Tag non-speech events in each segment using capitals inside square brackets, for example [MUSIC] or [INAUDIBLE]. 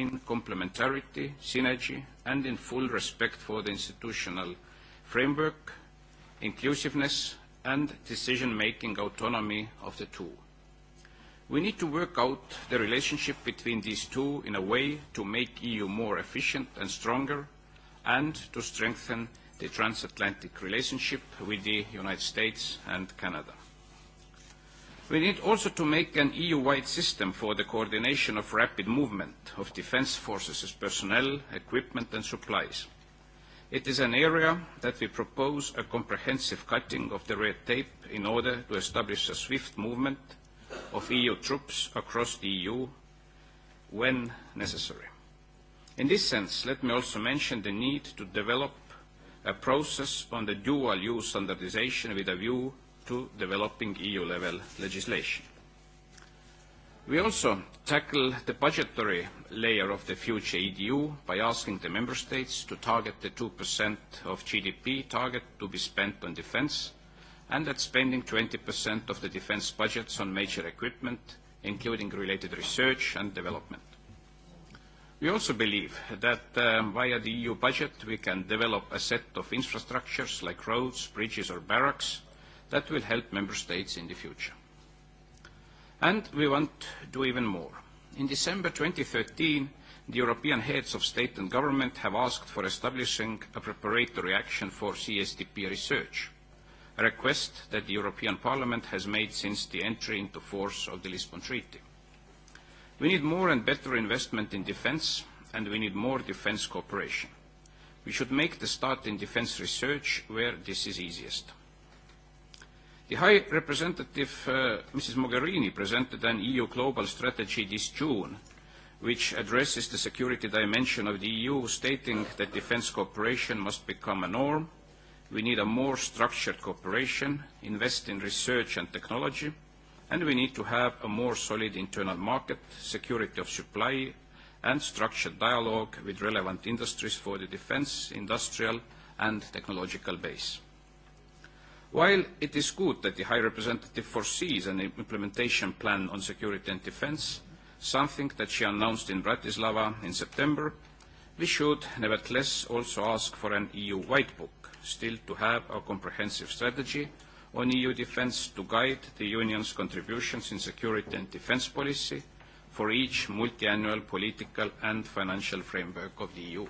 in complementarity, synergy, and in full respect for the institutional framework, inclusiveness, and decision-making autonomy of the two. We need to work out the relationship between these two in a way to make EU more efficient and stronger and to strengthen the transatlantic relationship with the United States and Canada. We need also to make an EU-wide system for the coordination of rapid movement of defence forces' personnel, equipment and supplies. It is an area that we propose a comprehensive cutting of the red tape in order to establish a swift movement of EU troops across the EU when necessary. In this sense, let me also mention the need to develop a process on the dual use standardisation with a view to developing EU-level legislation. We also tackle the budgetary layer of the future EDU by asking the member states to target the 2% of GDP target to be spent on defense, and that spending 20% of the defense budgets on major equipment, including related research and development. We also believe that um, via the EU budget, we can develop a set of infrastructures like roads, bridges, or barracks That will help member states in the future. And we want to do even more. In December 2013, the European heads of state and government have asked for establishing a preparatory action for CSDP research, a request that the European Parliament has made since the entry into force of the Lisbon Treaty. We need more and better investment in defence, and we need more defence cooperation. We should make the start in defence research where this is easiest. The High Representative uh, Mrs. Mogherini presented an EU global strategy this June, which addresses the security dimension of the EU, stating that defence cooperation must become a norm. We need a more structured cooperation, invest in research and technology, and we need to have a more solid internal market, security of supply, and structured dialogue with relevant industries for the defence, industrial, and technological base. While it is good that the High Representative foresees an implementation plan on security and defence, something that she announced in Bratislava in September, we should nevertheless also ask for an EU White Book, still to have a comprehensive strategy on EU defence to guide the Union's contributions in security and defence policy for each multiannual political and financial framework of the EU.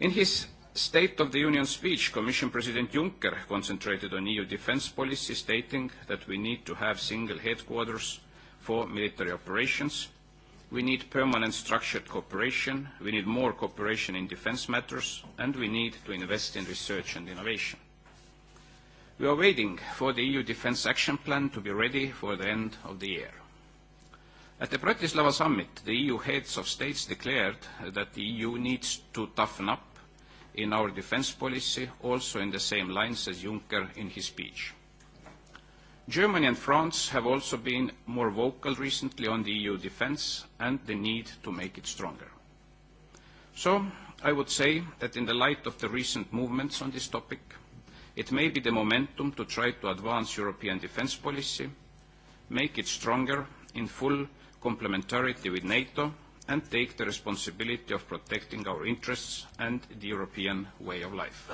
In his State of the Union speech, Commission President Juncker concentrated on EU defence policy, stating that we need to have single headquarters for military operations. We need permanent structured cooperation. We need more cooperation in defence matters, and we need to invest in research and innovation. We are waiting for the EU Defence Action Plan to be ready for the end of the year. At the Bratislava summit, the EU heads of states declared that the EU needs to toughen up in our defence policy, also in the same lines as Juncker in his speech. Germany and France have also been more vocal recently on the EU defence and the need to make it stronger. So, I would say that in the light of the recent movements on this topic, it may be the momentum to try to advance European defence policy, make it stronger in full complementarity with NATO and take the responsibility of protecting our interests and the European way of life.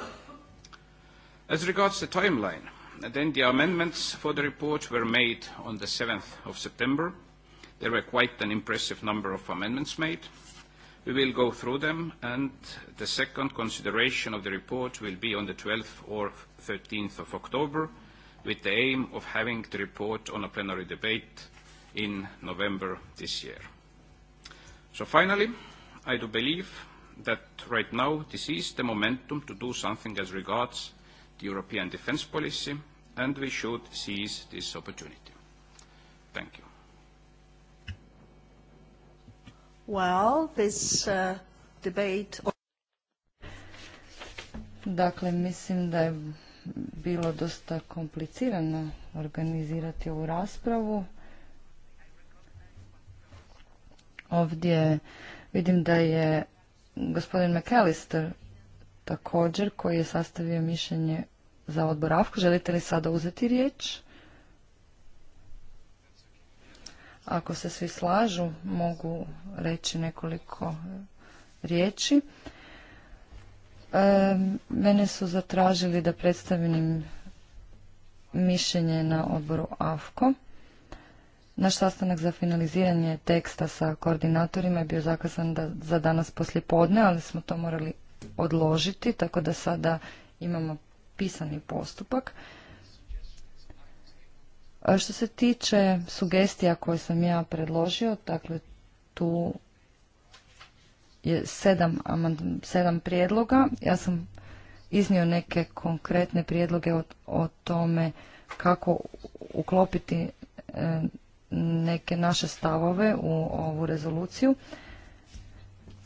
As regards the timeline, then the amendments for the report were made on the 7th of September. There were quite an impressive number of amendments made. We will go through them, and the second consideration of the report will be on the 12th or 13th of October, with the aim of having the report on a plenary debate in November this year. So finally, I do believe that right now this is the momentum to do something as regards the European defence policy, and we should seize this opportunity. Thank you. Well, this uh, debate... Dakle, mislim da je bilo dosta komplicirano organizirati ovu raspravu. Ovdje vidim da je gospodin McAllister također koji je sastavio mišljenje za odbor AFKO. Želite li sada uzeti riječ? Ako se svi slažu, mogu reći nekoliko riječi. E, mene su zatražili da predstavim mišljenje na odboru AFKO. Naš sastanak za finaliziranje teksta sa koordinatorima je bio zakazan da, za danas poslije podne, ali smo to morali odložiti, tako da sada imamo pisani postupak. što se tiče sugestija koje sam ja predložio, dakle tu je sedam, sedam prijedloga. Ja sam iznio neke konkretne prijedloge o, o tome kako uklopiti e, neke naše stavove u ovu rezoluciju.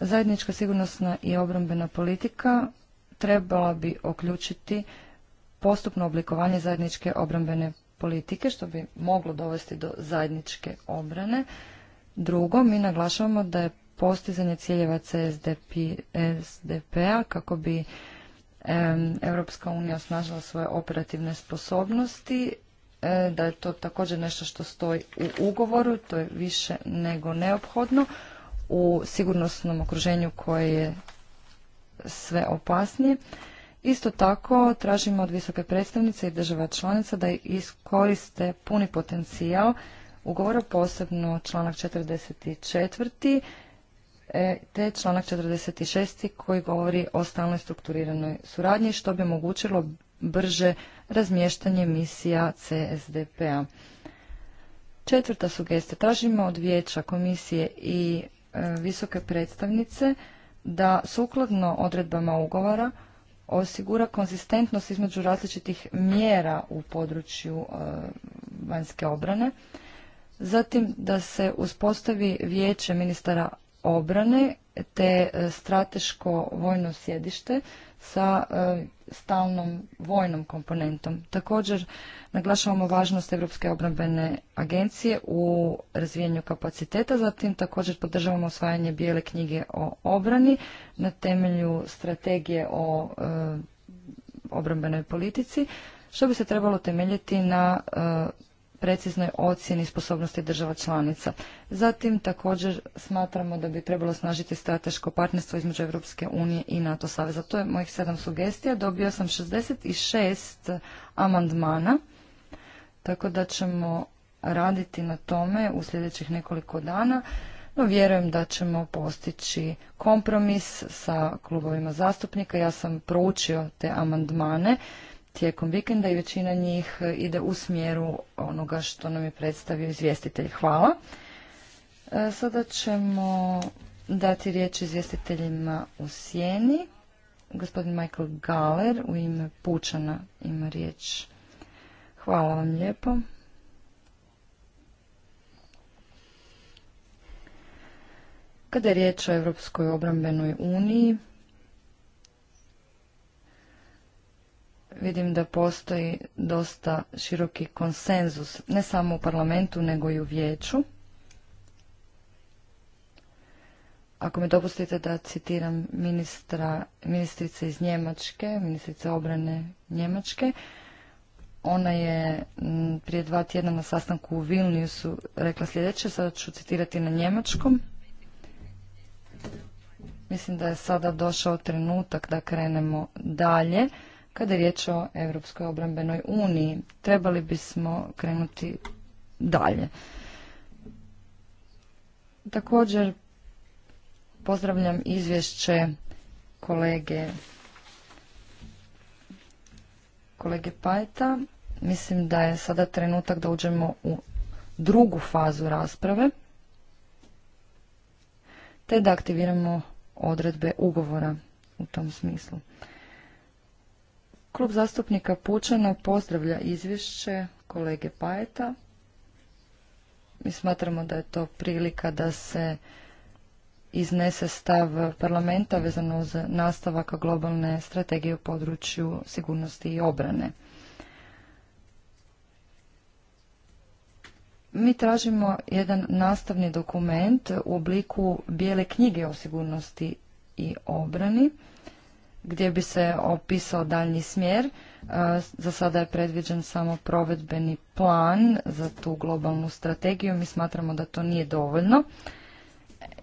Zajednička sigurnosna i obrambena politika trebala bi oključiti postupno oblikovanje zajedničke obrambene politike, što bi moglo dovesti do zajedničke obrane. Drugo, mi naglašavamo da je postizanje ciljeva CSDP, a p-a kako bi Europska unija osnažila svoje operativne sposobnosti E, da je to također nešto što stoji u ugovoru, to je više nego neophodno u sigurnosnom okruženju koje je sve opasnije. Isto tako tražimo od visoke predstavnice i država članica da iskoriste puni potencijal ugovora, posebno članak 44. E, te članak 46. koji govori o stalnoj strukturiranoj suradnji, što bi omogućilo brže razmještanje misija CSDP-a. Četvrta sugestija. Tražimo od vijeća komisije i e, visoke predstavnice da sukladno odredbama ugovora osigura konzistentnost između različitih mjera u području e, vanjske obrane. Zatim da se uspostavi vijeće ministara obrane te e, strateško vojno sjedište sa stalnom vojnom komponentom. Također naglašavamo važnost Europske obrambene agencije u razvijanju kapaciteta, zatim također podržavamo osvajanje bijele knjige o obrani na temelju strategije o e, obrambenoj politici, što bi se trebalo temeljiti na e, preciznoj ocjeni sposobnosti država članica. Zatim također smatramo da bi trebalo snažiti strateško partnerstvo između Europske unije i NATO saveza. To je mojih sedam sugestija. Dobio sam 66 amandmana, tako da ćemo raditi na tome u sljedećih nekoliko dana. No, vjerujem da ćemo postići kompromis sa klubovima zastupnika. Ja sam proučio te amandmane tijekom vikenda i većina njih e, ide u smjeru onoga što nam je predstavio izvjestitelj. Hvala. E, sada ćemo dati riječ izvjestiteljima u sjeni. Gospodin Michael Galler u ime Pučana ima riječ. Hvala vam lijepo. Kada je riječ o Europskoj obrambenoj uniji, vidim da postoji dosta široki konsenzus, ne samo u parlamentu, nego i u vijeću. Ako mi dopustite da citiram ministra, ministrice iz Njemačke, ministrice obrane Njemačke, ona je prije dva tjedna na sastanku u Vilniusu rekla sljedeće, sada ću citirati na njemačkom. Mislim da je sada došao trenutak da krenemo dalje. Kada je riječ o Europskoj obrambenoj uniji, trebali bismo krenuti dalje. Također pozdravljam izvješće kolege kolege Pajta. Mislim da je sada trenutak da uđemo u drugu fazu rasprave te da aktiviramo odredbe ugovora u tom smislu. Klub zastupnika Pučana pozdravlja izvješće kolege Pajeta. Mi smatramo da je to prilika da se iznese stav parlamenta vezano uz nastavak globalne strategije u području sigurnosti i obrane. Mi tražimo jedan nastavni dokument u obliku bijele knjige o sigurnosti i obrani gdje bi se opisao daljnji smjer. E, za sada je predviđen samo provedbeni plan za tu globalnu strategiju. Mi smatramo da to nije dovoljno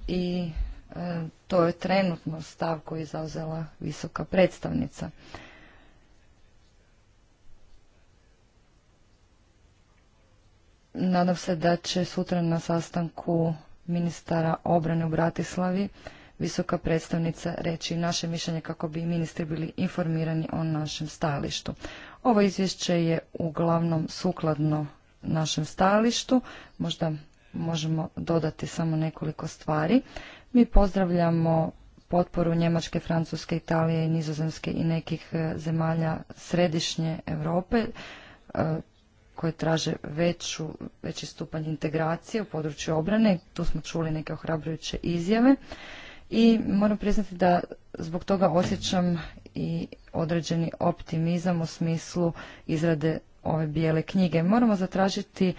i e, to je trenutno stav koji je zauzela visoka predstavnica. Nadam se da će sutra na sastanku ministara obrane u Bratislavi visoka predstavnica reći naše mišljenje kako bi ministri bili informirani o našem stajalištu. Ovo izvješće je uglavnom sukladno našem stajalištu, možda možemo dodati samo nekoliko stvari. Mi pozdravljamo potporu Njemačke, Francuske, Italije i Nizozemske i nekih e, zemalja središnje Europe e, koje traže veću, veći stupanj integracije u području obrane. Tu smo čuli neke ohrabrujuće izjave i moram priznati da zbog toga osjećam i određeni optimizam u smislu izrade ove bijele knjige. Moramo zatražiti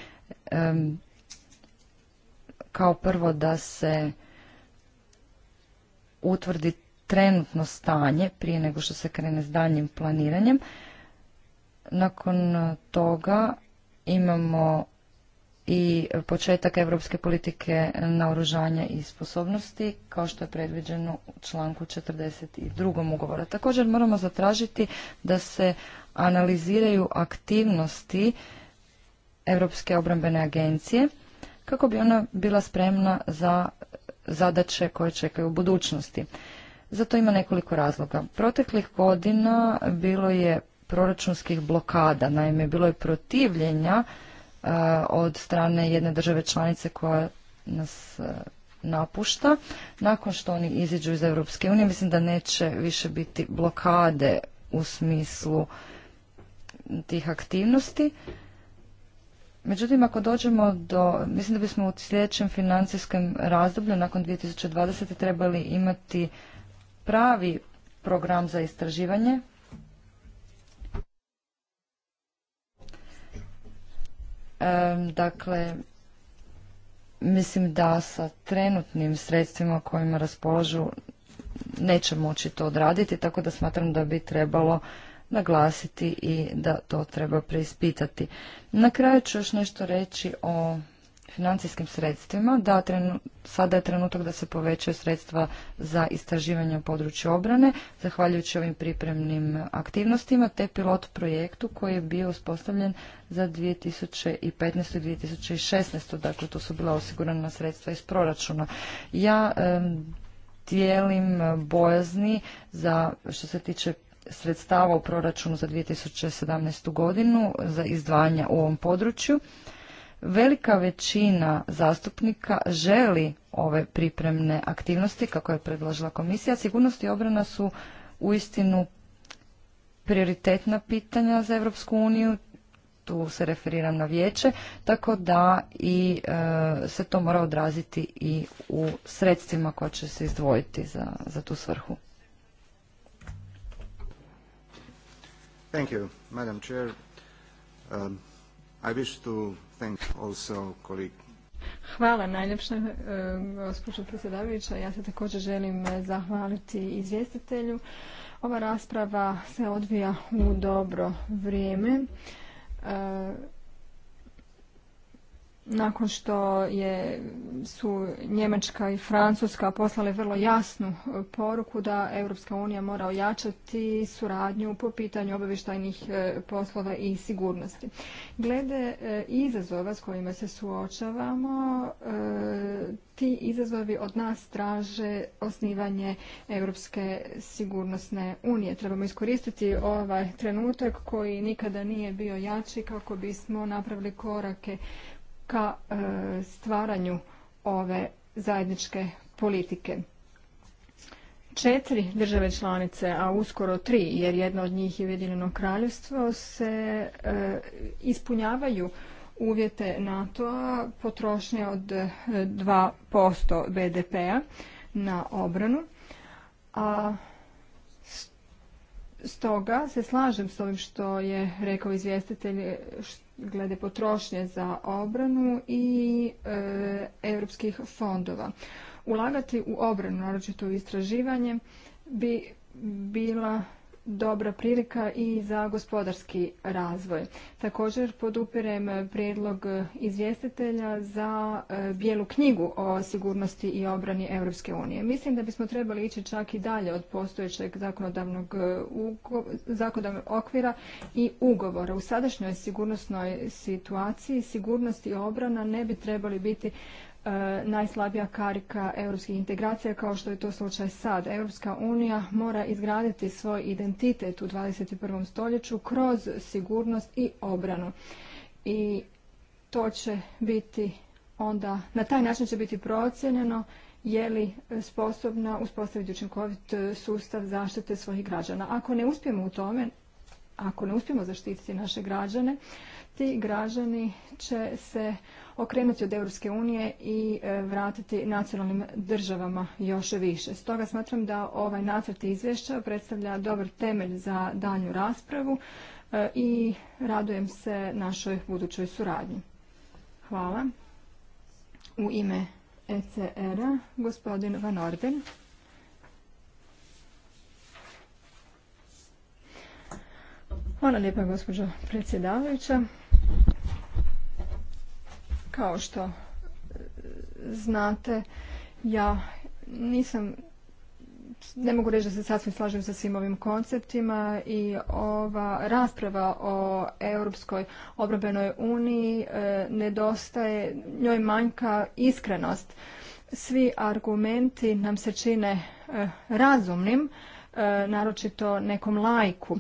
kao prvo da se utvrdi trenutno stanje prije nego što se krene s daljnjim planiranjem. Nakon toga imamo i početak europske politike naoružanja i sposobnosti kao što je predviđeno u članku 42. ugovora. Također moramo zatražiti da se analiziraju aktivnosti Europske obrambene agencije kako bi ona bila spremna za zadaće koje čekaju u budućnosti. Zato ima nekoliko razloga. Proteklih godina bilo je proračunskih blokada, naime bilo je protivljenja Eh, od strane jedne države članice koja nas eh, napušta. Nakon što oni iziđu iz Europske unije, mislim da neće više biti blokade u smislu tih aktivnosti. Međutim, ako dođemo do, mislim da bismo u sljedećem financijskom razdoblju nakon 2020. trebali imati pravi program za istraživanje Dakle, mislim da sa trenutnim sredstvima kojima raspolažu neće moći to odraditi, tako da smatram da bi trebalo naglasiti i da to treba preispitati. Na kraju ću još nešto reći o financijskim sredstvima, da sada je trenutak da se povećaju sredstva za istraživanje u području obrane, zahvaljujući ovim pripremnim aktivnostima, te pilot projektu koji je bio uspostavljen za 2015. i 2016. Dakle, to su bila osigurana sredstva iz proračuna. Ja tijelim dijelim bojazni za što se tiče sredstava u proračunu za 2017. godinu za izdvajanja u ovom području. Velika većina zastupnika želi ove pripremne aktivnosti kako je predložila komisija. Sigurnost i obrana su uistinu prioritetna pitanja za Europsku uniju, tu se referiram na vijeće, tako da i e, se to mora odraziti i u sredstvima koja će se izdvojiti za, za tu svrhu. Thank you, Madam Chair. Um, I wish to Hvala najljepša, e, gospođo predsjedavajuća. Ja se također želim e, zahvaliti izvjestitelju. Ova rasprava se odvija u dobro vrijeme. E, nakon što je, su Njemačka i Francuska poslale vrlo jasnu poruku da Europska unija mora ojačati suradnju po pitanju obavještajnih e, poslova i sigurnosti. Glede e, izazova s kojima se suočavamo, e, ti izazovi od nas traže osnivanje Europske sigurnosne unije. Trebamo iskoristiti ovaj trenutak koji nikada nije bio jači kako bismo napravili korake ka e, stvaranju ove zajedničke politike. Četiri države članice, a uskoro tri, jer jedno od njih je Ujedinjeno kraljevstvo, se e, ispunjavaju uvjete NATO-a potrošnje od 2% e, BDP-a na obranu, a Stoga se slažem s ovim što je rekao izvjestitelj eh, glede potrošnje za obranu i eh, europskih fondova. Ulagati u obranu, naročito u istraživanje, bi bila dobra prilika i za gospodarski razvoj. Također podupirem prijedlog izvjestitelja za e, bijelu knjigu o sigurnosti i obrani Europske unije. Mislim da bismo trebali ići čak i dalje od postojećeg zakonodavnog e, zakonodavnog okvira i ugovora. U sadašnjoj sigurnosnoj situaciji sigurnost i obrana ne bi trebali biti E, najslabija karika europskih integracija kao što je to slučaj sad. Europska unija mora izgraditi svoj identitet u 21. stoljeću kroz sigurnost i obranu. I to će biti onda, na taj način će biti procijenjeno je li sposobna uspostaviti učinkovit sustav zaštite svojih građana. Ako ne uspijemo u tome, ako ne uspijemo zaštititi naše građane, ti građani će se okrenuti od Europske unije i e, vratiti nacionalnim državama još više. Stoga smatram da ovaj nacrt izvješća predstavlja dobar temelj za dalju raspravu e, i radujem se našoj budućoj suradnji. Hvala. U ime ECR-a gospodin Van Orden. Hvala lijepa gospođo predsjedavajuća. Kao što e, znate, ja nisam ne mogu reći da se sasvim slažem sa svim ovim konceptima i ova rasprava o Europskoj obrambenoj uniji e, nedostaje, njoj manjka iskrenost. Svi argumenti nam se čine e, razumnim, naročito nekom lajku.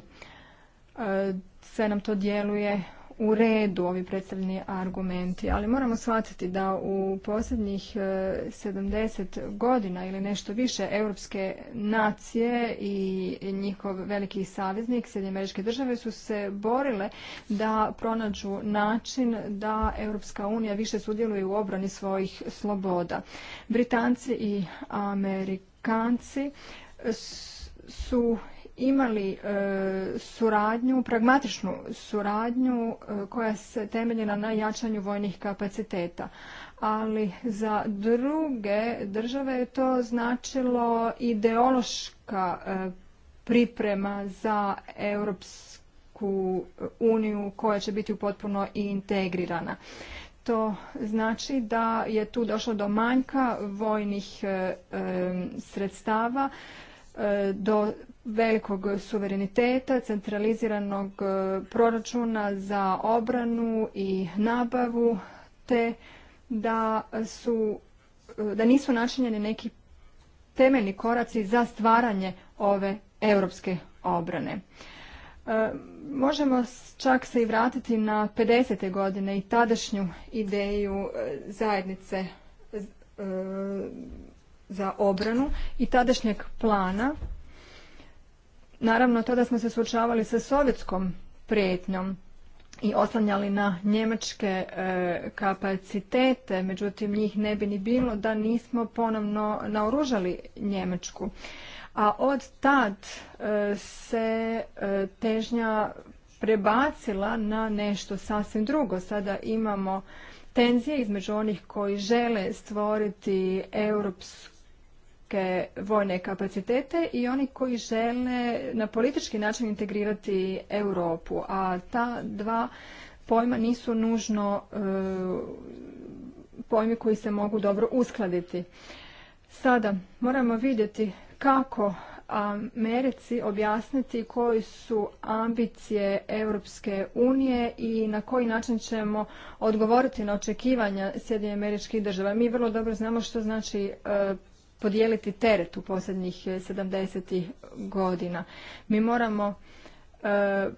Sve nam to djeluje u redu ovi predstavljeni argumenti, ali moramo shvatiti da u posljednjih 70 e, godina ili nešto više europske nacije i njihov veliki saveznik, Sjedinje američke države, su se borile da pronađu način da Europska unija više sudjeluje u obrani svojih sloboda. Britanci i Amerikanci su imali e, suradnju, pragmatičnu suradnju e, koja se temeljena na jačanju vojnih kapaciteta. Ali za druge države je to značilo ideološka e, priprema za Europsku uniju koja će biti potpuno i integrirana. To znači da je tu došlo do manjka vojnih sredstava do velikog suvereniteta, centraliziranog e, proračuna za obranu i nabavu, te da, su, e, da nisu načinjeni neki temeljni koraci za stvaranje ove europske obrane. E, možemo čak se i vratiti na 50. godine i tadašnju ideju zajednice za obranu i tadašnjeg plana Naravno, tada smo se suočavali sa sovjetskom prijetnjom i oslanjali na njemačke e, kapacitete, međutim njih ne bi ni bilo da nismo ponovno naoružali Njemačku. A od tad e, se e, težnja prebacila na nešto sasvim drugo. Sada imamo tenzije između onih koji žele stvoriti europsku vojne kapacitete i oni koji žele na politički način integrirati Europu, a ta dva pojma nisu nužno e, pojmi koji se mogu dobro uskladiti. Sada moramo vidjeti kako Americi objasniti koji su ambicije Europske unije i na koji način ćemo odgovoriti na očekivanja Sjedinje američkih država. Mi vrlo dobro znamo što znači e, podijeliti teret u posljednjih 70 eh, godina. Mi moramo eh,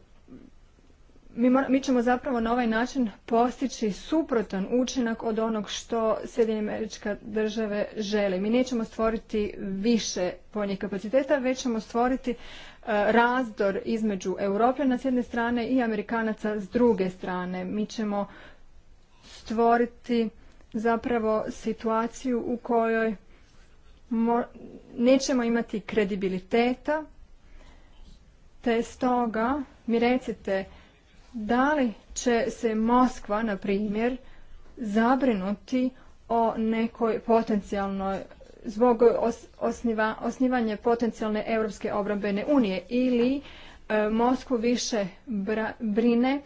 mi, ćemo zapravo na ovaj način postići suprotan učinak od onog što Sjedinje Američka države žele. Mi nećemo stvoriti više vojnih kapaciteta, već ćemo stvoriti eh, razdor između Europljana s jedne strane i Amerikanaca s druge strane. Mi ćemo stvoriti zapravo situaciju u kojoj nećemo imati kredibiliteta, te stoga mi recite da li će se Moskva, na primjer, zabrinuti o nekoj potencijalnoj zbog osnivanja potencijalne Europske obrambene unije ili e, Moskvu više brine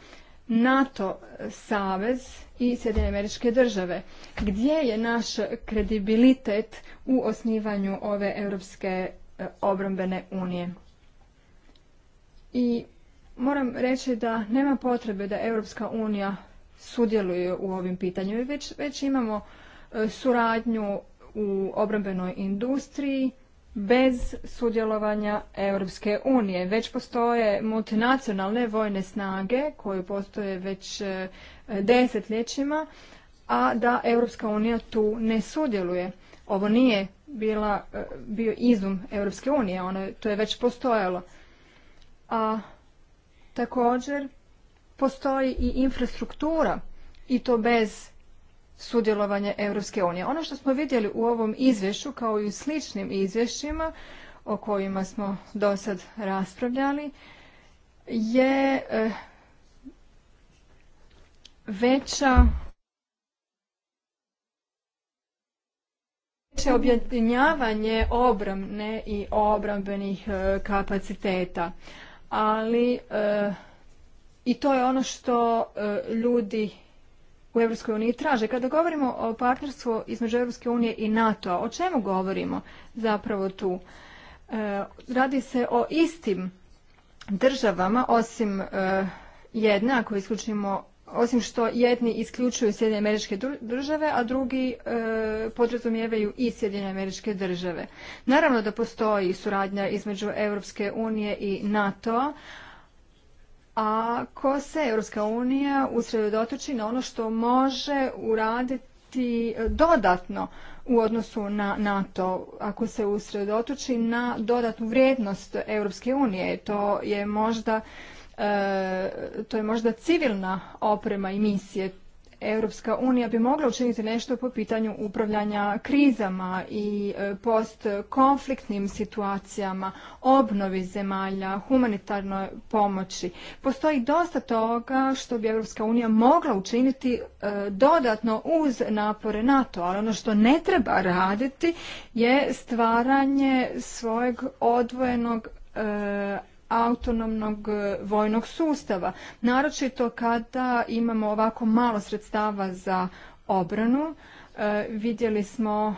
NATO savez i Sjedinjene američke države. Gdje je naš kredibilitet u osnivanju ove Europske e, obrambene unije? I moram reći da nema potrebe da Europska unija sudjeluje u ovim pitanjima. Već, već imamo e, suradnju u obrambenoj industriji bez sudjelovanja Europske unije. Već postoje multinacionalne vojne snage koje postoje već e, desetljećima, a da Europska unija tu ne sudjeluje. Ovo nije bila, e, bio izum Europske unije, ono, to je već postojalo. A također postoji i infrastruktura i to bez sudjelovanja Europske unije. Ono što smo vidjeli u ovom izvješću kao i u sličnim izvješćima o kojima smo do sad raspravljali je e, veća veće objedinjavanje obramne i obrambenih e, kapaciteta. Ali e, i to je ono što e, ljudi u EU traže. Kada govorimo o partnerstvu između EU i NATO, o čemu govorimo zapravo tu? radi se o istim državama, osim jedne, ako isključimo osim što jedni isključuju Sjedinje američke države, a drugi e, podrazumijevaju i Sjedinje američke države. Naravno da postoji suradnja između Europske unije i NATO-a, ako se Europska unija usredotoči na ono što može uraditi dodatno u odnosu na NATO, ako se usredotoči na dodatnu vrijednost Europske unije, to je možda E, to je možda civilna oprema i misije. Europska unija bi mogla učiniti nešto po pitanju upravljanja krizama i e, postkonfliktnim situacijama, obnovi zemalja, humanitarnoj pomoći. Postoji dosta toga što bi Europska unija mogla učiniti e, dodatno uz napore NATO, ali ono što ne treba raditi je stvaranje svojeg odvojenog autonomnog e, vojnog sustava. Naročito kada imamo ovako malo sredstava za obranu, e, vidjeli smo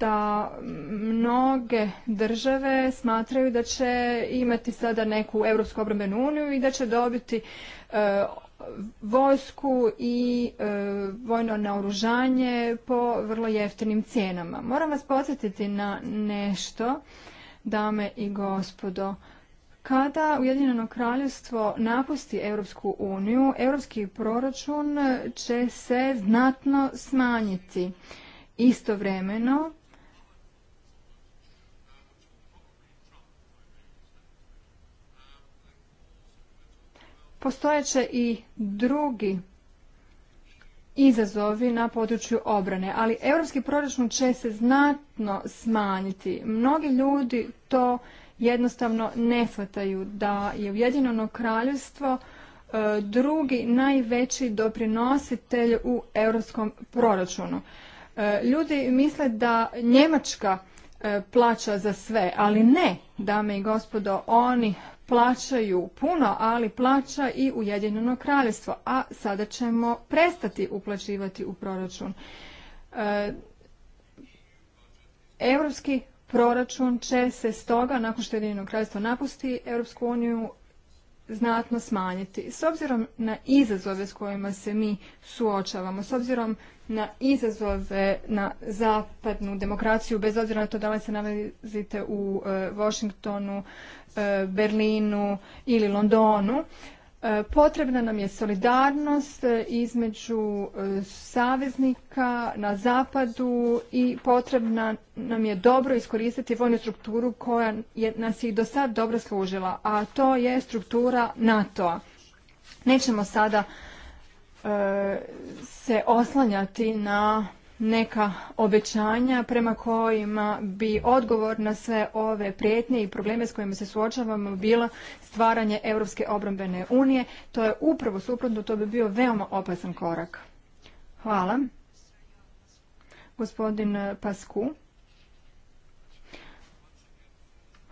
da mnoge države smatraju da će imati sada neku Europsku obrambenu uniju i da će dobiti e, vojsku i vojno naoružanje po vrlo jeftinim cijenama. Moram vas podsjetiti na nešto, dame i gospodo. Kada Ujedinjeno kraljevstvo napusti Europsku uniju, europski proračun će se znatno smanjiti. Istovremeno, postojeće i drugi izazovi na području obrane, ali europski proračun će se znatno smanjiti. Mnogi ljudi to jednostavno ne shvataju da je Ujedinjeno kraljevstvo e, drugi najveći doprinositelj u europskom proračunu. E, ljudi misle da Njemačka e, plaća za sve, ali ne, dame i gospodo, oni plaćaju puno, ali plaća i Ujedinjeno kraljevstvo, a sada ćemo prestati uplaćivati u proračun. Europski Proračun će se stoga, nakon što Jedinjeno kraljstvo napusti Europsku uniju, znatno smanjiti. S obzirom na izazove s kojima se mi suočavamo, s obzirom na izazove na zapadnu demokraciju, bez obzira na to da li se nalazite u e, Washingtonu, e, Berlinu ili Londonu, E, potrebna nam je solidarnost e, između e, saveznika na zapadu i potrebna nam je dobro iskoristiti vojnu strukturu koja je nas i do sad dobro služila, a to je struktura NATO-a. Nećemo sada se oslanjati na neka obećanja prema kojima bi odgovor na sve ove prijetnje i probleme s kojima se suočavamo bila stvaranje Europske obrambene unije. To je upravo suprotno, to bi bio veoma opasan korak. Hvala. Gospodin Pasku.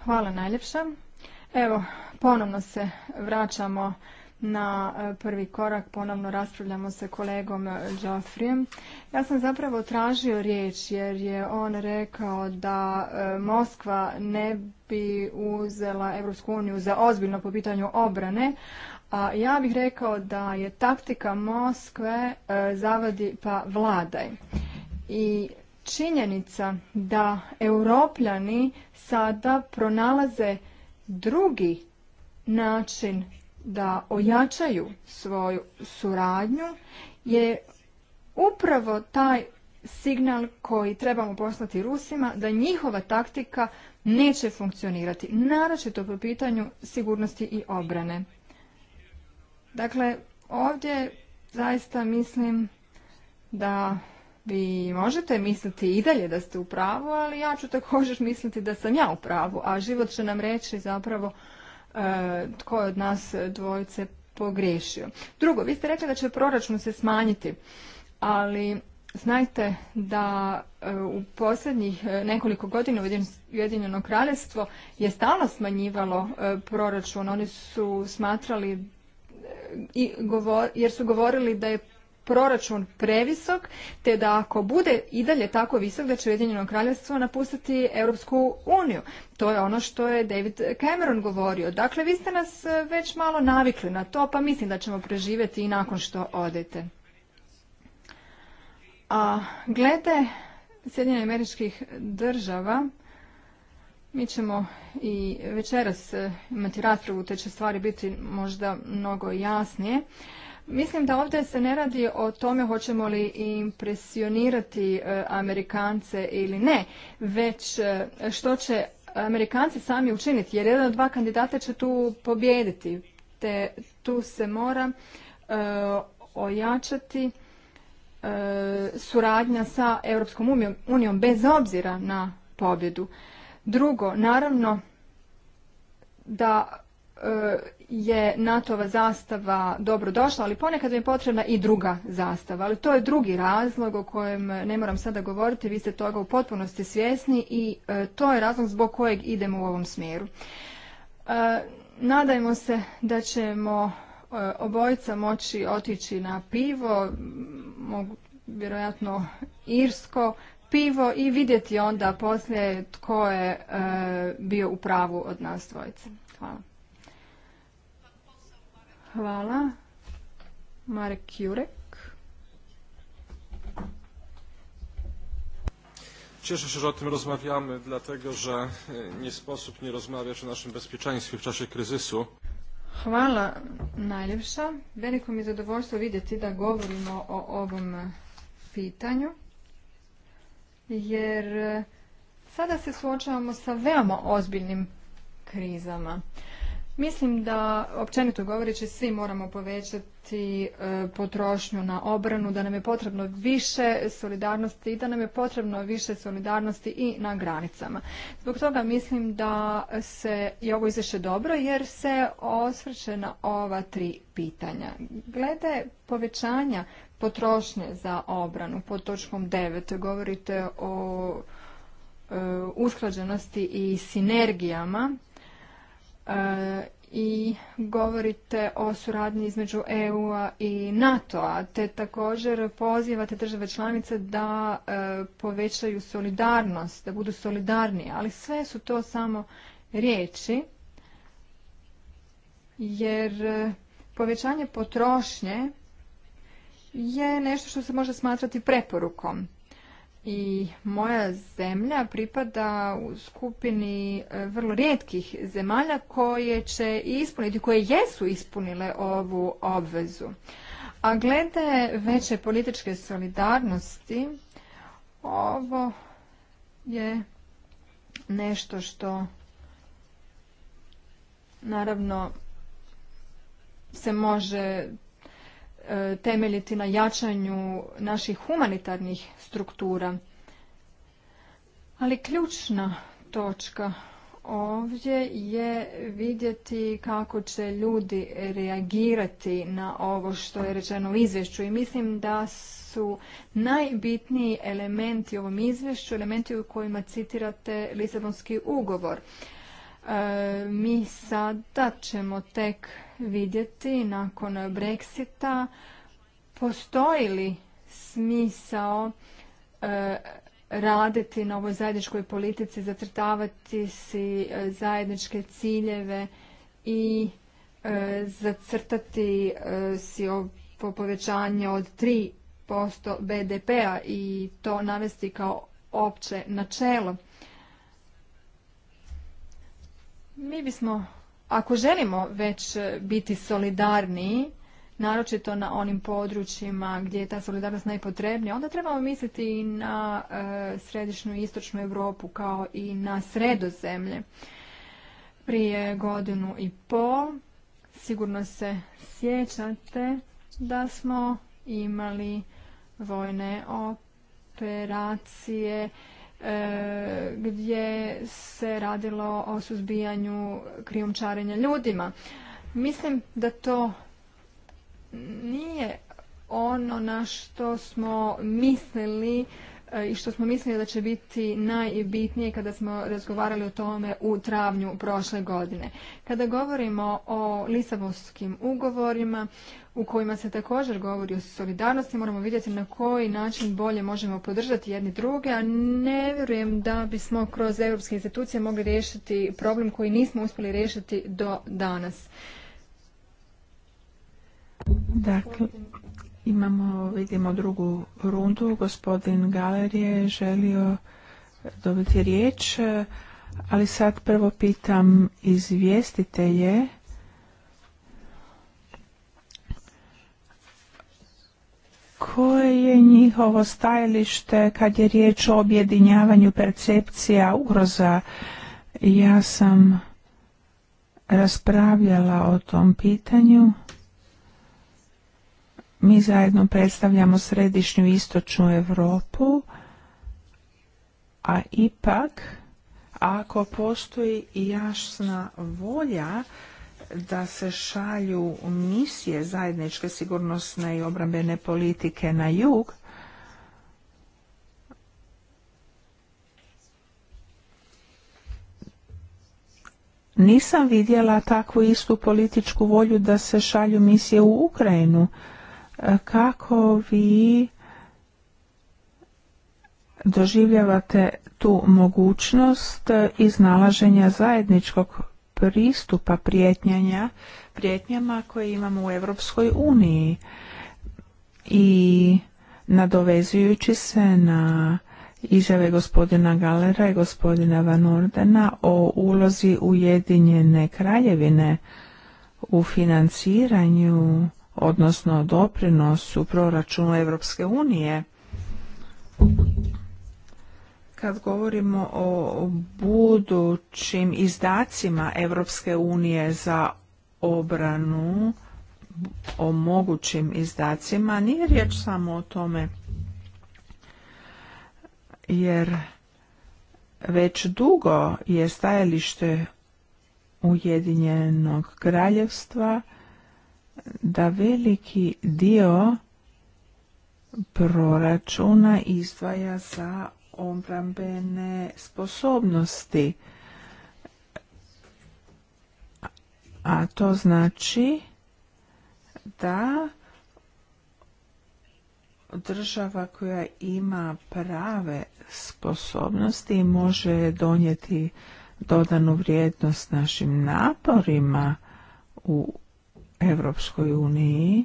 Hvala najljepša. Evo, ponovno se vraćamo na e, prvi korak. Ponovno raspravljamo sa kolegom Joffrijem. Ja sam zapravo tražio riječ jer je on rekao da e, Moskva ne bi uzela Europsku uniju za ozbiljno po pitanju obrane, a ja bih rekao da je taktika Moskve e, zavadi pa vladaj. I činjenica da europljani sada pronalaze drugi način da ojačaju svoju suradnju je upravo taj signal koji trebamo poslati Rusima da njihova taktika neće funkcionirati, naročito po pitanju sigurnosti i obrane. Dakle, ovdje zaista mislim da vi možete misliti i dalje da ste u pravu, ali ja ću također misliti da sam ja u pravu, a život će nam reći zapravo E, tko je od nas dvojice pogriješio. Drugo, vi ste rekli da će proračun se smanjiti, ali znajte da e, u posljednjih e, nekoliko godina Ujedinjeno kraljestvo je stalno smanjivalo proračun. Oni su smatrali jer su govorili da je proračun previsok, te da ako bude i dalje tako visok da će Ujedinjeno kraljevstvo napustiti Europsku uniju. To je ono što je David Cameron govorio. Dakle, vi ste nas eh, već malo navikli na to, pa mislim da ćemo preživjeti i nakon što odete. A glede Sjedinjene američkih država, mi ćemo i večeras eh, imati raspravu, te će stvari biti možda mnogo jasnije. Mislim da ovdje se ne radi o tome hoćemo li impresionirati e, Amerikance ili ne, već e, što će Amerikanci sami učiniti, jer jedan od dva kandidata će tu pobijediti, te tu se mora e, ojačati suradnja sa Europskom unijom, bez obzira na pobjedu. Drugo, naravno da je NATO-va zastava dobro došla, ali ponekad mi je potrebna i druga zastava. Ali to je drugi razlog o kojem ne moram sada govoriti, vi ste toga u potpunosti svjesni i e, to je razlog zbog kojeg idemo u ovom smjeru. E, nadajmo se da ćemo obojca e, obojica moći otići na pivo, vjerojatno irsko, pivo i vidjeti onda poslije tko je bio u pravu od nas dvojice. Hvala. Hvala. Marek Jurek. Cieszę się, że o tym rozmawiamy, dlatego że e, nie sposób nie rozmawiać o naszym bezpieczeństwie w czasie kryzysu. Hvala najljepša. Veliko mi je zadovoljstvo vidjeti da govorimo o ovom pitanju, jer e, sada se suočavamo sa veoma ozbiljnim krizama. Mislim da općenito govoreći svi moramo povećati e, potrošnju na obranu, da nam je potrebno više solidarnosti i da nam je potrebno više solidarnosti i na granicama. Zbog toga mislim da se i ovo izvješće dobro jer se osvrće na ova tri pitanja. Glede povećanja potrošnje za obranu pod točkom 9 govorite o e, usklađenosti i sinergijama i govorite o suradnji između EU-a i NATO-a, te također pozivate države članice da e, povećaju solidarnost, da budu solidarnije, ali sve su to samo riječi, jer e, povećanje potrošnje je nešto što se može smatrati preporukom i moja zemlja pripada u skupini e, vrlo rijetkih zemalja koje će ispuniti, koje jesu ispunile ovu obvezu. A glede veće političke solidarnosti, ovo je nešto što naravno se može temeljiti na jačanju naših humanitarnih struktura. Ali ključna točka ovdje je vidjeti kako će ljudi reagirati na ovo što je rečeno u izvješću i mislim da su najbitniji elementi u ovom izvješću, elementi u kojima citirate Lisabonski ugovor. E, mi sada ćemo tek vidjeti nakon Brexita postoji li smisao e, raditi na ovoj zajedničkoj politici, zacrtavati si e, zajedničke ciljeve i zacrtati si po povećanje od 3% BDP-a i to navesti kao opće načelo. Mi bismo, ako želimo već e, biti solidarniji, naročito na onim područjima gdje je ta solidarnost najpotrebnija, onda trebamo misliti i na e, središnju i istočnu Europu kao i na sredozemlje. Prije godinu i pol sigurno se sjećate da smo imali vojne operacije E, gdje se radilo o suzbijanju krijumčarenja ljudima. Mislim da to nije ono na što smo mislili E, i što smo mislili da će biti najbitnije kada smo razgovarali o tome u travnju prošle godine. Kada govorimo o Lisabonskim ugovorima u kojima se također govori o solidarnosti, moramo vidjeti na koji način bolje možemo podržati jedni druge, a ne vjerujem da bismo kroz europske institucije mogli riješiti problem koji nismo uspjeli riješiti do danas. Dakle, Imamo, vidimo drugu rundu. Gospodin Galerije je želio dobiti riječ, ali sad prvo pitam je Koje je njihovo stajalište kad je riječ o objedinjavanju percepcija ugroza? Ja sam raspravljala o tom pitanju. Mi zajedno predstavljamo središnju istočnu Europu, a ipak ako postoji jasna volja da se šalju misije zajedničke sigurnosne i obrambene politike na jug, nisam vidjela takvu istu političku volju da se šalju misije u Ukrajinu kako vi doživljavate tu mogućnost iznalaženja zajedničkog pristupa prijetnjanja, prijetnjama koje imamo u Europskoj uniji i nadovezujući se na izjave gospodina Galera i gospodina Van Ordena o ulozi Ujedinjene kraljevine u financiranju odnosno doprinos u proračunu Europske unije. Kad govorimo o budućim izdacima Europske unije za obranu, o mogućim izdacima, nije riječ samo o tome jer već dugo je stajalište Ujedinjenog kraljevstva da veliki dio proračuna izdvaja za obrambene sposobnosti. A to znači da država koja ima prave sposobnosti može donijeti dodanu vrijednost našim naporima u Evropskoj uniji.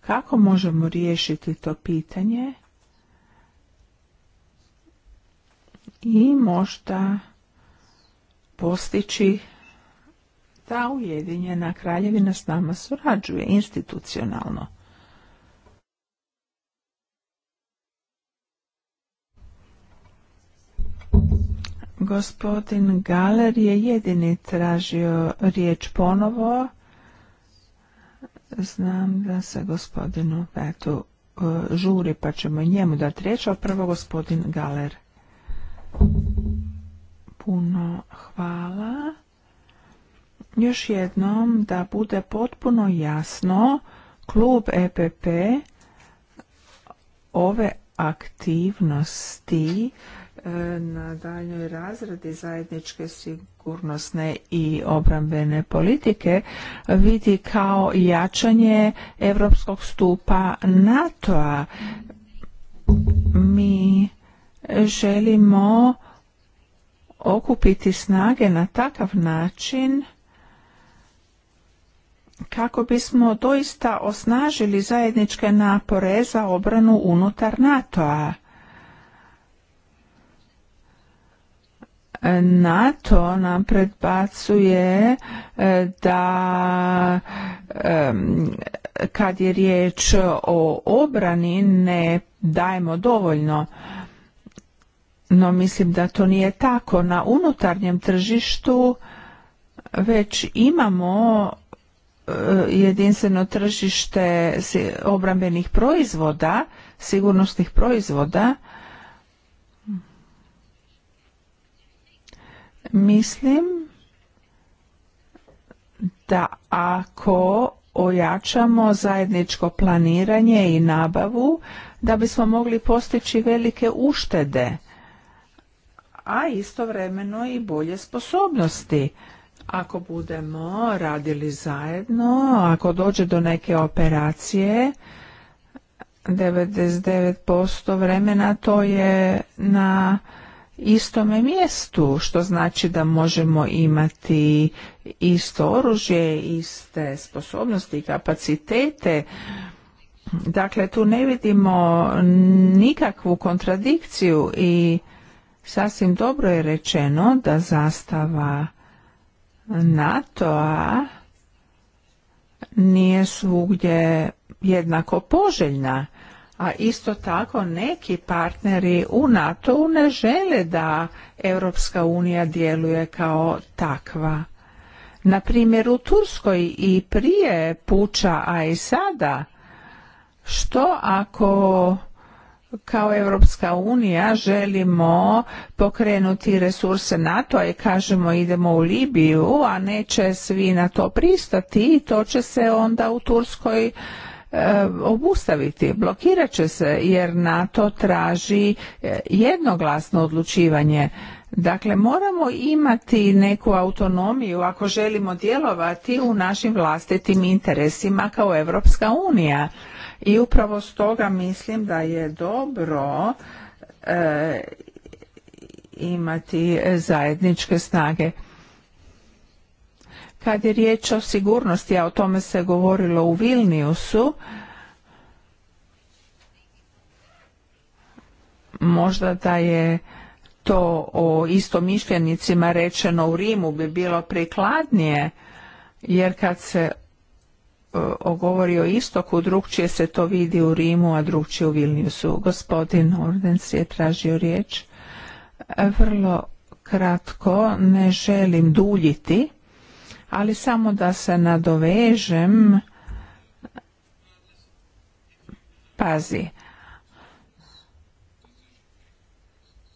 Kako možemo riješiti to pitanje? I možda postići da Ujedinjena kraljevina s nama surađuje institucionalno. Gospodin Galer je jedini tražio riječ ponovo. Znam da se gospodinu Petu e, žuri, pa ćemo njemu dati riječ, a prvo gospodin Galer. Puno hvala. Još jednom da bude potpuno jasno, klub EPP ove aktivnosti E, na daljnjoj razradi zajedničke sigurnosne i obrambene politike vidi kao jačanje europskog stupa NATO-a. Mi želimo okupiti snage na takav način kako bismo doista osnažili zajedničke napore za obranu unutar NATO-a. NATO nam predbacuje e, da e, kad je riječ o obrani ne dajemo dovoljno. No mislim da to nije tako. Na unutarnjem tržištu već imamo e, jedinstveno tržište obrambenih proizvoda, sigurnosnih proizvoda Mislim da ako ojačamo zajedničko planiranje i nabavu, da bismo mogli postići velike uštede, a istovremeno i bolje sposobnosti. Ako budemo radili zajedno, ako dođe do neke operacije, 99% vremena to je na istome mjestu, što znači da možemo imati isto oružje, iste sposobnosti i kapacitete. Dakle, tu ne vidimo nikakvu kontradikciju i sasvim dobro je rečeno da zastava NATO-a nije svugdje jednako poželjna a isto tako neki partneri u NATO-u ne žele da Europska unija djeluje kao takva. Na primjer u Turskoj i prije puča, a i sada, što ako kao Europska unija želimo pokrenuti resurse NATO-a i kažemo idemo u Libiju, a neće svi na to pristati to će se onda u Turskoj E, obustaviti, blokirat će se jer NATO traži e, jednoglasno odlučivanje. Dakle, moramo imati neku autonomiju ako želimo djelovati u našim vlastitim interesima kao Europska unija. I upravo stoga mislim da je dobro e, imati zajedničke snage. Kad je riječ o sigurnosti, a o tome se govorilo u Vilniusu, možda da je to o istomišljenicima rečeno u Rimu bi bilo prikladnije, jer kad se e, ogovori o istoku, drugčije se to vidi u Rimu, a drugčije u Vilniusu. Gospodin Ordens je tražio riječ. E, vrlo kratko, ne želim duljiti ali samo da se nadovežem pazi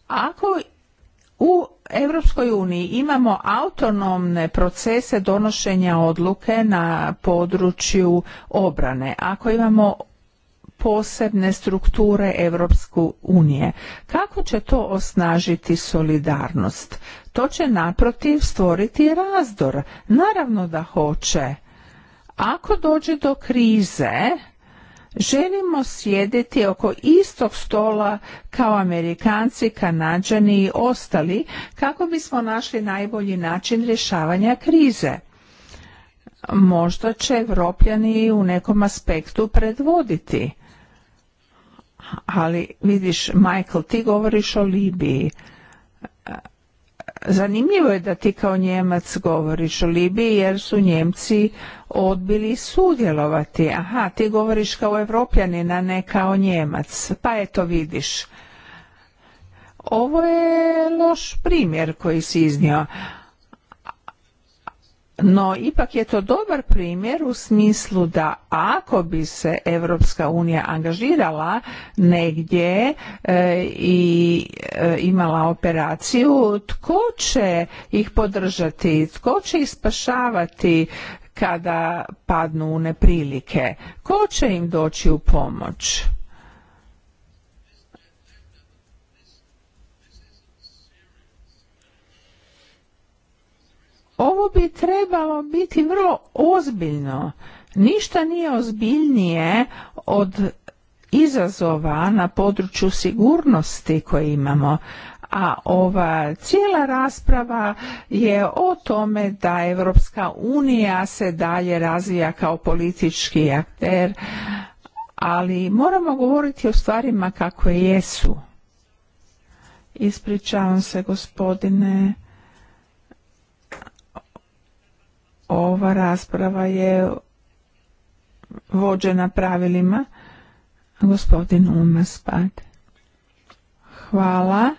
ako u Europskoj uniji imamo autonomne procese donošenja odluke na području obrane. Ako imamo posebne strukture Europsku unije. Kako će to osnažiti solidarnost? To će naprotiv stvoriti razdor. Naravno da hoće. Ako dođe do krize, želimo sjediti oko istog stola kao Amerikanci, Kanađani i ostali kako bismo našli najbolji način rješavanja krize. Možda će Evropljani u nekom aspektu predvoditi ali vidiš Michael ti govoriš o Libiji zanimljivo je da ti kao Njemac govoriš o Libiji jer su Njemci odbili sudjelovati aha ti govoriš kao Evropljanin a ne kao Njemac pa eto vidiš ovo je loš primjer koji si iznio no ipak je to dobar primjer u smislu da ako bi se Europska unija angažirala negdje e, i e, imala operaciju, tko će ih podržati, tko će ih spašavati kada padnu u neprilike, tko će im doći u pomoć? Ovo bi trebalo biti vrlo ozbiljno. Ništa nije ozbiljnije od izazova na području sigurnosti koje imamo a ova cijela rasprava je o tome da Evropska unija se dalje razvija kao politički akter, ali moramo govoriti o stvarima kako jesu. Ispričavam se gospodine ova rasprava je vođena pravilima. Gospodin spad Hvala.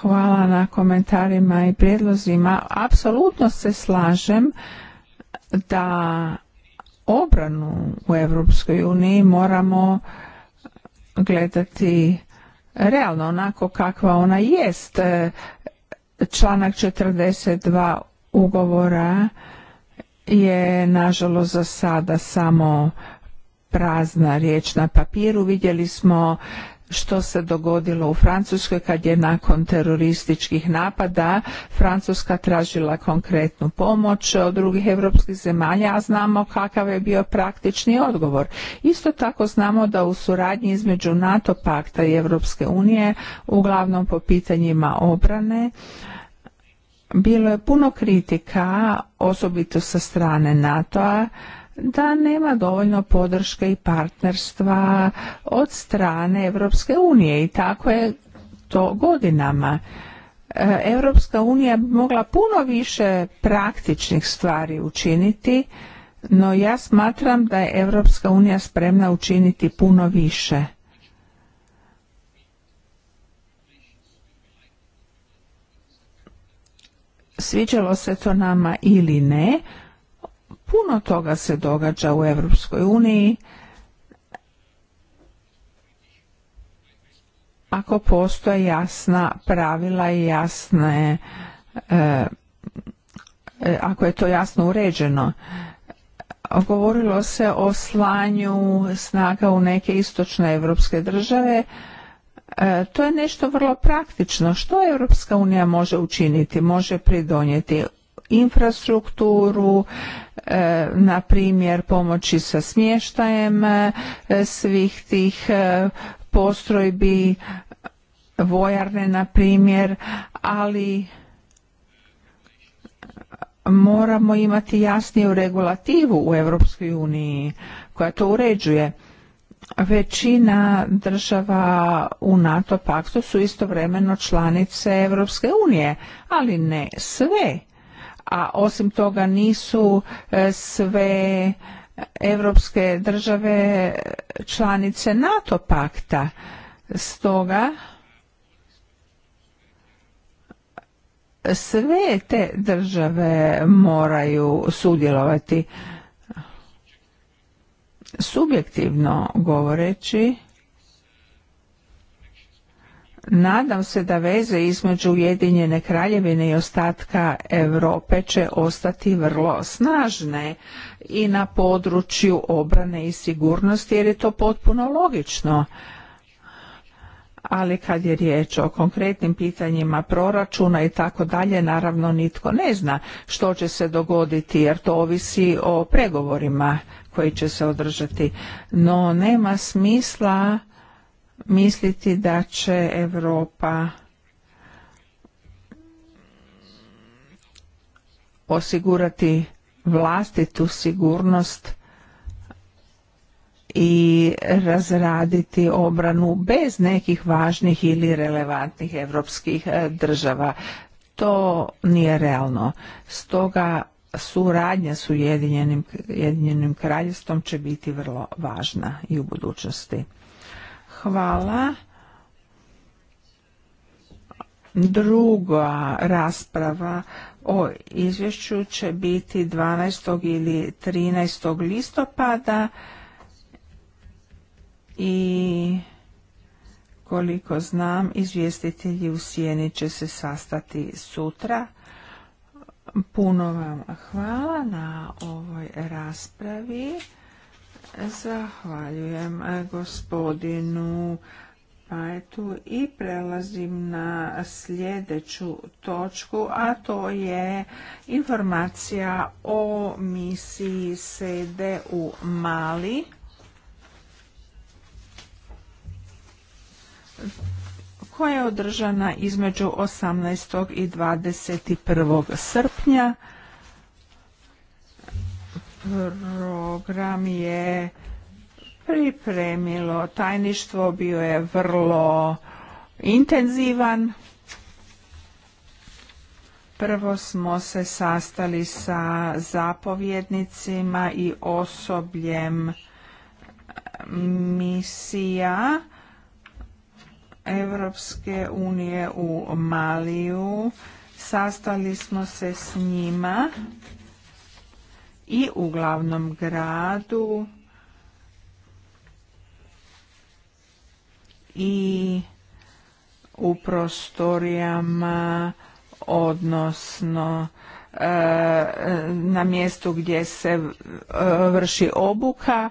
Hvala na komentarima i prijedlozima. Apsolutno se slažem da obranu u Europskoj uniji moramo gledati realno onako kakva ona jest. Članak 42 ugovora je nažalost za sada samo prazna riječ na papiru. Vidjeli smo što se dogodilo u Francuskoj kad je nakon terorističkih napada Francuska tražila konkretnu pomoć od drugih europskih zemalja, a znamo kakav je bio praktični odgovor. Isto tako znamo da u suradnji između NATO pakta i Europske unije, uglavnom po pitanjima obrane, bilo je puno kritika, osobito sa strane NATO-a, da nema dovoljno podrške i partnerstva od strane Europske unije i tako je to godinama. Europska unija bi mogla puno više praktičnih stvari učiniti, no ja smatram da je Europska unija spremna učiniti puno više. sviđalo se to nama ili ne, puno toga se događa u Europskoj uniji. Ako postoje jasna pravila i jasne, e, e, ako je to jasno uređeno, govorilo se o slanju snaga u neke istočne europske države, E, to je nešto vrlo praktično. Što Europska unija može učiniti? Može pridonijeti infrastrukturu, e, na primjer pomoći sa smještajem e, svih tih postrojbi, vojarne na primjer, ali moramo imati jasniju regulativu u Europskoj uniji koja to uređuje većina država u NATO paktu su istovremeno članice Europske unije, ali ne sve. A osim toga nisu e, sve europske države članice NATO pakta. Stoga sve te države moraju sudjelovati. Subjektivno govoreći, Nadam se da veze između Ujedinjene kraljevine i ostatka Europe će ostati vrlo snažne i na području obrane i sigurnosti jer je to potpuno logično. Ali kad je riječ o konkretnim pitanjima proračuna i tako dalje, naravno nitko ne zna što će se dogoditi jer to ovisi o pregovorima koji će se održati. No nema smisla misliti da će Europa osigurati vlastitu sigurnost i razraditi obranu bez nekih važnih ili relevantnih europskih e, država. To nije realno. Stoga suradnja s Ujedinjenim, Ujedinjenim kraljevstvom će biti vrlo važna i u budućnosti. Hvala. Druga rasprava o izvješću će biti 12. ili 13. listopada i koliko znam izvjestitelji u Sijeni će se sastati sutra Puno vam hvala na ovoj raspravi. Zahvaljujem e, gospodinu Pajtu i prelazim na sljedeću točku, a to je informacija o misiji sede u Mali koja je održana između 18. i 21. srpnja. Program je pripremilo tajništvo, bio je vrlo intenzivan. Prvo smo se sastali sa zapovjednicima i osobljem misija Europske unije u Maliju. Sastali smo se s njima i u glavnom gradu i u prostorijama odnosno e, na mjestu gdje se e, vrši obuka.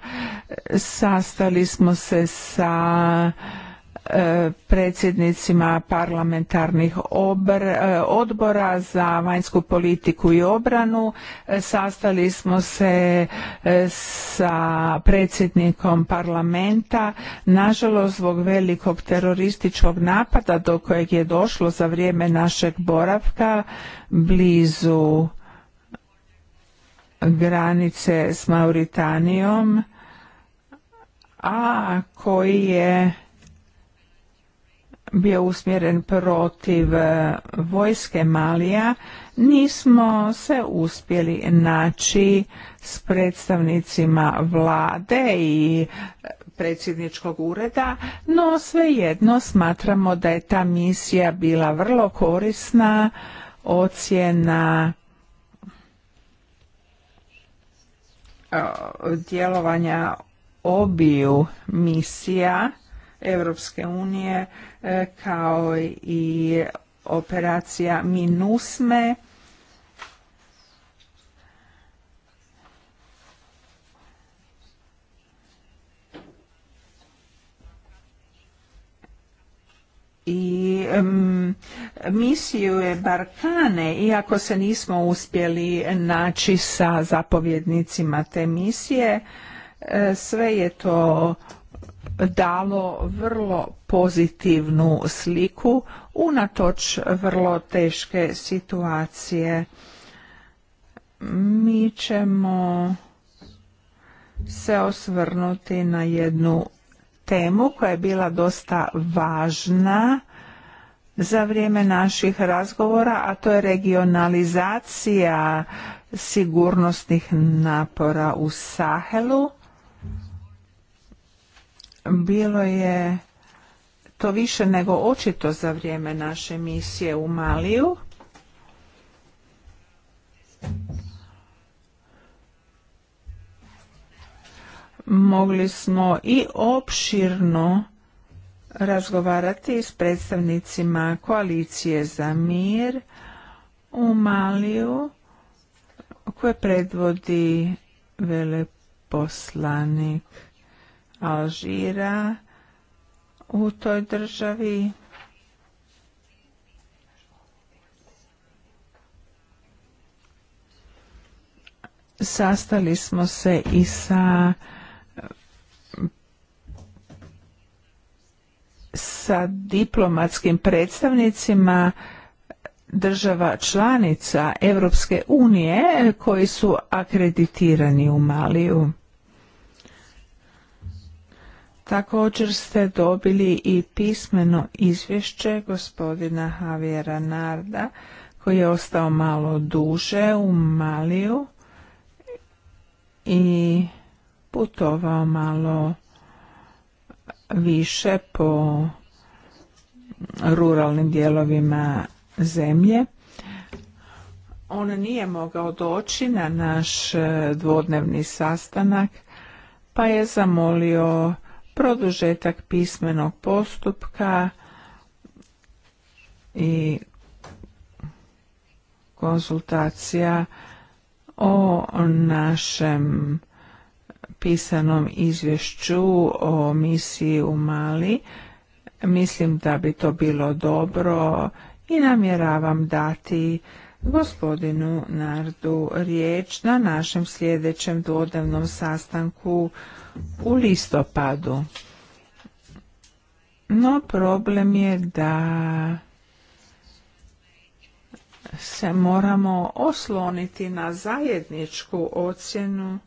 Sastali smo se sa E, predsjednicima parlamentarnih e, odbora za vanjsku politiku i obranu. E, sastali smo se sa predsjednikom parlamenta. Nažalost, zbog velikog terorističkog napada do kojeg je došlo za vrijeme našeg boravka blizu granice s Mauritanijom, a koji je bio usmjeren protiv e, vojske Malija, nismo se uspjeli naći s predstavnicima vlade i e, predsjedničkog ureda, no svejedno smatramo da je ta misija bila vrlo korisna, ocjena e, djelovanja obiju misija Europske unije e, kao i operacija MINUSME. i misiju je Barkane, iako se nismo uspjeli naći sa zapovjednicima te misije, e, sve je to dalo vrlo pozitivnu sliku unatoč vrlo teške situacije. Mi ćemo se osvrnuti na jednu temu koja je bila dosta važna za vrijeme naših razgovora, a to je regionalizacija sigurnosnih napora u Sahelu bilo je to više nego očito za vrijeme naše misije u Maliju. Mogli smo i opširno razgovarati s predstavnicima koalicije za mir u Maliju koje predvodi veleposlanik Alžira u toj državi. Sastali smo se i sa sa diplomatskim predstavnicima država članica Europske unije koji su akreditirani u Maliju. Također ste dobili i pismeno izvješće gospodina Javiera Narda koji je ostao malo duže u Maliju i putovao malo više po ruralnim dijelovima zemlje. On nije mogao doći na naš dvodnevni sastanak pa je zamolio produžetak pismenog postupka i konzultacija o našem pisanom izvješću o misiji u Mali. Mislim da bi to bilo dobro i namjeravam dati gospodinu Nardu riječ na našem sljedećem dvodnevnom sastanku u listopadu. No problem je da se moramo osloniti na zajedničku ocjenu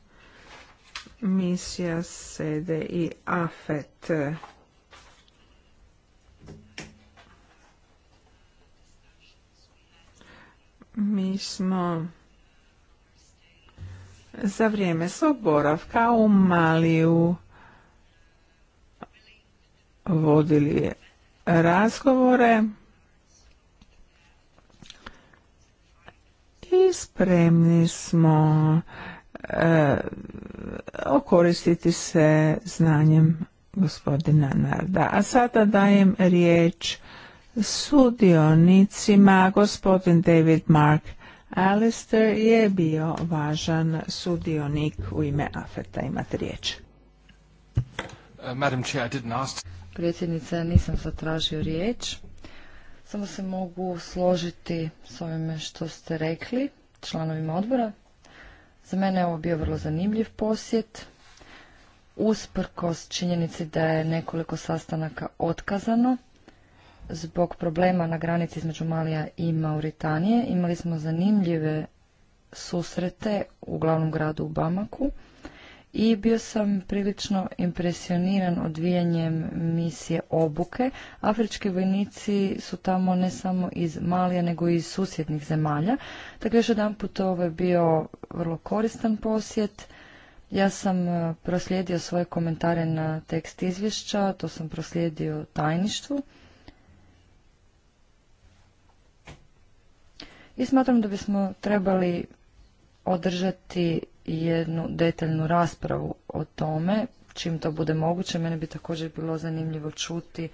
misija Sede i Afet. Mi smo za vrijeme svog boravka u Maliju vodili razgovore i spremni smo e, okoristiti se znanjem gospodina Narda. A sada dajem riječ sudionicima gospodin David Mark Alistair je bio važan sudionik u ime Afeta. Imate riječ. Uh, Predsjednice, nisam zatražio riječ. Samo se mogu složiti s ovime što ste rekli članovima odbora. Za mene je ovo bio vrlo zanimljiv posjet. Usprkos činjenici da je nekoliko sastanaka otkazano, zbog problema na granici između Malija i Mauritanije. Imali smo zanimljive susrete u glavnom gradu u Bamaku i bio sam prilično impresioniran odvijanjem misije obuke. Afrički vojnici su tamo ne samo iz Malija nego i iz susjednih zemalja. Tako još jedan put ovo je bio vrlo koristan posjet. Ja sam e, proslijedio svoje komentare na tekst izvješća, to sam proslijedio tajništvu. I smatram da bismo trebali održati jednu detaljnu raspravu o tome, čim to bude moguće. Mene bi također bilo zanimljivo čuti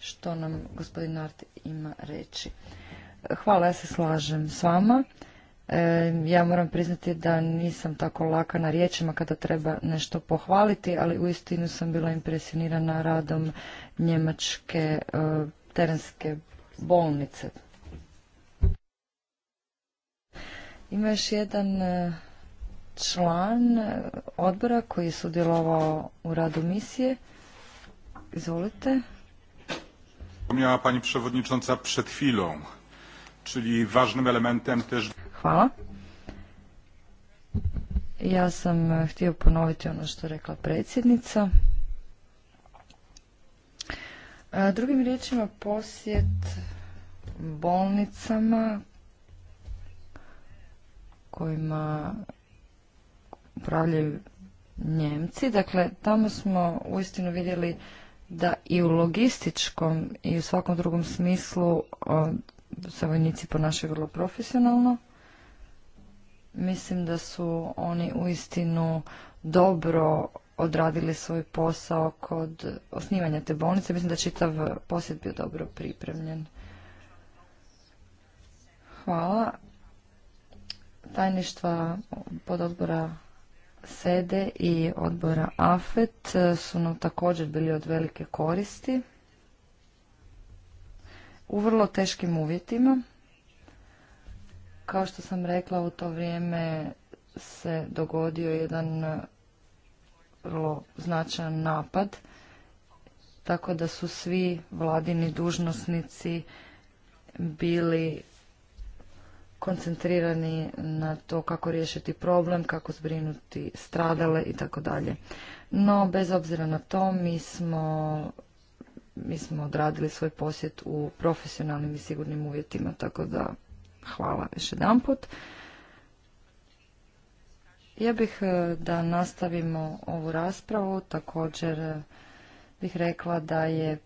što nam gospodin nart ima reći. Hvala, ja se slažem s vama. E, ja moram priznati da nisam tako laka na riječima kada treba nešto pohvaliti, ali uistinu sam bila impresionirana radom njemačke e, terenske bolnice. Ima još jedan e, član e, odbora koji je sudjelovao u radu misije. Izvolite. Miała pani przewodnicząca przed chwilą, czyli ważnym elementem też... Hvala. Ja sam e, htio ponoviti ono što rekla predsjednica. Drugim riječima posjet bolnicama kojima upravljaju Njemci. Dakle, tamo smo uistinu vidjeli da i u logističkom i u svakom drugom smislu se vojnici ponašaju vrlo profesionalno. Mislim da su oni uistinu dobro odradili svoj posao kod osnivanja te bolnice. Mislim da čitav posjet bio dobro pripremljen. Hvala. Tajništva pod odbora SEDE i odbora AFET e, su nam također bili od velike koristi u vrlo teškim uvjetima. Kao što sam rekla, u to vrijeme se dogodio jedan vrlo značajan napad, tako da su svi vladini dužnosnici bili koncentrirani na to kako riješiti problem, kako zbrinuti stradale i tako dalje. No, bez obzira na to, mi smo, mi smo odradili svoj posjet u profesionalnim i sigurnim uvjetima, tako da hvala još jedan put. Ja bih e, da nastavimo ovu raspravu, također e, bih rekla da je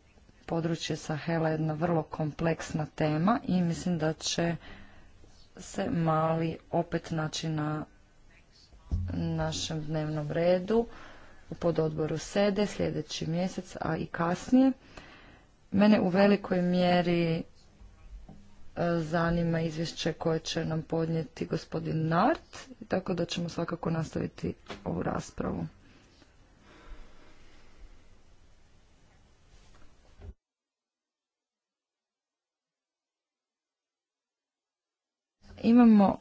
područje Sahela jedna vrlo kompleksna tema i mislim da će se mali opet naći na našem dnevnom redu u pododboru sede sljedeći mjesec, a i kasnije. Mene u velikoj mjeri e, zanima izvješće koje će nam podnijeti gospodin Nart, tako da ćemo svakako nastaviti ovu raspravu. Imamo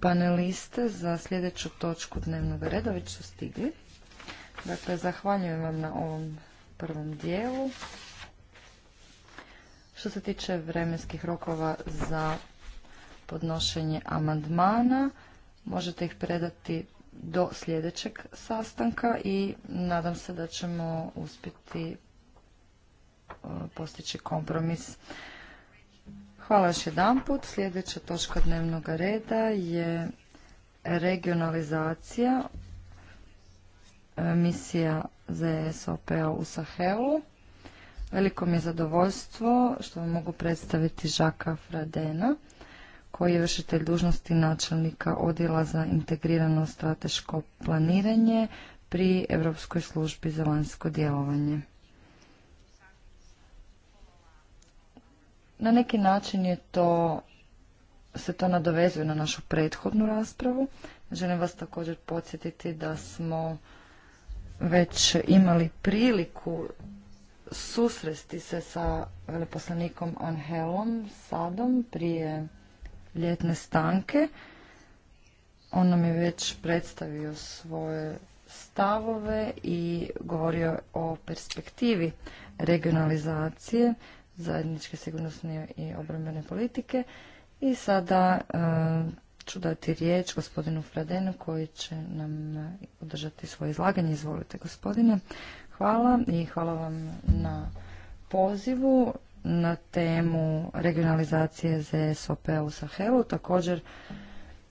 paneliste za sljedeću točku dnevnog reda, već su stigli. Dakle, zahvaljujem vam na ovom prvom dijelu. Što se tiče vremenskih rokova za podnošenje amandmana, možete ih predati do sljedećeg sastanka i nadam se da ćemo uspjeti e, postići kompromis Hvala još put. Sljedeća točka dnevnog reda je regionalizacija e, misija ZSOP-a u Sahelu. Veliko mi je zadovoljstvo što vam mogu predstaviti Žaka Fradena, koji je vršitelj dužnosti načelnika odjela za integrirano strateško planiranje pri Europskoj službi za vanjsko djelovanje. Na neki način je to, se to nadovezuje na našu prethodnu raspravu. Želim vas također podsjetiti da smo već imali priliku susresti se sa veleposlanikom Anhelom Sadom prije ljetne stanke. On nam je već predstavio svoje stavove i govorio o perspektivi regionalizacije zajedničke sigurnosne i obrambene politike. I sada e, ću dati riječ gospodinu Fradenu koji će nam održati svoje izlaganje. Izvolite gospodine. Hvala i hvala vam na pozivu na temu regionalizacije ZSOP-a u Sahelu. Također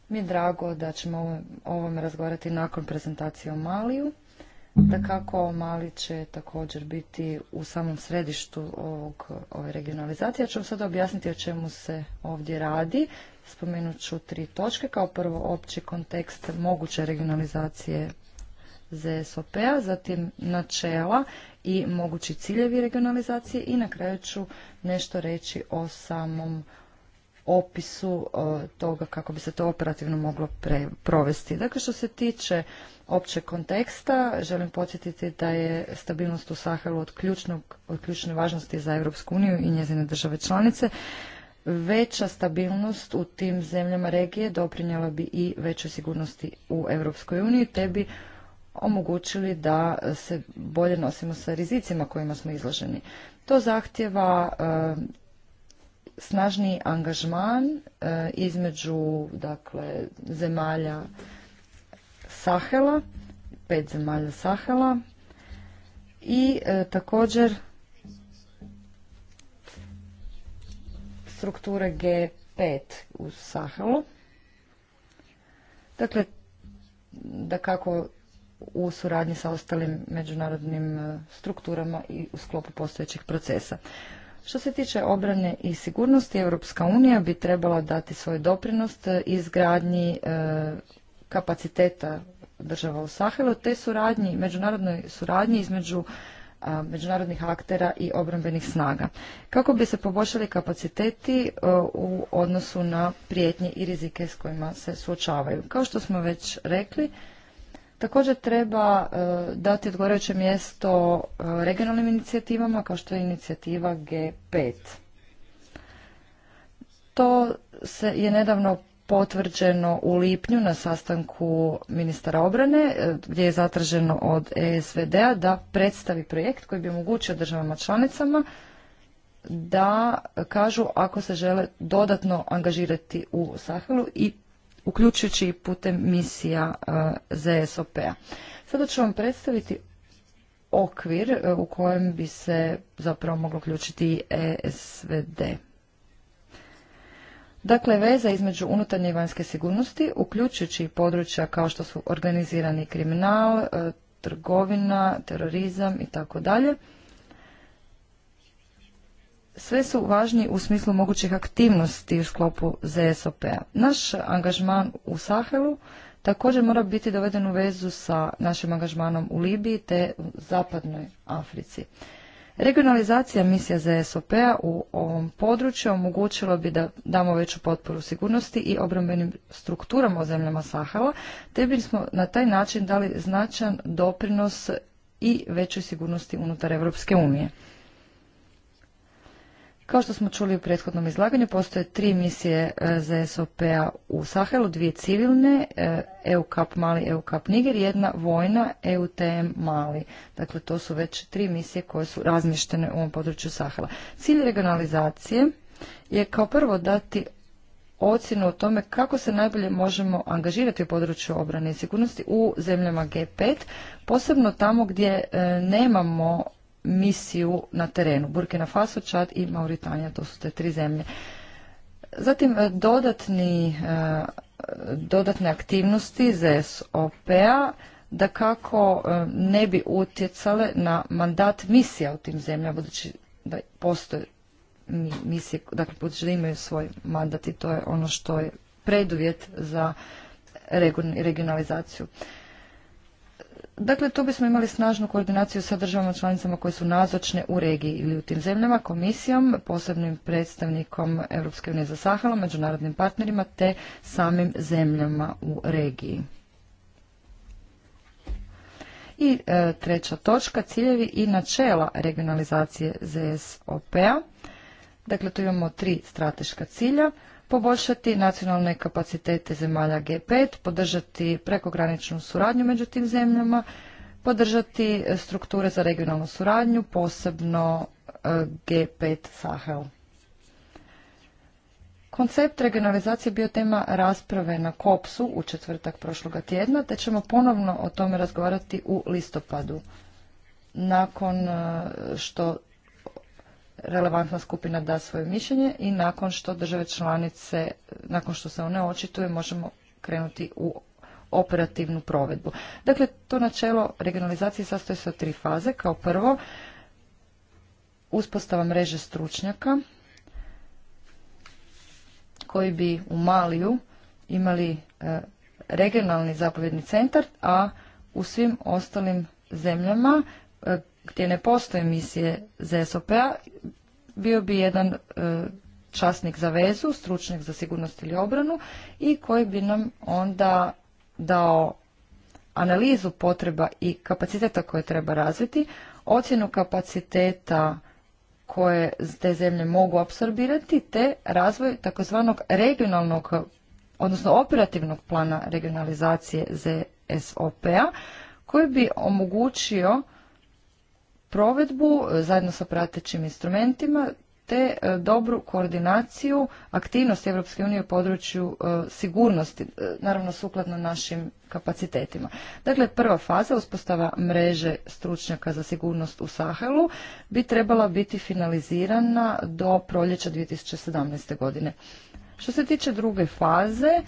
mi je drago da ćemo o ovom razgovarati nakon prezentacije o Maliju. Da kako mali će također biti u samom središtu ovog, ove regionalizacije. Ja ću vam sada objasniti o čemu se ovdje radi. Spomenut ću tri točke. Kao prvo opći kontekst moguće regionalizacije ZSOP-a, zatim načela i mogući ciljevi regionalizacije i na kraju ću nešto reći o samom opisu e, toga kako bi se to operativno moglo provesti. Dakle, što se tiče općeg konteksta, želim podsjetiti da je stabilnost u Sahelu od, ključnog, od ključne važnosti za Europsku uniju i njezine države članice. Veća stabilnost u tim zemljama regije doprinjela bi i većoj sigurnosti u Europskoj uniji, te bi omogućili da se bolje nosimo sa rizicima kojima smo izloženi. To zahtjeva snažni angažman e, između dakle zemalja Sahela, pet zemalja Sahela i e, također strukture G5 u Sahelu. Dakle, da kako u suradnji sa ostalim međunarodnim e, strukturama i u sklopu postojećih procesa. Što se tiče obrane i sigurnosti, Europska unija bi trebala dati svoj doprinos izgradnji e, kapaciteta država u Sahelu, te suradnji, međunarodnoj suradnji između međunarodnih aktera i obrambenih snaga. Kako bi se poboljšali kapaciteti e, u odnosu na prijetnje i rizike s kojima se suočavaju? Kao što smo već rekli, Također treba e, dati odgovarajuće mjesto e, regionalnim inicijativama kao što je inicijativa G5. To se je nedavno potvrđeno u lipnju na sastanku ministara obrane e, gdje je zatraženo od ESVD-a da predstavi projekt koji bi omogućio državama članicama da kažu ako se žele dodatno angažirati u Sahelu i uključujući i putem misija e, ZSOP-a. Sada ću vam predstaviti okvir e, u kojem bi se zapravo moglo uključiti i ESVD. Dakle, veza između unutarnje i vanjske sigurnosti, uključujući i područja kao što su organizirani kriminal, e, trgovina, terorizam i tako dalje, sve su važni u smislu mogućih aktivnosti u sklopu ZSOP-a. Naš angažman u Sahelu također mora biti doveden u vezu sa našim angažmanom u Libiji te u zapadnoj Africi. Regionalizacija misija ZSOP-a u ovom području omogućilo bi da damo veću potporu sigurnosti i obrambenim strukturama u zemljama Sahela, te bismo na taj način dali značajan doprinos i većoj sigurnosti unutar Europske unije. Kao što smo čuli u prethodnom izlaganju, postoje tri misije e, za SOP-a u Sahelu, dvije civilne, EUCAP e Mali, EUCAP Niger, jedna vojna, EUTM Mali. Dakle, to su već tri misije koje su razmještene u ovom području Sahela. Cilj regionalizacije je kao prvo dati ocjenu o tome kako se najbolje možemo angažirati u području obrane i sigurnosti u zemljama G5, posebno tamo gdje e, nemamo misiju na terenu. Burkina Faso, Čad i Mauritanija, to su te tri zemlje. Zatim e, dodatni, e, dodatne aktivnosti sop a da kako e, ne bi utjecale na mandat misija u tim zemljama, budući da postoje misije, dakle budući da imaju svoj mandat i to je ono što je preduvjet za regionalizaciju. Dakle, tu bismo imali snažnu koordinaciju sa državama članicama koje su nazočne u regiji ili u tim zemljama, komisijom, posebnim predstavnikom Europske unije za Sahara, međunarodnim partnerima te samim zemljama u regiji. I e, treća točka, ciljevi i načela regionalizacije ZSOP-a. Dakle, tu imamo tri strateška cilja poboljšati nacionalne kapacitete zemalja G5, podržati prekograničnu suradnju među tim zemljama, podržati e, strukture za regionalnu suradnju, posebno e, G5 Sahel. Koncept regionalizacije bio tema rasprave na Kopsu u četvrtak prošloga tjedna, te ćemo ponovno o tome razgovarati u listopadu, nakon e, što relevantna skupina da svoje mišljenje i nakon što države članice, nakon što se one očituje, možemo krenuti u operativnu provedbu. Dakle, to načelo regionalizacije sastoji se od tri faze. Kao prvo, uspostava mreže stručnjaka koji bi u Maliju imali e, regionalni zapovjedni centar, a u svim ostalim zemljama e, gdje ne postoje misije ZSOP-a, bio bi jedan e, časnik za vezu, stručnjak za sigurnost ili obranu i koji bi nam onda dao analizu potreba i kapaciteta koje treba razviti, ocjenu kapaciteta koje te zemlje mogu apsorbirati, te razvoj takozvanog regionalnog, odnosno operativnog plana regionalizacije ZSOP-a, koji bi omogućio provedbu e, zajedno sa pratećim instrumentima te e, dobru koordinaciju aktivnosti Europske unije u području e, sigurnosti, naravno sukladno našim kapacitetima. Dakle, prva faza uspostava mreže stručnjaka za sigurnost u Sahelu bi trebala biti finalizirana do proljeća 2017. godine. Što se tiče druge faze,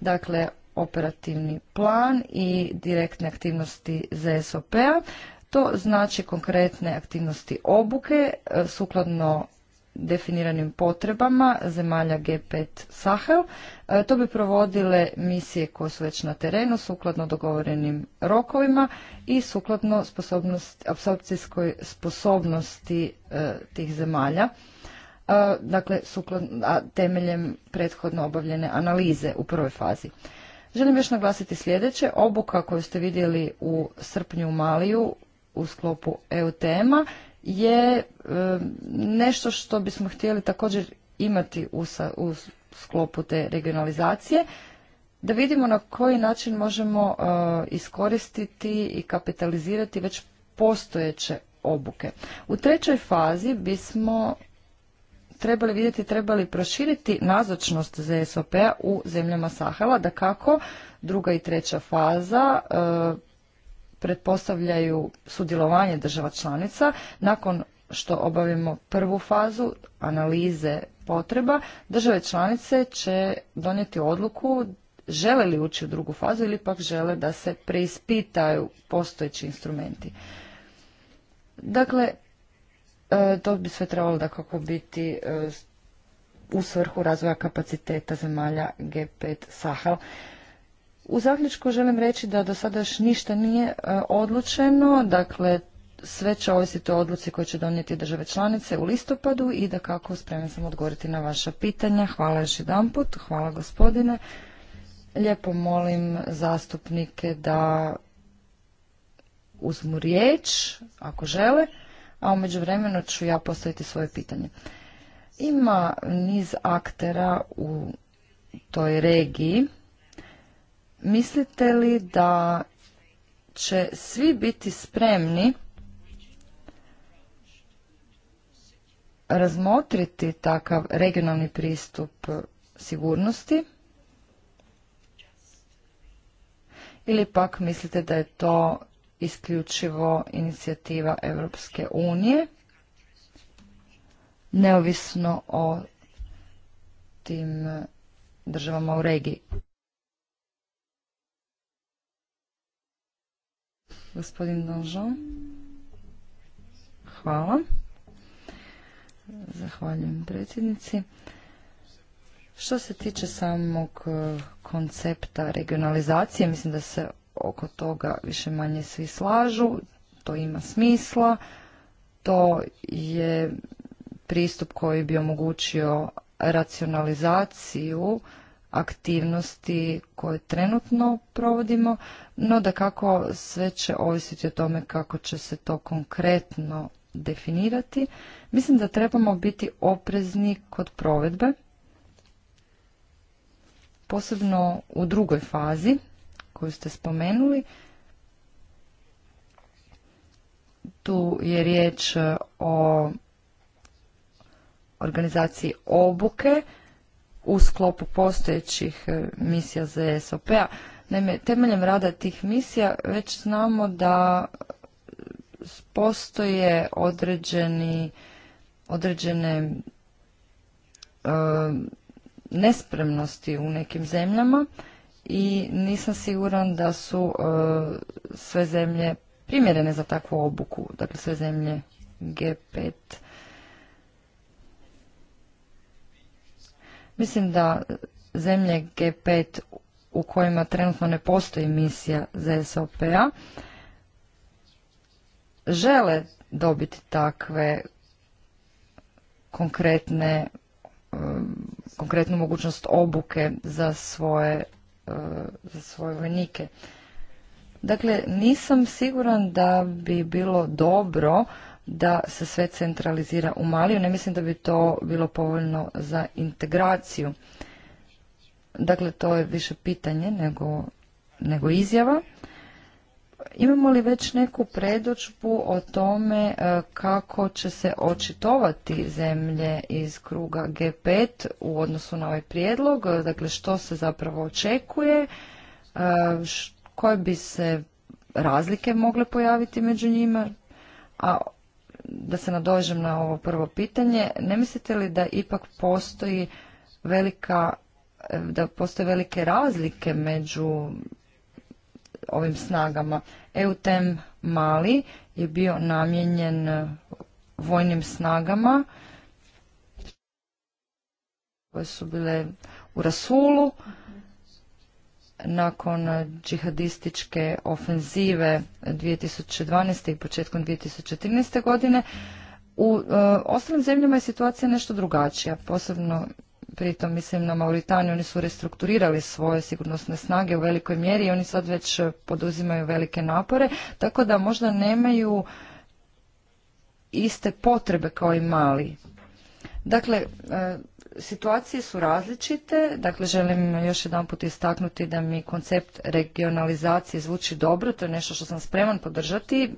dakle operativni plan i direktne aktivnosti ZSOP-a, to znači konkretne aktivnosti obuke e, sukladno definiranim potrebama zemalja G5 Sahel. E, to bi provodile misije koje su već na terenu sukladno dogovorenim rokovima i sukladno sposobnost, apsorpcijskoj sposobnosti e, tih zemalja. dakle, sukladno, temeljem prethodno obavljene analize u prvoj fazi. Želim još naglasiti sljedeće. Obuka koju ste vidjeli u srpnju u Maliju u sklopu EU tema je nešto što bismo htjeli također imati u, sklopu te regionalizacije da vidimo na koji način možemo eh, iskoristiti i kapitalizirati već postojeće obuke. U trećoj fazi bismo trebali vidjeti, trebali proširiti nazočnost ZSOP-a u zemljama Sahela, da kako druga i treća faza eh, pretpostavljaju sudjelovanje država članica. Nakon što obavimo prvu fazu analize potreba, države članice će donijeti odluku žele li ući u drugu fazu ili pak žele da se preispitaju postojeći instrumenti. Dakle, e, to bi sve trebalo da kako biti e, u svrhu razvoja kapaciteta zemalja G5 Sahel. U zaključku želim reći da do sada još ništa nije e, odlučeno, dakle sve će ovisiti o odluci koje će donijeti države članice u listopadu i da kako spreman sam odgovoriti na vaša pitanja. Hvala još jedanput, hvala gospodine. Lijepo molim zastupnike da uzmu riječ ako žele, a u međuvremenu ću ja postaviti svoje pitanje. Ima niz aktera u toj regiji Mislite li da će svi biti spremni razmotriti takav regionalni pristup sigurnosti? Ili pak mislite da je to isključivo inicijativa Europske unije, neovisno o tim državama u regiji? Gospodin Donžon. Hvala. Zahvaljujem predsjednici. Što se tiče samog e, koncepta regionalizacije, mislim da se oko toga više manje svi slažu, to ima smisla, to je pristup koji bi omogućio racionalizaciju aktivnosti koje trenutno provodimo, no da kako sve će ovisiti o tome kako će se to konkretno definirati. Mislim da trebamo biti oprezni kod provedbe, posebno u drugoj fazi koju ste spomenuli. Tu je riječ o organizaciji obuke u sklopu postojećih e, misija za SOP-a. Naime, temeljem rada tih misija već znamo da postoje određeni, određene e, nespremnosti u nekim zemljama i nisam siguran da su e, sve zemlje primjerene za takvu obuku, dakle sve zemlje G5 Mislim da zemlje G5 u kojima trenutno ne postoji misija sop a žele dobiti takve konkretne um, konkretnu mogućnost obuke za svoje, uh, za svoje vojnike. Dakle, nisam siguran da bi bilo dobro da se sve centralizira u Maliju. Ne mislim da bi to bilo povoljno za integraciju. Dakle, to je više pitanje nego, nego izjava. Imamo li već neku predočbu o tome e, kako će se očitovati zemlje iz kruga G5 u odnosu na ovaj prijedlog? Dakle, što se zapravo očekuje? E, koje bi se razlike mogle pojaviti među njima? A da se nadovežem na ovo prvo pitanje, ne mislite li da ipak postoji velika, da postoje velike razlike među ovim snagama? EUTEM Mali je bio namijenjen vojnim snagama koje su bile u Rasulu, nakon džihadističke ofenzive 2012. i početkom 2013. godine, u e, ostalim zemljama je situacija nešto drugačija, posebno pritom mislim na Mauritaniju, oni su restrukturirali svoje sigurnosne snage u velikoj mjeri i oni sad već poduzimaju velike napore, tako da možda nemaju iste potrebe kao i mali. Dakle, e, situacije su različite, dakle želim još jedan put istaknuti da mi koncept regionalizacije zvuči dobro, to je nešto što sam spreman podržati,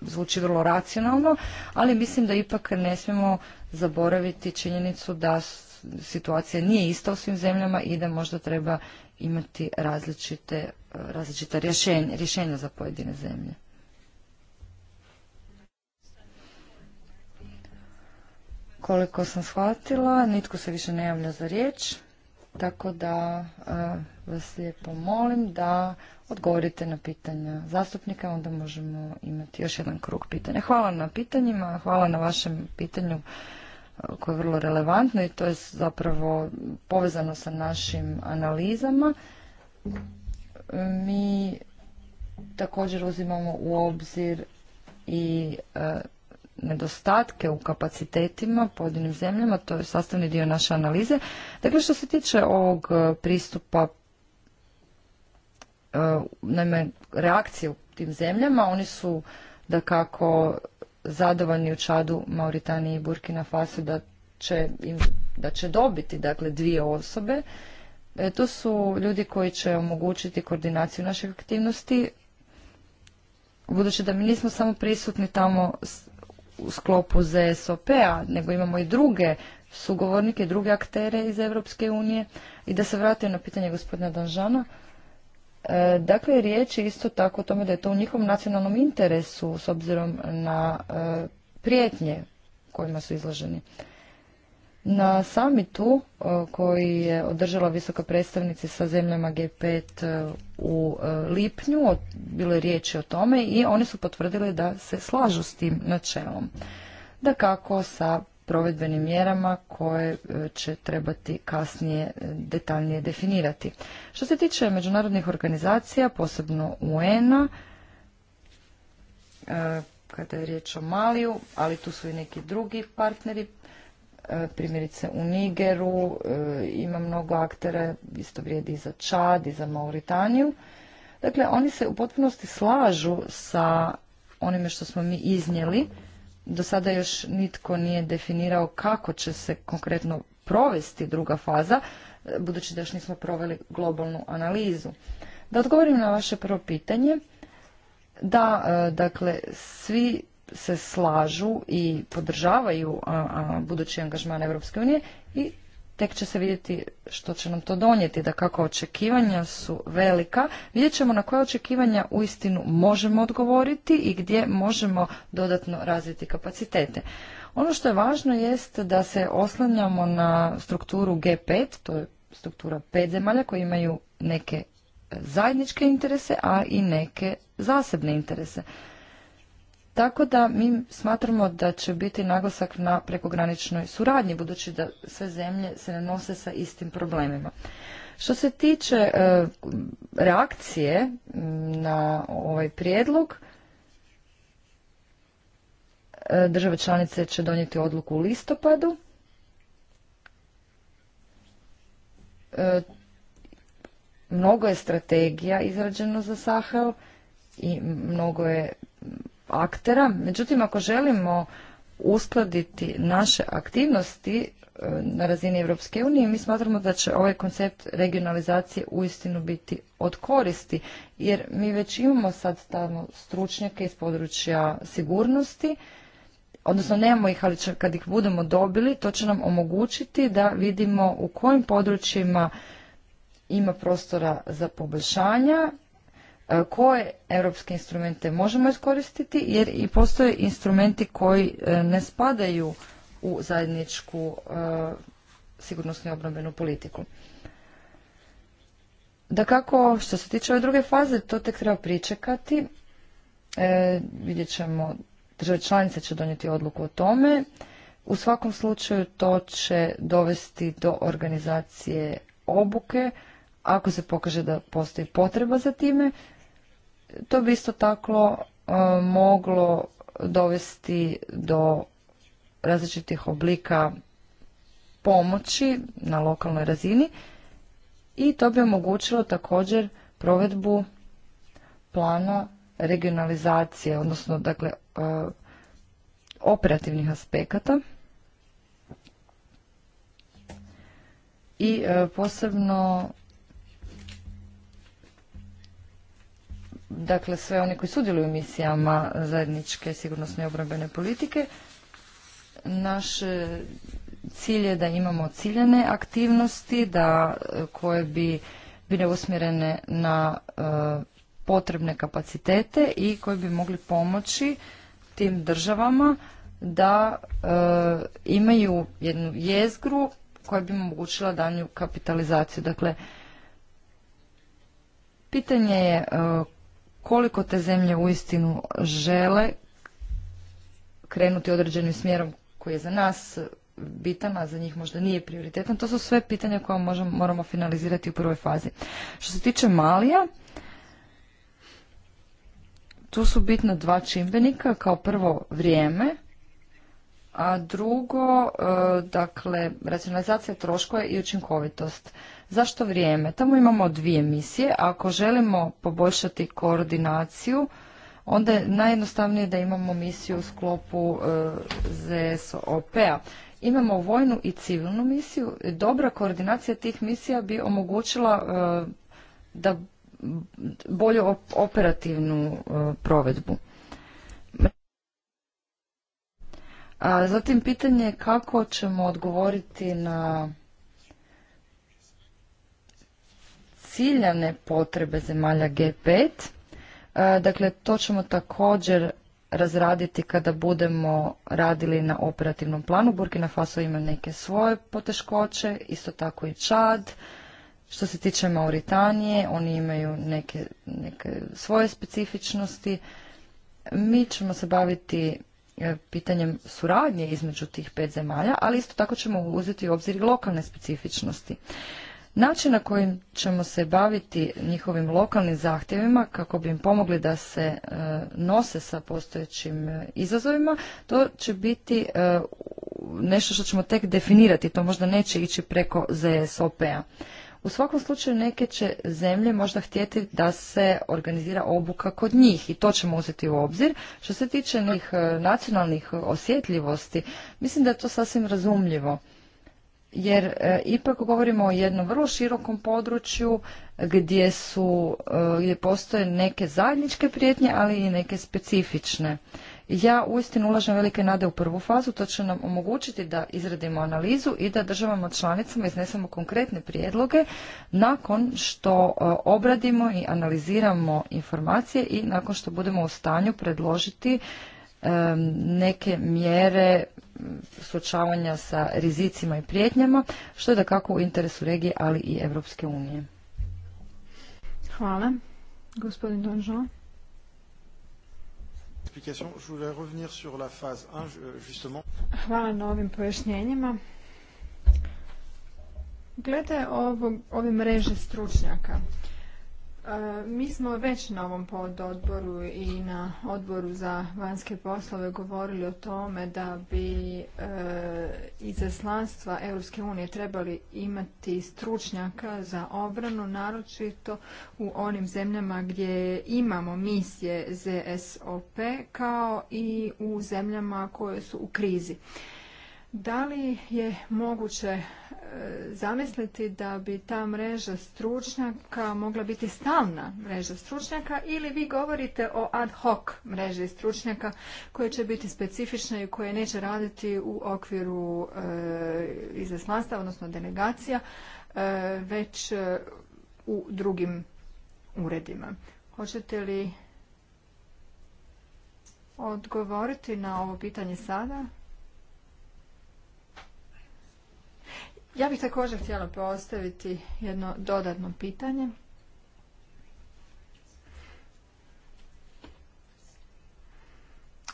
zvuči vrlo racionalno, ali mislim da ipak ne smijemo zaboraviti činjenicu da situacija nije ista u svim zemljama i da možda treba imati različite, različita rješenja, rješenja za pojedine zemlje. Koliko sam shvatila, nitko se više ne javlja za riječ, tako da e, vas lijepo molim da odgovorite na pitanja zastupnika, onda možemo imati još jedan krug pitanja. Hvala na pitanjima, hvala na vašem pitanju e, koje je vrlo relevantno i to je zapravo povezano sa našim analizama. Mi također uzimamo u obzir i e, nedostatke u kapacitetima pojedinim zemljama, to je sastavni dio naše analize. Dakle, što se tiče ovog e, pristupa, e, naime, reakcije u tim zemljama, oni su da kako zadovoljni u Čadu, Mauritaniji i Burkina Faso da će, im, da će dobiti dakle dvije osobe. E, to su ljudi koji će omogućiti koordinaciju naših aktivnosti, budući da mi nismo samo prisutni tamo u sklopu ZSOP-a, nego imamo i druge sugovornike, druge aktere iz Europske unije. I da se vratim na pitanje gospodina Danžana, e, dakle, riječ je isto tako o tome da je to u njihovom nacionalnom interesu s obzirom na e, prijetnje kojima su izloženi. Na samitu e, koji je održala visoka predstavnica sa zemljama G5 e, u e, lipnju, bilo je riječi o tome i oni su potvrdili da se slažu s tim načelom. Da kako sa provedbenim mjerama koje će trebati kasnije detaljnije definirati. Što se tiče međunarodnih organizacija, posebno UN-a, kada je riječ o Maliju, ali tu su i neki drugi partneri, E, primjerice u Nigeru, e, ima mnogo aktere, isto vrijedi i za Čad i za Mauritaniju. Dakle, oni se u potpunosti slažu sa onime što smo mi iznijeli. Do sada još nitko nije definirao kako će se konkretno provesti druga faza, e, budući da još nismo proveli globalnu analizu. Da odgovorim na vaše prvo pitanje. Da, dakle, svi se slažu i podržavaju budući angažman Europske unije i tek će se vidjeti što će nam to donijeti, da kako očekivanja su velika, vidjet ćemo na koje očekivanja uistinu možemo odgovoriti i gdje možemo dodatno razviti kapacitete. Ono što je važno jest da se oslanjamo na strukturu G5, to je struktura pet zemalja koji imaju neke e, zajedničke interese, a i neke zasebne interese. Tako da mi smatramo da će biti naglasak na prekograničnoj suradnji, budući da sve zemlje se ne nose sa istim problemima. Što se tiče e, reakcije na ovaj prijedlog, e, države članice će donijeti odluku u listopadu. E, mnogo je strategija izrađeno za Sahel i mnogo je aktera. Međutim, ako želimo uskladiti naše aktivnosti e, na razini Europske unije, mi smatramo da će ovaj koncept regionalizacije uistinu biti od koristi, jer mi već imamo sad stavno stručnjake iz područja sigurnosti, odnosno nemamo ih, ali kad ih budemo dobili, to će nam omogućiti da vidimo u kojim područjima ima prostora za poboljšanja E, koje europske instrumente možemo iskoristiti jer i postoje instrumenti koji e, ne spadaju u zajedničku e, sigurnosnu i obrambenu politiku. Da kako, što se tiče ove druge faze, to tek treba pričekati. E, vidjet ćemo, države članice će donijeti odluku o tome. U svakom slučaju to će dovesti do organizacije obuke, ako se pokaže da postoji potreba za time, to bi isto tako e, moglo dovesti do različitih oblika pomoći na lokalnoj razini i to bi omogućilo također provedbu plana regionalizacije, odnosno dakle e, operativnih aspekata i e, posebno dakle sve oni koji sudjeluju u misijama zajedničke sigurnosne i obrambene politike. Naš e, cilj je da imamo ciljane aktivnosti da e, koje bi bile usmjerene na e, potrebne kapacitete i koji bi mogli pomoći tim državama da imaju jednu jezgru koja bi omogućila danju kapitalizaciju. Dakle, pitanje je koliko te zemlje uistinu žele krenuti određenim smjerom koji je za nas bitan, a za njih možda nije prioritetan. To su sve pitanja koja možemo, moramo finalizirati u prvoj fazi. Što se tiče Malija, tu su bitna dva čimbenika, kao prvo vrijeme, a drugo, e, dakle, racionalizacija troškova i učinkovitost. Zašto vrijeme? Tamo imamo dvije misije. Ako želimo poboljšati koordinaciju, onda je najjednostavnije da imamo misiju u sklopu e, ZSOP-a. Imamo vojnu i civilnu misiju. Dobra koordinacija tih misija bi omogućila e, da bolju operativnu e, provedbu. zatim pitanje je kako ćemo odgovoriti na ciljane potrebe zemalja G5. E, dakle, to ćemo također razraditi kada budemo radili na operativnom planu. Burkina Faso ima neke svoje poteškoće, isto tako i Čad. Što se tiče Mauritanije, oni imaju neke, neke svoje specifičnosti. Mi ćemo se baviti e, pitanjem suradnje između tih pet zemalja, ali isto tako ćemo uzeti u obzir i lokalne specifičnosti. Način na koji ćemo se baviti njihovim lokalnim zahtjevima kako bi im pomogli da se e, nose sa postojećim e, izazovima, to će biti e, nešto što ćemo tek definirati, to možda neće ići preko ZSOP-a. U svakom slučaju neke će zemlje možda htjeti da se organizira obuka kod njih i to ćemo uzeti u obzir. Što se tiče njih nacionalnih osjetljivosti, mislim da je to sasvim razumljivo jer e, ipak govorimo o jednom vrlo širokom području gdje su, e, gdje postoje neke zajedničke prijetnje, ali i neke specifične. Ja uistinu ulažem velike nade u prvu fazu, to će nam omogućiti da izradimo analizu i da državama članicama iznesemo konkretne prijedloge nakon što e, obradimo i analiziramo informacije i nakon što budemo u stanju predložiti neke mjere suočavanja sa rizicima i prijetnjama, što je da kako u interesu regije, ali i Evropske unije. Hvala. Gospodin Donžo. Euh, Hvala na ovim pojašnjenjima. Glede ovim ove mreže stručnjaka, E, mi smo već na ovom pododboru i na odboru za vanjske poslove govorili o tome da bi e, izaslanstva Europske unije trebali imati stručnjaka za obranu, naročito u onim zemljama gdje imamo misije ZSOP kao i u zemljama koje su u krizi. Da li je moguće e, zamisliti da bi ta mreža stručnjaka mogla biti stalna mreža stručnjaka ili vi govorite o ad hoc mreži stručnjaka koje će biti specifične i koje neće raditi u okviru e, izaslanstva, odnosno delegacija, e, već e, u drugim uredima. Hoćete li odgovoriti na ovo pitanje sada? Ja bih također htjela postaviti jedno dodatno pitanje.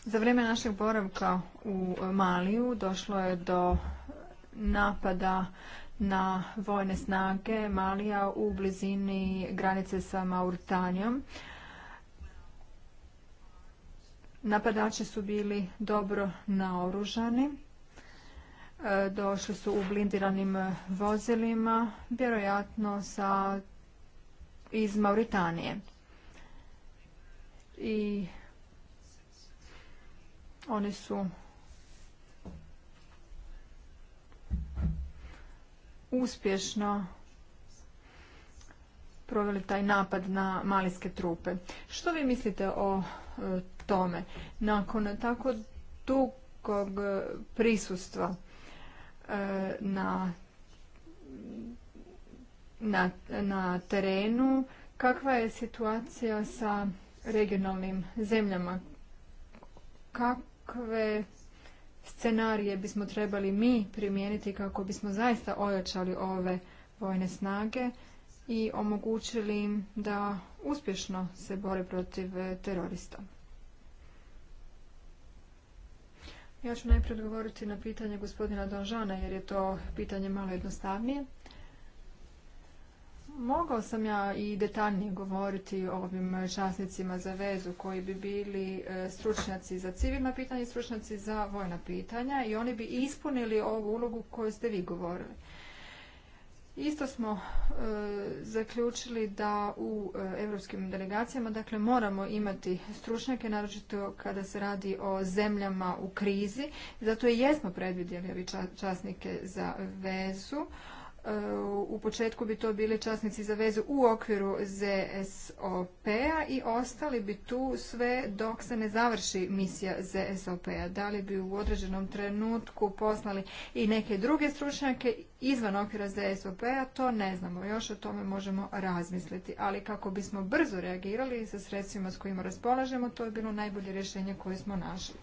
Za vrijeme našeg boravka u Maliju došlo je do napada na vojne snage Malija u blizini granice sa Mauritanijom. Napadači su bili dobro naoružani. E, došli su u blindiranim vozilima, vjerojatno sa, iz Mauritanije. I oni su uspješno proveli taj napad na malijske trupe. Što vi mislite o e, tome? Nakon tako dugog prisustva E, na, na, na terenu. Kakva je situacija sa regionalnim zemljama? Kakve scenarije bismo trebali mi primijeniti kako bismo zaista ojačali ove vojne snage i omogućili im da uspješno se bore protiv terorista? Ja ću najprije odgovoriti na pitanje gospodina Donžana jer je to pitanje malo jednostavnije. Mogao sam ja i detaljnije govoriti o ovim časnicima za vezu koji bi bili e, stručnjaci za civilna pitanja i stručnjaci za vojna pitanja i oni bi ispunili ovu ulogu koju ste vi govorili. Isto smo e, zaključili da u europskim delegacijama dakle moramo imati stručnjake, naročito kada se radi o zemljama u krizi. Zato i jesmo predvidjeli časnike za vezu u početku bi to bili časnici za vezu u okviru ZSOP-a i ostali bi tu sve dok se ne završi misija ZSOP-a. Da li bi u određenom trenutku poslali i neke druge stručnjake izvan okvira ZSOP-a, to ne znamo. Još o tome možemo razmisliti. Ali kako bismo brzo reagirali sa sredstvima s kojima raspolažemo, to je bilo najbolje rješenje koje smo našli.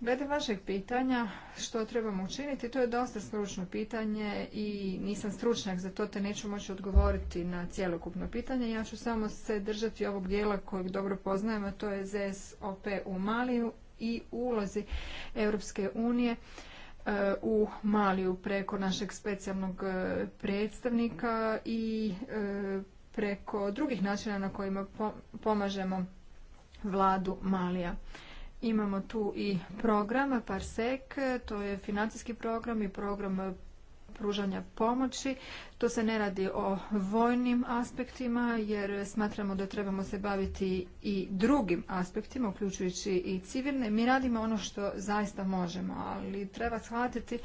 Glede vašeg pitanja što trebamo učiniti, to je dosta stručno pitanje i nisam stručnjak za to te neću moći odgovoriti na cjelokupno pitanje. Ja ću samo se držati ovog dijela kojeg dobro poznajem, a to je ZSOP u Maliju i ulozi Europske unije e, u Maliju preko našeg specijalnog e, predstavnika i e, preko drugih načina na kojima pomažemo vladu Malija. Imamo tu i program PARSEC, to je financijski program i program pružanja pomoći. To se ne radi o vojnim aspektima jer smatramo da trebamo se baviti i drugim aspektima, uključujući i civilne. Mi radimo ono što zaista možemo, ali treba shvatiti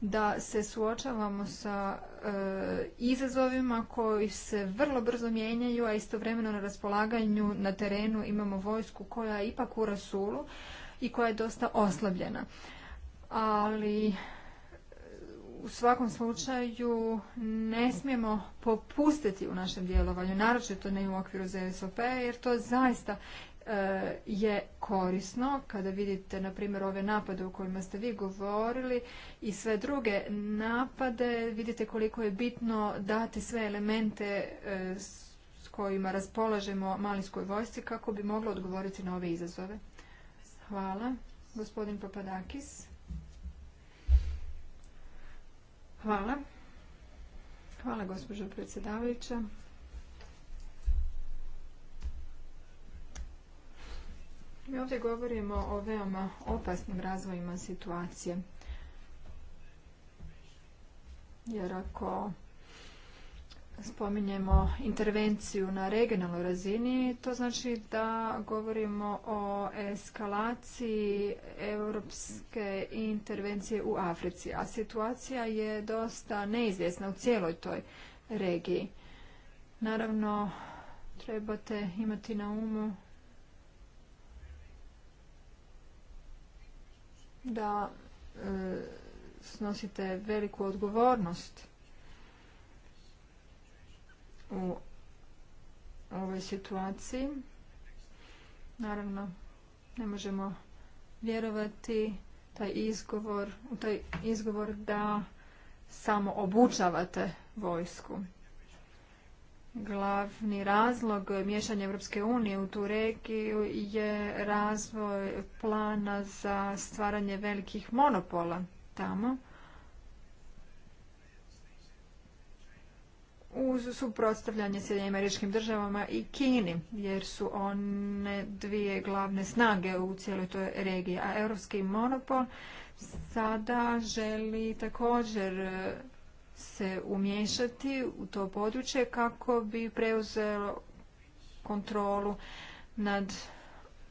da se suočavamo sa e, izazovima koji se vrlo brzo mijenjaju, a istovremeno na raspolaganju na terenu imamo vojsku koja je ipak u rasulu i koja je dosta oslabljena. Ali u svakom slučaju ne smijemo popustiti u našem djelovanju, naročito ne u okviru ZSOP, jer to zaista e, je korisno kada vidite na primjer ove napade o kojima ste vi govorili i sve druge napade vidite koliko je bitno dati sve elemente e, s kojima raspolažemo malinskoj vojsci kako bi moglo odgovoriti na ove izazove. Hvala. Gospodin Papadakis. Hvala. Hvala gospođo predsjedavajuća. Mi ovdje govorimo o veoma opasnim razvojima situacije. Jer ako spominjemo intervenciju na regionalnoj razini, to znači da govorimo o eskalaciji europske intervencije u Africi, a situacija je dosta neizvjesna u cijeloj toj regiji. Naravno, trebate imati na umu da e, snosite veliku odgovornost u ovoj situaciji. Naravno, ne možemo vjerovati taj izgovor, u taj izgovor da samo obučavate vojsku. Glavni razlog miješanja Europske unije u tu regiju je razvoj plana za stvaranje velikih monopola tamo. uz suprotstavljanje Sjedinjenim američkim državama i Kini, jer su one dvije glavne snage u cijeloj toj regiji. A europski monopol sada želi također e, se umješati u to područje kako bi preuzelo kontrolu nad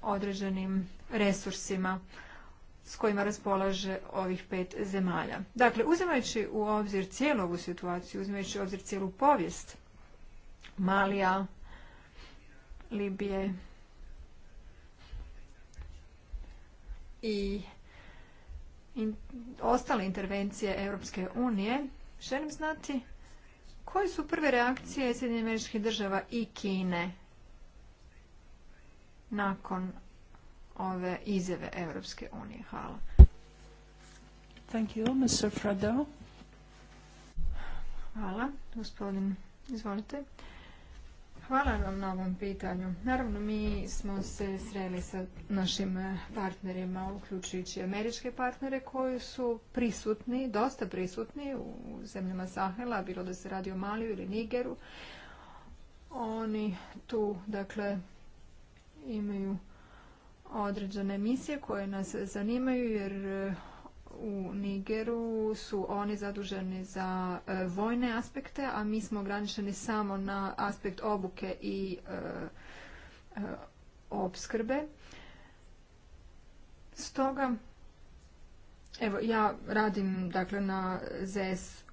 određenim resursima s kojima raspolaže ovih pet zemalja. Dakle, uzimajući u obzir cijelu ovu situaciju, uzimajući u obzir cijelu povijest Malija, Libije i ostale intervencije Europske unije, želim znati koje su prve reakcije Sjedinjenih država i Kine nakon ove izjave Europske unije. Hvala. Thank you, Mr. Hvala, gospodin. Izvolite. Hvala vam na ovom pitanju. Naravno, mi smo se sreli sa našim partnerima, uključujući američke partnere koji su prisutni, dosta prisutni u zemljama Sahela, bilo da se radi o Maliju ili Nigeru. Oni tu, dakle, imaju određene misije koje nas zanimaju jer e, u Nigeru su oni zaduženi za e, vojne aspekte, a mi smo ograničeni samo na aspekt obuke i e, opskrbe. Stoga, evo, ja radim dakle na zsop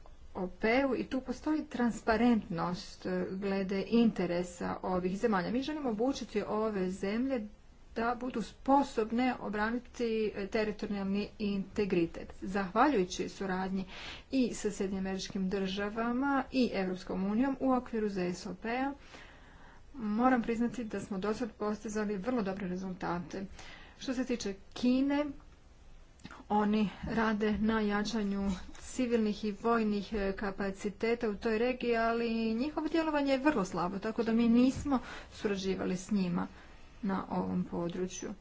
u i tu postoji transparentnost glede interesa ovih zemalja. Mi želimo obučiti ove zemlje da budu sposobne obraniti teritorijalni integritet. Zahvaljujući suradnji i sa Sjedinjim državama i Europskom unijom u okviru ZSOP-a, moram priznati da smo do sad postizali vrlo dobre rezultate. Što se tiče Kine, oni rade na jačanju civilnih i vojnih e, kapaciteta u toj regiji, ali njihovo djelovanje je vrlo slabo, tako da mi nismo surađivali s njima na ovom području.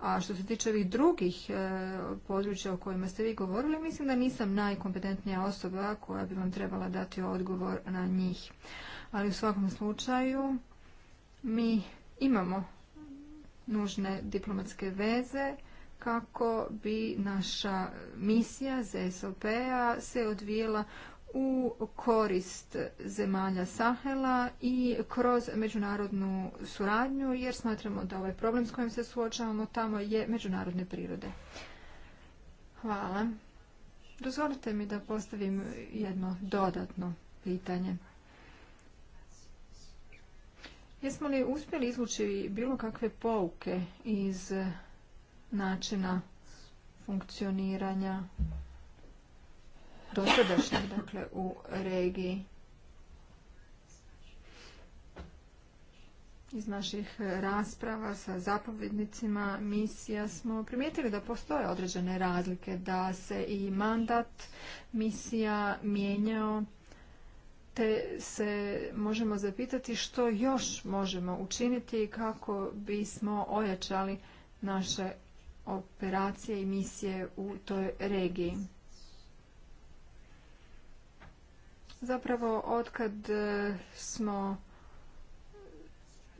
A što se tiče ovih drugih e, područja o kojima ste vi govorili, mislim da nisam najkompetentnija osoba koja bi vam trebala dati odgovor na njih. Ali u svakom slučaju mi imamo nužne diplomatske veze kako bi naša misija ZSOP-a se odvijela u korist zemalja Sahela i kroz međunarodnu suradnju jer smatramo da ovaj problem s kojim se suočavamo tamo je međunarodne prirode. Hvala. Dozvolite mi da postavim jedno dodatno pitanje. Jesmo li uspjeli izvući bilo kakve pouke iz načina funkcioniranja dosadašnjih, dakle, u regiji. Iz naših rasprava sa zapovjednicima misija smo primijetili da postoje određene razlike, da se i mandat misija mijenjao, te se možemo zapitati što još možemo učiniti kako bismo ojačali naše operacije i misije u toj regiji. Zapravo, otkad e, smo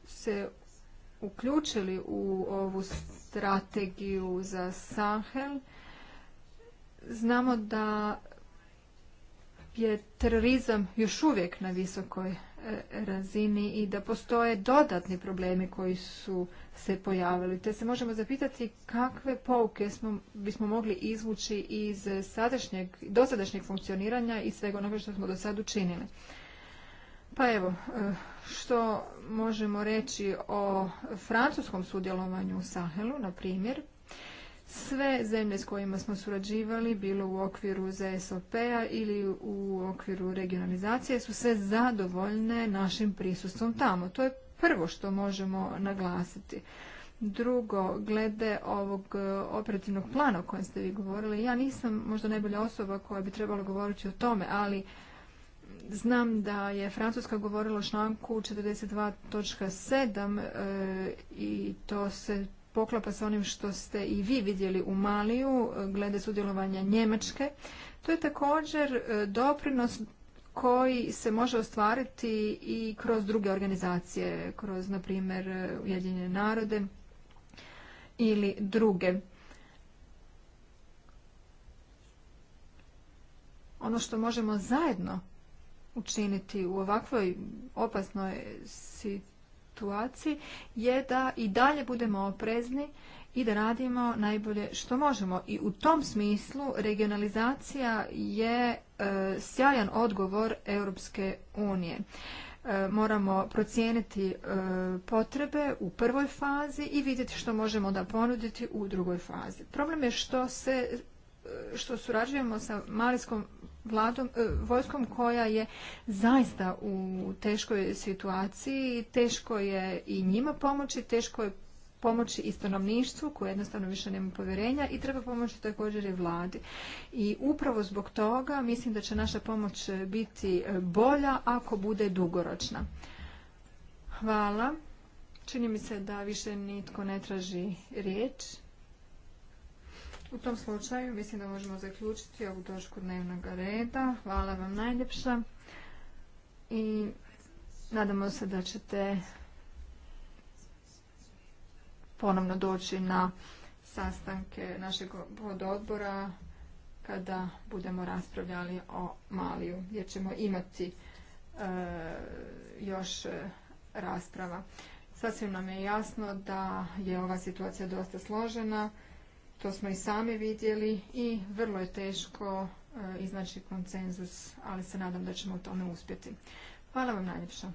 se uključili u ovu strategiju za Sahel, znamo da je terorizam još uvijek na visokoj razini i da postoje dodatni problemi koji su se pojavili. Te se možemo zapitati kakve pouke smo, bismo mogli izvući iz sadašnjeg, dosadašnjeg funkcioniranja i svega onoga što smo do sad učinili. Pa evo, što možemo reći o francuskom sudjelovanju u Sahelu, na primjer, sve zemlje s kojima smo surađivali, bilo u okviru ZSOP-a ili u okviru regionalizacije, su sve zadovoljne našim prisustvom tamo. To je prvo što možemo naglasiti. Drugo, glede ovog e, operativnog plana o kojem ste vi govorili, ja nisam možda najbolja osoba koja bi trebala govoriti o tome, ali znam da je Francuska govorila o članku 42.7 e, i to se poklapa sa onim što ste i vi vidjeli u Maliju e, glede sudjelovanja Njemačke. To je također e, doprinos koji se može ostvariti i kroz druge organizacije, kroz, na primjer, e, Ujedinjene narode ili druge. Ono što možemo zajedno učiniti u ovakvoj opasnoj situaciji, situaciji je da i dalje budemo oprezni i da radimo najbolje što možemo. I u tom smislu regionalizacija je e, sjajan odgovor Europske unije. E, moramo procijeniti e, potrebe u prvoj fazi i vidjeti što možemo da ponuditi u drugoj fazi. Problem je što se što surađujemo sa Malijskom vladom, e, vojskom koja je zaista u teškoj situaciji, teško je i njima pomoći, teško je pomoći i stanovništvu koje jednostavno više nema povjerenja i treba pomoći također i vladi. I upravo zbog toga mislim da će naša pomoć biti bolja ako bude dugoročna. Hvala. Čini mi se da više nitko ne traži riječ. U tom slučaju mislim da možemo zaključiti ovu točku dnevnog reda. Hvala vam najljepša i nadamo se da ćete ponovno doći na sastanke našeg odbora kada budemo raspravljali o Maliju jer ćemo imati e, još e, rasprava. Sasvim nam je jasno da je ova situacija dosta složena to smo i sami vidjeli i vrlo je teško e, iznaći konsenzus, ali se nadam da ćemo u tome uspjeti. Hvala vam najljepša.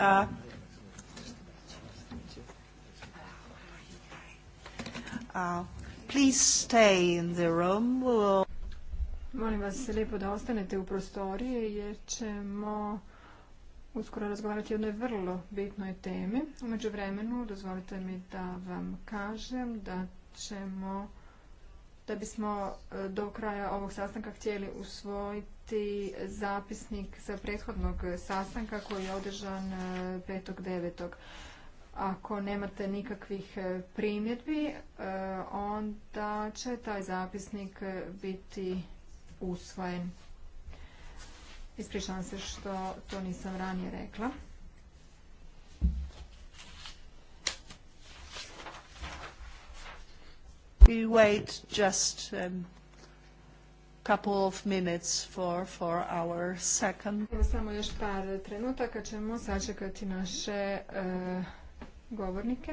Uh, uh, please stay in the room. Molim vas lijepo da ostanete u prostoriji jer ćemo uskoro razgovarati o jednoj vrlo bitnoj temi. U međuvremenu dozvolite mi da vam kažem da ćemo da bismo e, do kraja ovog sastanka htjeli usvojiti zapisnik sa prethodnog sastanka koji je održan 5.9. E, Ako nemate nikakvih e, primjedbi, onda će taj zapisnik biti usvojen. Ispričavam se što to nisam ranije rekla. We wait just um, couple of minutes for, for our second. Evo samo još par trenutaka ćemo sačekati naše uh, govornike.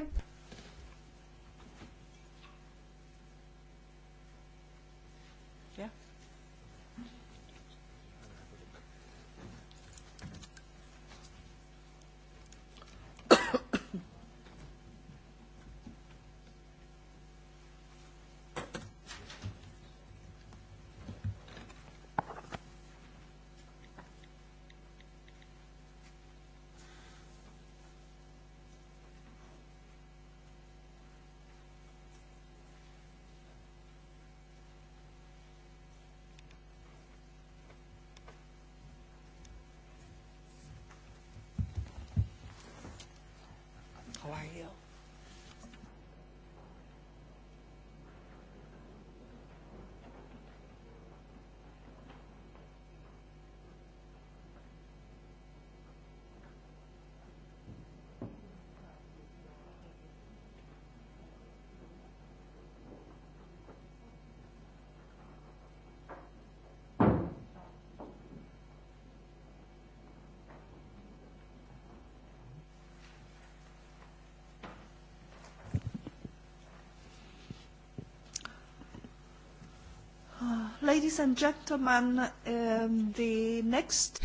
Ladies and gentlemen, um, next...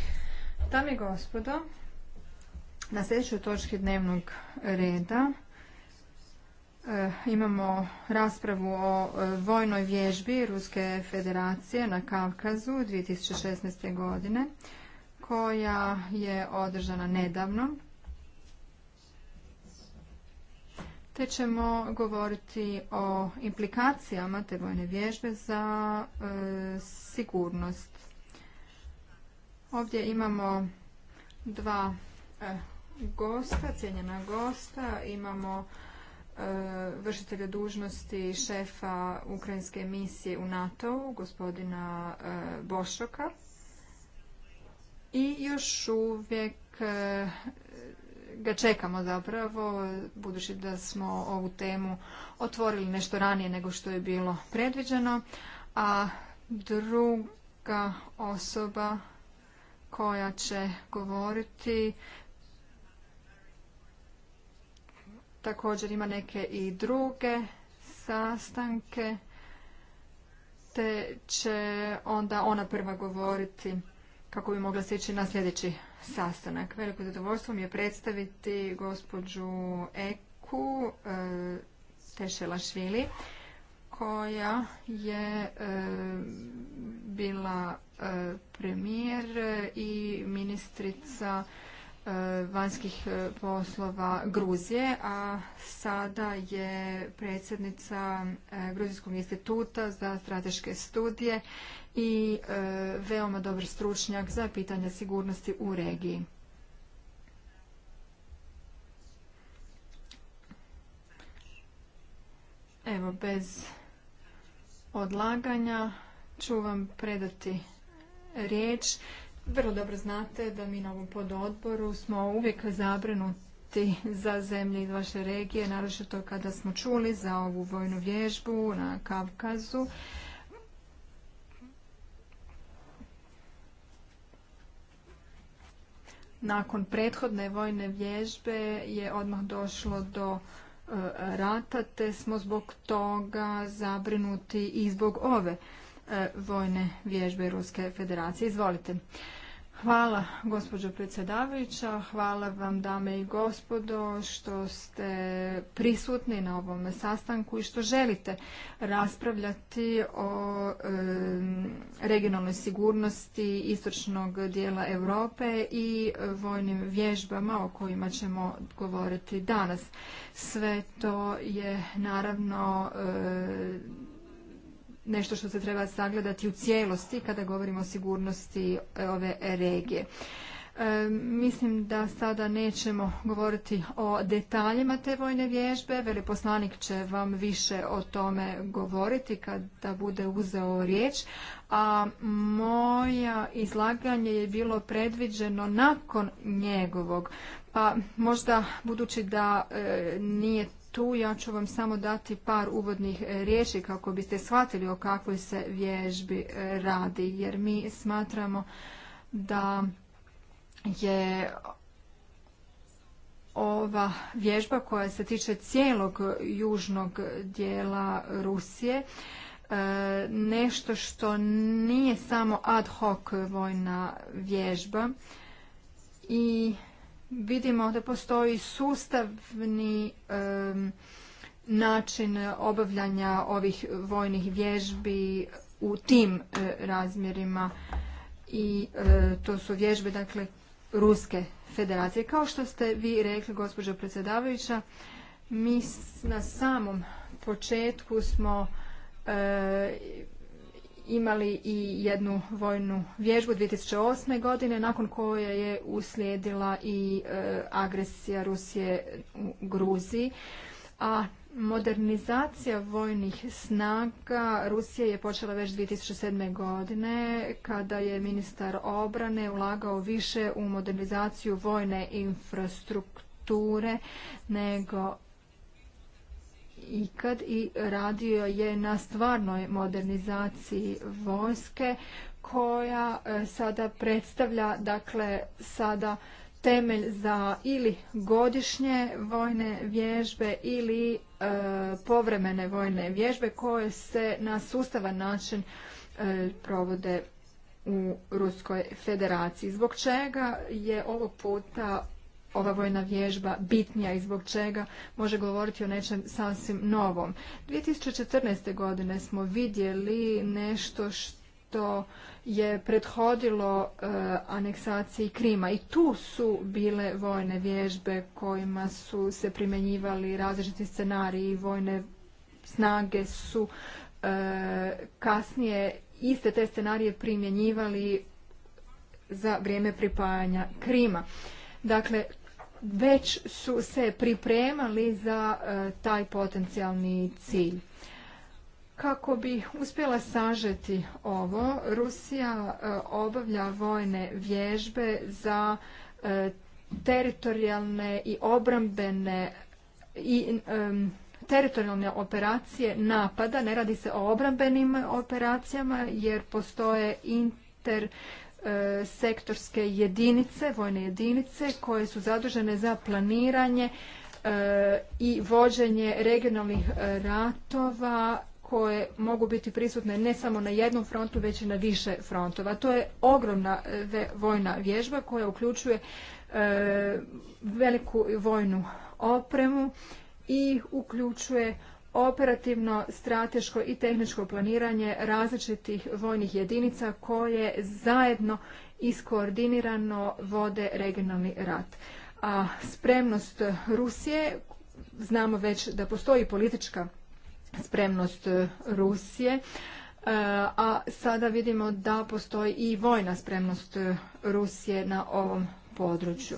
Dame i gospodo, na sljedećoj točki dnevnog reda eh, imamo raspravu o eh, vojnoj vježbi Ruske federacije na Kavkazu 2016. godine koja je održana nedavno. te ćemo govoriti o implikacijama te vojne vježbe za e, sigurnost. Ovdje imamo dva e, gosta, cijenjena gosta, imamo e, vršitelja dužnosti šefa ukrajinske misije u NATO, gospodina Bošoka i još uvijek ga čekamo zapravo, budući da smo ovu temu otvorili nešto ranije nego što je bilo predviđeno, a druga osoba koja će govoriti također ima neke i druge sastanke, te će onda ona prva govoriti kako bi mogla sjeći na sljedeći sastanak. Veliko zadovoljstvo mi je predstaviti gospođu Eku eh, Tešelašvili koja je eh, bila eh, premijer i ministrica Eh, vanjskih eh, poslova Gruzije, a sada je predsjednica eh, Gruzijskog instituta za strateške studije i veoma dobar stručnjak za pitanje sigurnosti u regiji. Evo, bez odlaganja ću vam predati riječ. Vrlo dobro znate da mi na ovom pododboru smo uvijek zabrinuti za zemlje iz vaše regije, naročito kada smo čuli za ovu vojnu vježbu na Kavkazu. Nakon prethodne vojne vježbe je odmah došlo do e, rata, te smo zbog toga zabrinuti i zbog ove E, vojne vježbe Ruske federacije. Izvolite. Hvala gospođo predsjedavajuća, hvala vam dame i gospodo što ste prisutni na ovom sastanku i što želite raspravljati o e, regionalnoj sigurnosti istočnog dijela Europe i vojnim vježbama o kojima ćemo govoriti danas. Sve to je naravno e, nešto što se treba sagledati u cijelosti kada govorimo o sigurnosti e, ove regije. E, mislim da sada nećemo govoriti o detaljima te vojne vježbe. Veleposlanik će vam više o tome govoriti kada bude uzeo riječ. A moja izlaganje je bilo predviđeno nakon njegovog. Pa možda budući da e, nije tu ja ću vam samo dati par uvodnih riječi kako biste shvatili o kakvoj se vježbi e, radi, jer mi smatramo da je ova vježba koja se tiče cijelog južnog dijela Rusije e, nešto što nije samo ad hoc vojna vježba i vidimo da postoji sustavni način obavljanja ovih vojnih vježbi u tim e, razmjerima i e, to su vježbe dakle Ruske federacije. Kao što ste vi rekli, gospođo predsjedavajuća, mi na samom početku smo e, imali i jednu vojnu vježbu 2008. godine, nakon koje je uslijedila i e, agresija Rusije u Gruziji. A modernizacija vojnih snaga Rusije je počela već 2007. godine, kada je ministar obrane ulagao više u modernizaciju vojne infrastrukture nego ikad i radio je na stvarnoj modernizaciji vojske koja e, sada predstavlja dakle sada temelj za ili godišnje vojne vježbe ili e, povremene vojne vježbe koje se na sustavan način e, provode u Ruskoj federaciji. Zbog čega je ovog puta ova vojna vježba bitnija i zbog čega može govoriti o nečem sasvim novom. 2014. godine smo vidjeli nešto što je prethodilo e, aneksaciji Krima i tu su bile vojne vježbe kojima su se primjenjivali različiti scenariji, vojne snage su e, kasnije iste te scenarije primjenjivali za vrijeme pripajanja Krima. Dakle, već su se pripremali za e, taj potencijalni cilj. Kako bi uspjela sažeti ovo, Rusija e, obavlja vojne vježbe za e, teritorijalne i obrambene i teritorijalne operacije napada. Ne radi se o obrambenim operacijama jer postoje inter E, sektorske jedinice, vojne jedinice koje su zadužene za planiranje e, i vođenje regionalnih e, ratova koje mogu biti prisutne ne samo na jednom frontu, već i na više frontova. To je ogromna vojna vježba koja uključuje veliku vojnu opremu i uključuje operativno, strateško i tehničko planiranje različitih vojnih jedinica koje zajedno iskoordinirano vode regionalni rat. A spremnost Rusije, znamo već da postoji politička spremnost Rusije, e, a sada vidimo da postoji i vojna spremnost Rusije na ovom području.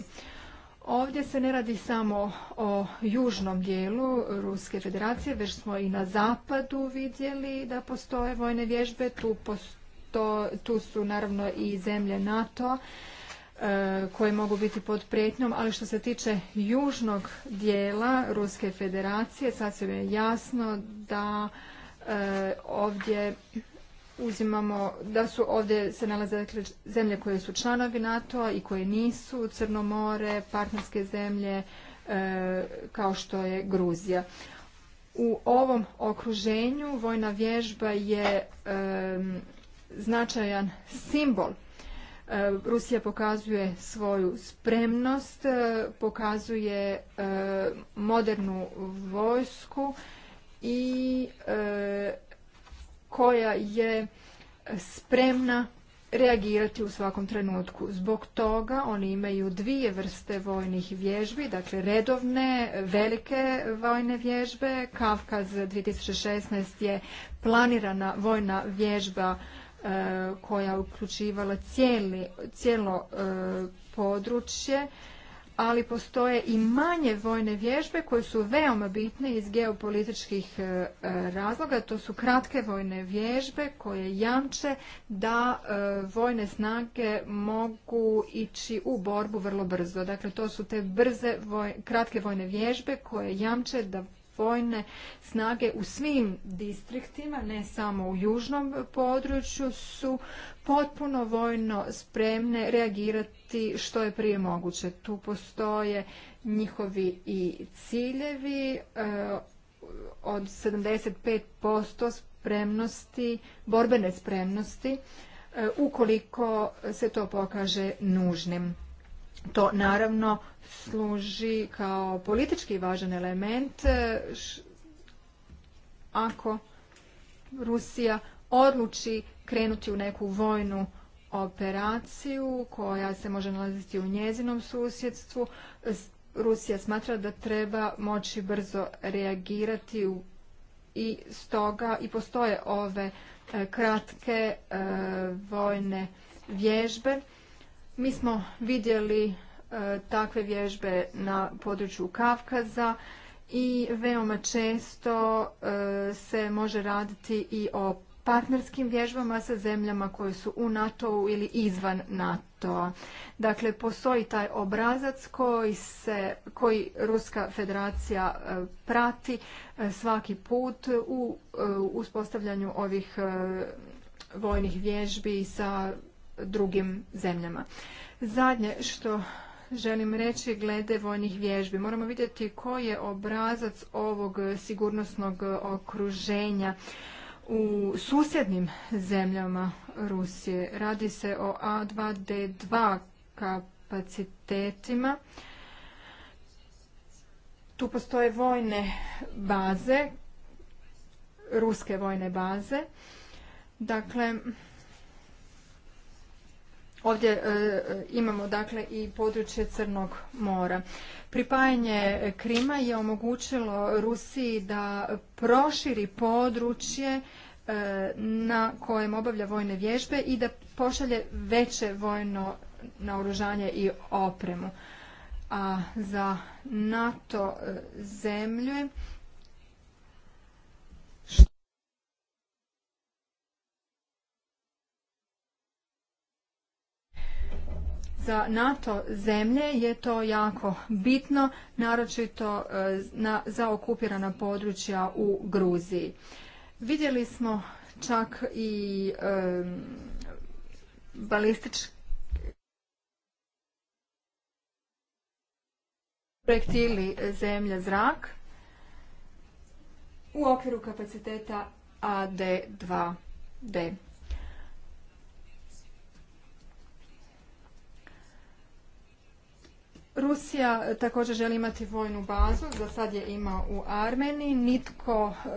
Ovdje se ne radi samo o južnom dijelu Ruske federacije, već smo i na zapadu vidjeli da postoje vojne vježbe, tu, tu su naravno i zemlje NATO e, koje mogu biti pod prijetnjom, ali što se tiče južnog dijela Ruske federacije, sasvim je jasno da e, ovdje uzimamo da su ovdje se nalaze dakle, zemlje koje su članovi NATO i koje nisu, Crno more, partnerske zemlje e, kao što je Gruzija. U ovom okruženju vojna vježba je e, značajan simbol. E, Rusija pokazuje svoju spremnost, pokazuje modernu vojsku i koja je spremna reagirati u svakom trenutku. Zbog toga oni imaju dvije vrste vojnih vježbi, dakle redovne velike vojne vježbe. Kavkaz 2016 je planirana vojna vježba e, koja uključivala cijelo e, područje ali postoje i manje vojne vježbe koje su veoma bitne iz geopolitičkih e, e, razloga. To su kratke vojne vježbe koje jamče da e, vojne snage mogu ići u borbu vrlo brzo. Dakle, to su te brze, kratke vojne vježbe koje jamče da vojne snage u svim distriktima, ne samo u južnom području, su potpuno vojno spremne reagirati što je prije moguće. Tu postoje njihovi i ciljevi eh, od 75% spremnosti, borbene spremnosti, eh, ukoliko se to pokaže nužnim. To naravno služi kao politički važan element e, ako Rusija odluči krenuti u neku vojnu operaciju koja se može nalaziti u njezinom susjedstvu. Rusija smatra da treba moći brzo reagirati i stoga i postoje ove e, kratke e, vojne vježbe mi smo vidjeli e, takve vježbe na području Kavkaza i veoma često e, se može raditi i o partnerskim vježbama sa zemljama koje su u NATO-u ili izvan NATO-a. Dakle, postoji taj obrazac koji, se, koji Ruska federacija e, prati svaki put u uspostavljanju ovih vojnih vježbi sa drugim zemljama. Zadnje što želim reći glede vojnih vježbi. Moramo vidjeti koji je obrazac ovog sigurnosnog okruženja u susjednim zemljama Rusije. Radi se o A2D2 kapacitetima. Tu postoje vojne baze, ruske vojne baze. Dakle, Ovdje e, imamo dakle i područje Crnog mora. Pripajanje Krima je omogućilo Rusiji da proširi područje e, na kojem obavlja vojne vježbe i da pošalje veće vojno naoružanje i opremu. A za NATO e, zemlje Za NATO zemlje je to jako bitno, naročito e, za okupirana područja u Gruziji. Vidjeli smo čak i balistički projektili zemlja zrak u okviru kapaciteta AD2D. Rusija također želi imati vojnu bazu, za sad je ima u Armeniji, nitko e,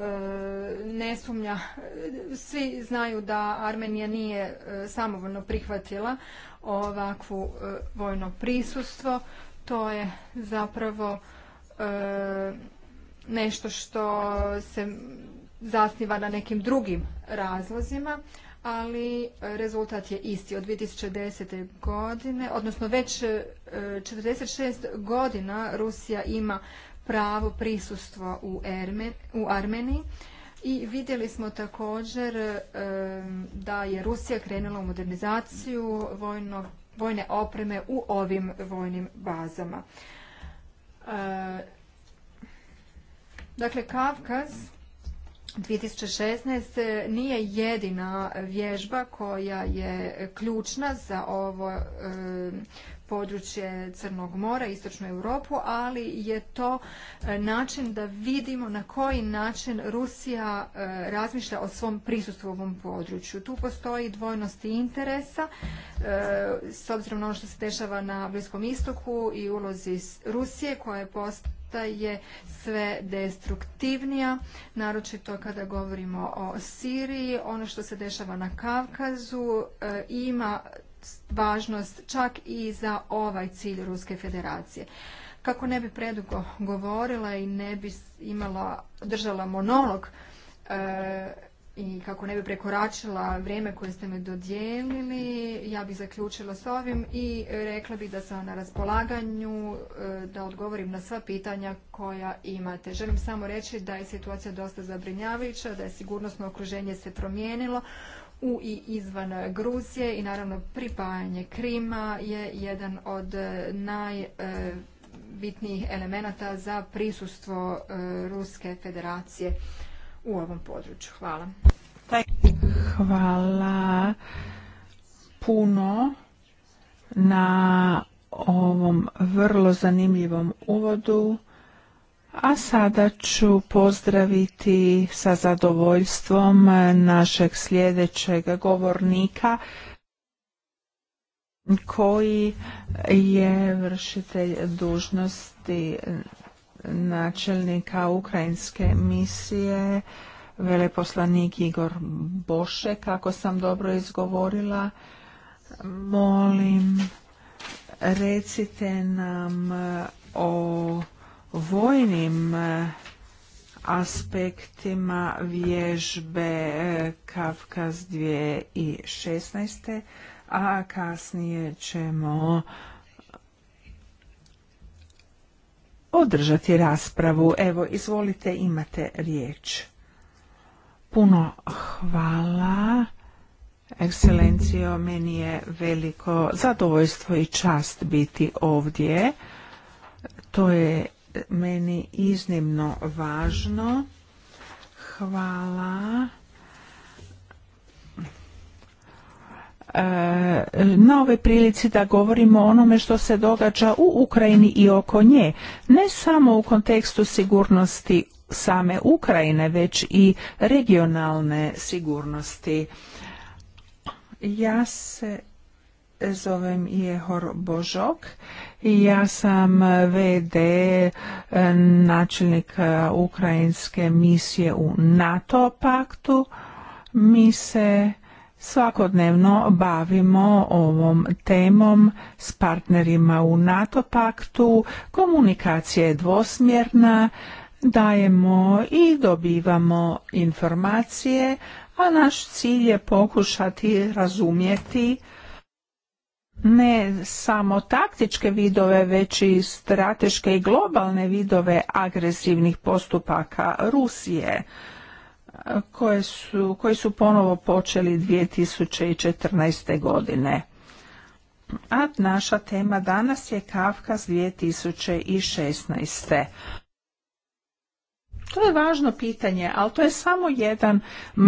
ne sumnja, e, svi znaju da Armenija nije e, samovoljno prihvatila ovakvu vojno prisustvo, to je zapravo nešto što se zasniva na nekim drugim razlozima, ali rezultat je isti od 2010. godine, odnosno već 46 godina Rusija ima pravo prisustva u, Armeniji i vidjeli smo također e, da je Rusija krenula u modernizaciju vojne opreme u ovim vojnim bazama. E, dakle, Kavkaz 2016 nije jedina vježba koja je ključna za ovo e, područje Crnog mora, Istočnu Europu, ali je to e, način da vidimo na koji način Rusija e, razmišlja o svom prisustvu u ovom području. Tu postoji dvojnost interesa e, s obzirom na ono što se dešava na Bliskom istoku i ulozi Rusije koja je sve destruktivnija, naročito kada govorimo o Siriji, ono što se dešava na Kavkazu, ima važnost čak i za ovaj cilj Ruske federacije. Kako ne bi predugo govorila i ne bi imala, držala monolog e, i kako ne bi prekoračila vrijeme koje ste me dodijelili, ja bih zaključila s ovim i rekla bih da sam na raspolaganju e, da odgovorim na sva pitanja koja imate. Želim samo reći da je situacija dosta zabrinjavajuća, da je sigurnosno okruženje se promijenilo, u i izvan Gruzije i naravno pripajanje Krima je jedan od eh, najbitnijih eh, elemenata za prisustvo eh, Ruske federacije u ovom području. Hvala. Hvala puno na ovom vrlo zanimljivom uvodu. A sada ću pozdraviti sa zadovoljstvom našeg sljedećeg govornika koji je vršitelj dužnosti načelnika ukrajinske misije veleposlanik Igor Bošek, kako sam dobro izgovorila. Molim, recite nam o vojnim e, aspektima vježbe e, Kavkaz 16, a kasnije ćemo održati raspravu. Evo, izvolite, imate riječ. Puno hvala. Ekscelencijo, meni je veliko zadovoljstvo i čast biti ovdje. To je meni iznimno važno. Hvala. E, na ove prilici da govorimo o onome što se događa u Ukrajini i oko nje, ne samo u kontekstu sigurnosti same Ukrajine, već i regionalne sigurnosti. Ja se zovem Jehor Božok ja sam VD e, načelnik e, ukrajinske misije u NATO paktu. Mi se svakodnevno bavimo ovom temom s partnerima u NATO paktu. Komunikacija je dvosmjerna, dajemo i dobivamo informacije, a naš cilj je pokušati razumjeti ne samo taktičke vidove, već i strateške i globalne vidove agresivnih postupaka Rusije koje su, koji su ponovo počeli 2014. godine. A naša tema danas je Kafkas 2016. To je važno pitanje, ali to je samo jedan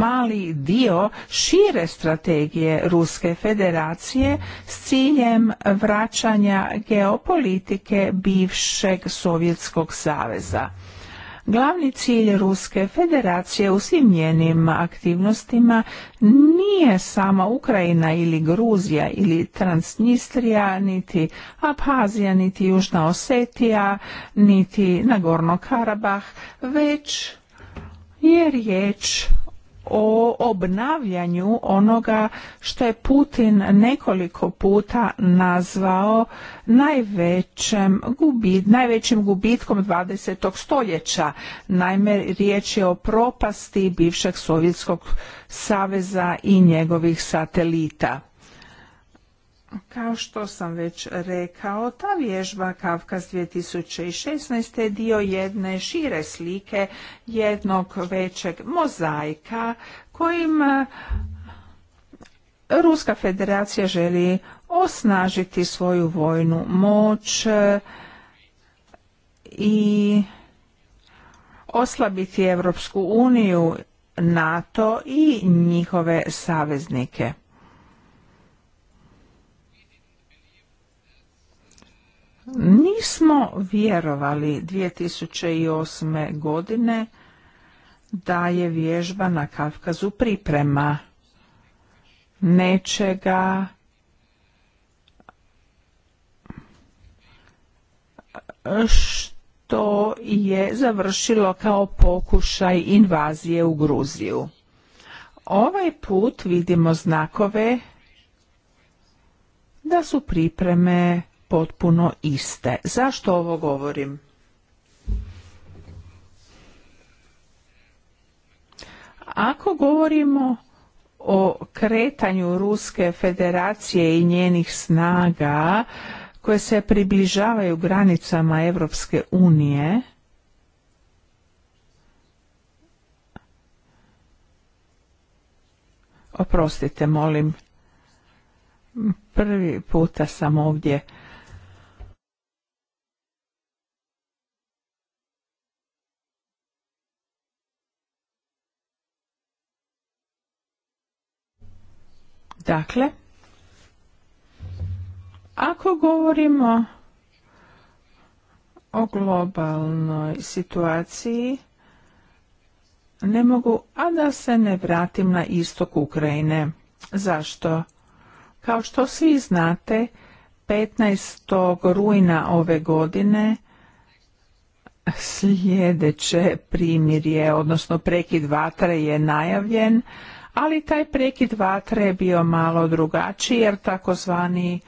mali dio šire strategije Ruske federacije s ciljem vraćanja geopolitike bivšeg Sovjetskog saveza. Glavni cilj Ruske federacije u svim njenim aktivnostima nije sama Ukrajina ili Gruzija ili Transnistrija, niti Abhazija, niti Južna Osetija, niti Nagorno Karabah, već je riječ o obnavljanju onoga što je Putin nekoliko puta nazvao najvećim gubitkom 20. stoljeća. Naime, riječ je o propasti bivšeg Sovjetskog saveza i njegovih satelita. Kao što sam već rekao, ta vježba Kavkaz 2016. je dio jedne šire slike, jednog većeg mozaika kojim e, Ruska federacija želi osnažiti svoju vojnu moć e, i oslabiti Europsku uniju, NATO i njihove saveznike. Nismo vjerovali 2008. godine da je vježba na Kavkazu priprema nečega što je završilo kao pokušaj invazije u Gruziju. Ovaj put vidimo znakove da su pripreme potpuno iste. Zašto ovo govorim? Ako govorimo o kretanju Ruske federacije i njenih snaga koje se približavaju granicama Europske unije, oprostite molim, prvi puta sam ovdje Dakle, ako govorimo o globalnoj situaciji, ne mogu, a da se ne vratim na istok Ukrajine. Zašto? Kao što svi znate, 15. rujna ove godine sljedeće primirje, odnosno prekid vatre je najavljen, ali taj prekid vatre je bio malo drugačiji jer takozvani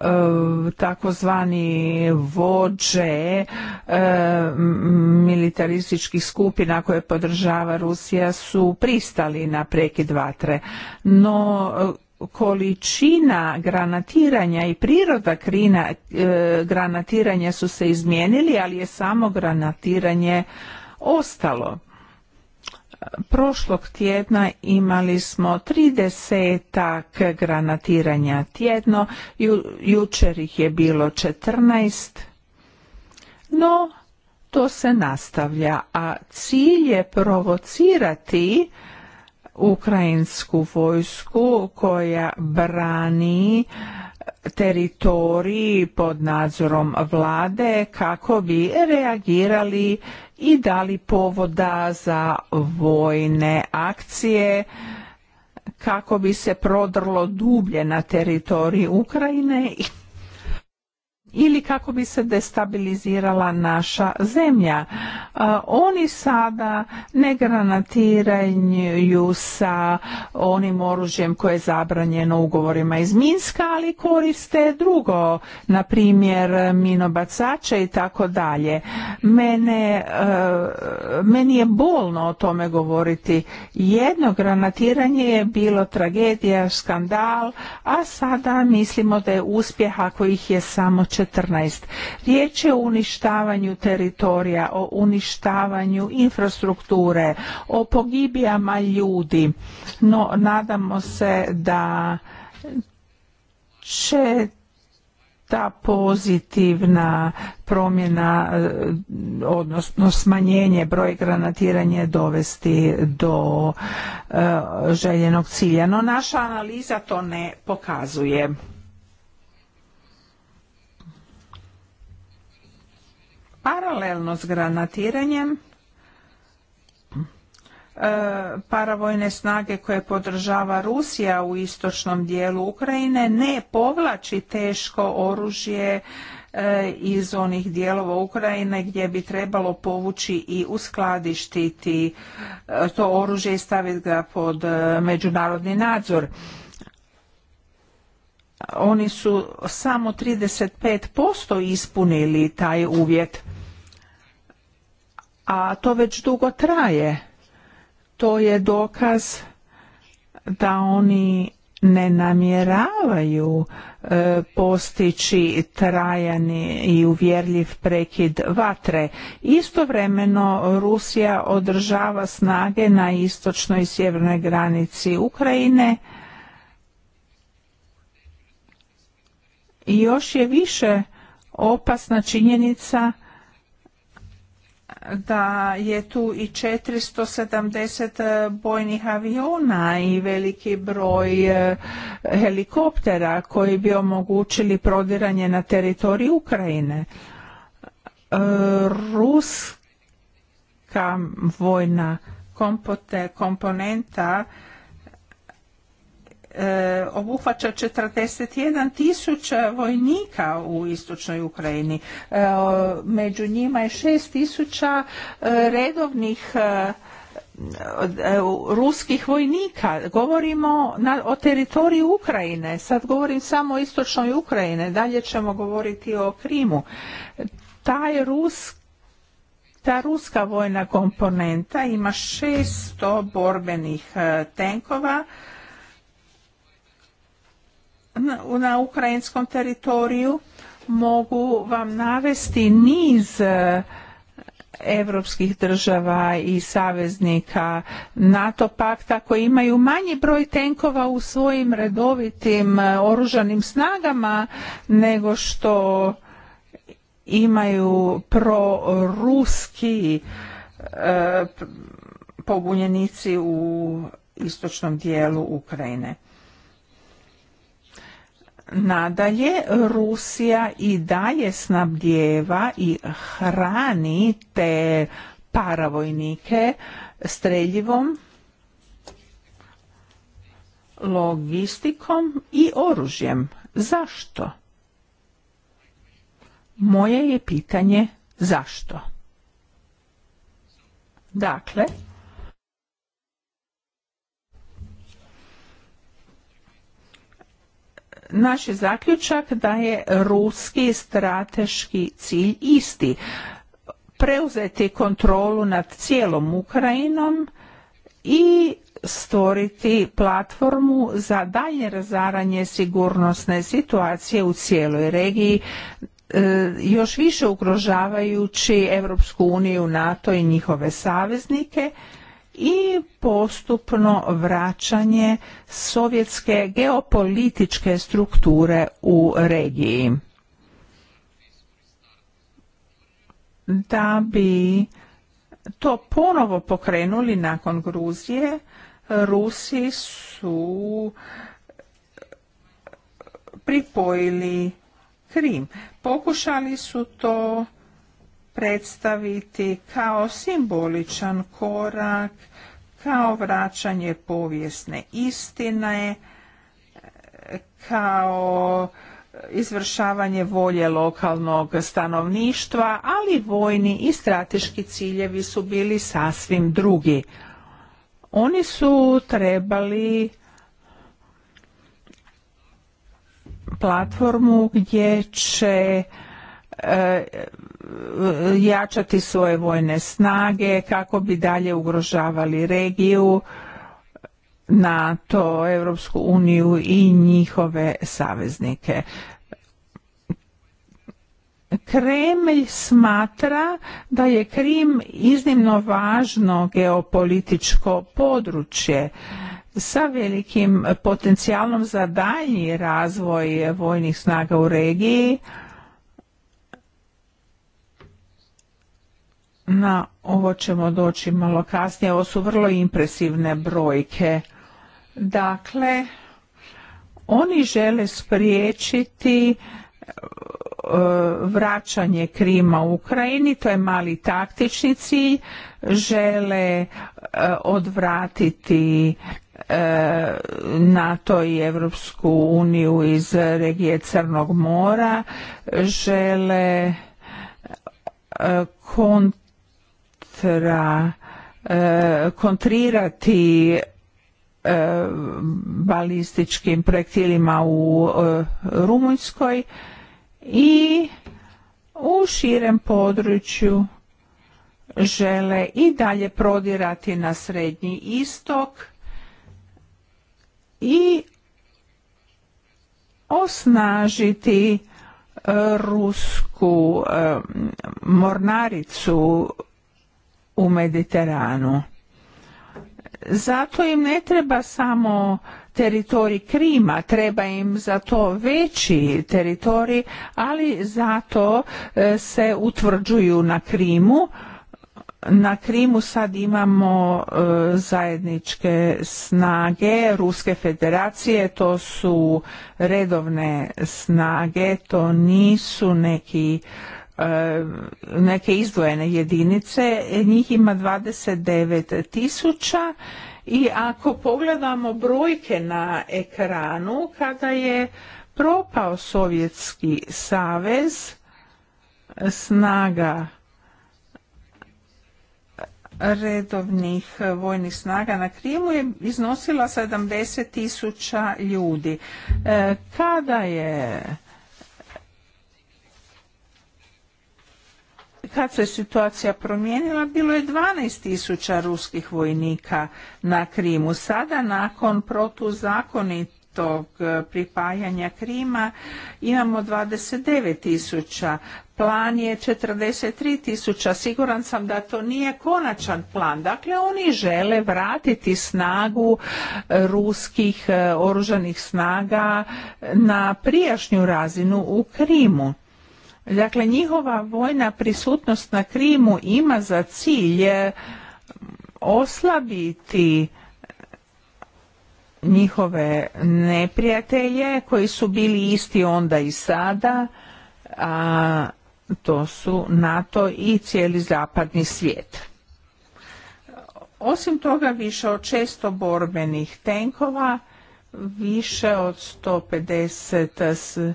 e, takozvani vođe e, militarističkih skupina koje podržava Rusija su pristali na prekid vatre. No količina granatiranja i priroda krina, e, granatiranja su se izmijenili, ali je samo granatiranje ostalo. Prošlog tjedna imali smo tri desetak granatiranja tjedno, jučer ih je bilo 14, no to se nastavlja, a cilj je provocirati ukrajinsku vojsku koja brani teritoriji pod nadzorom vlade kako bi reagirali i dali povoda za vojne akcije kako bi se prodrlo dublje na teritoriji Ukrajine i ili kako bi se destabilizirala naša zemlja. Oni sada ne granatiraju sa onim oružjem koje je zabranjeno ugovorima iz Minska, ali koriste drugo, na primjer minobacače i tako dalje. Mene, meni je bolno o tome govoriti. Jedno granatiranje je bilo tragedija, skandal, a sada mislimo da je uspjeh ako ih je samo 40 2014. Riječ je o uništavanju teritorija, o uništavanju infrastrukture, o pogibijama ljudi. No, nadamo se da će ta pozitivna promjena, eh, odnosno smanjenje broj granatiranja dovesti do eh, željenog cilja. No naša analiza to ne pokazuje. Paralelno s granatiranjem e, paravojne snage koje podržava Rusija u istočnom dijelu Ukrajine ne povlači teško oružje e, iz onih dijelova Ukrajine gdje bi trebalo povući i uskladištiti e, to oružje i staviti ga pod međunarodni nadzor. Oni su samo 35% ispunili taj uvjet a to već dugo traje. To je dokaz da oni ne namjeravaju e, postići trajani i uvjerljiv prekid vatre. Istovremeno Rusija održava snage na istočnoj i sjevernoj granici Ukrajine i još je više opasna činjenica da je tu i 470 bojnih aviona i veliki broj e, helikoptera koji bi omogućili prodiranje na teritoriju Ukrajine. E, ruska vojna komponenta E, obuhvaća 41 tisuća vojnika u istočnoj Ukrajini. E, među njima je 6 tisuća e, redovnih ruskih vojnika. Govorimo o teritoriju Ukrajine. Sad govorim samo o istočnoj Ukrajine. Dalje ćemo govoriti o Krimu. Taj rus ta ruska vojna komponenta ima 600 borbenih tenkova, na ukrajinskom teritoriju mogu vam navesti niz europskih država i saveznika NATO pakta koji imaju manji broj tenkova u svojim redovitim e, oružanim snagama nego što imaju proruski ruski e, pobunjenici u istočnom dijelu Ukrajine. Nadalje, Rusija i dalje snabdjeva i hrani te paravojnike streljivom, logistikom i oružjem. Zašto? Moje je pitanje zašto. Dakle, naš je zaključak da je ruski strateški cilj isti preuzeti kontrolu nad cijelom Ukrajinom i stvoriti platformu za dalje razaranje sigurnosne situacije u cijeloj regiji e, još više ugrožavajući Europsku uniju, NATO i njihove saveznike i postupno vraćanje sovjetske geopolitičke strukture u regiji. Da bi to ponovo pokrenuli nakon Gruzije, Rusi su pripojili Krim. Pokušali su to predstaviti kao simboličan korak, kao vraćanje povijesne istine, kao izvršavanje volje lokalnog stanovništva, ali vojni i strateški ciljevi su bili sasvim drugi. Oni su trebali platformu gdje će e, E, jačati svoje vojne snage kako bi dalje ugrožavali regiju NATO, Europsku uniju i njihove saveznike. Kremlj smatra da je Krim iznimno važno geopolitičko područje sa velikim potencijalom za dalji razvoj vojnih snaga u regiji na ovo ćemo doći malo kasnije. Ovo su vrlo impresivne brojke. Dakle, oni žele spriječiti e, vraćanje Krima u Ukrajini, to je mali taktičnici, žele e, odvratiti e, NATO i Europsku uniju iz regije Crnog mora, žele kont e, kontrirati e, balističkim projektilima u e, Rumunjskoj i u širem području žele i dalje prodirati na srednji istok i osnažiti e, rusku mornaricu u Mediteranu. Zato im ne treba samo teritorij Krima, treba im za to veći teritorij, ali zato e, se utvrđuju na Krimu. Na Krimu sad imamo e, zajedničke snage Ruske federacije, to su redovne snage, to nisu neki E, neke izdvojene jedinice, njih ima 29 tisuća i ako pogledamo brojke na ekranu, kada je propao Sovjetski savez, snaga redovnih vojnih snaga na Krimu je iznosila 70 tisuća ljudi. E, kada je kad se situacija promijenila, bilo je 12.000 tisuća ruskih vojnika na Krimu. Sada nakon protuzakonitog e, pripajanja Krima imamo 29.000. tisuća, plan je 43 tisuća, siguran sam da to nije konačan plan. Dakle, oni žele vratiti snagu e, ruskih e, oružanih snaga na prijašnju razinu u Krimu. Dakle, njihova vojna prisutnost na Krimu ima za cilj e, oslabiti njihove neprijatelje koji su bili isti onda i sada, a to su NATO i cijeli zapadni svijet. Osim toga više od 600 borbenih tenkova, više od 150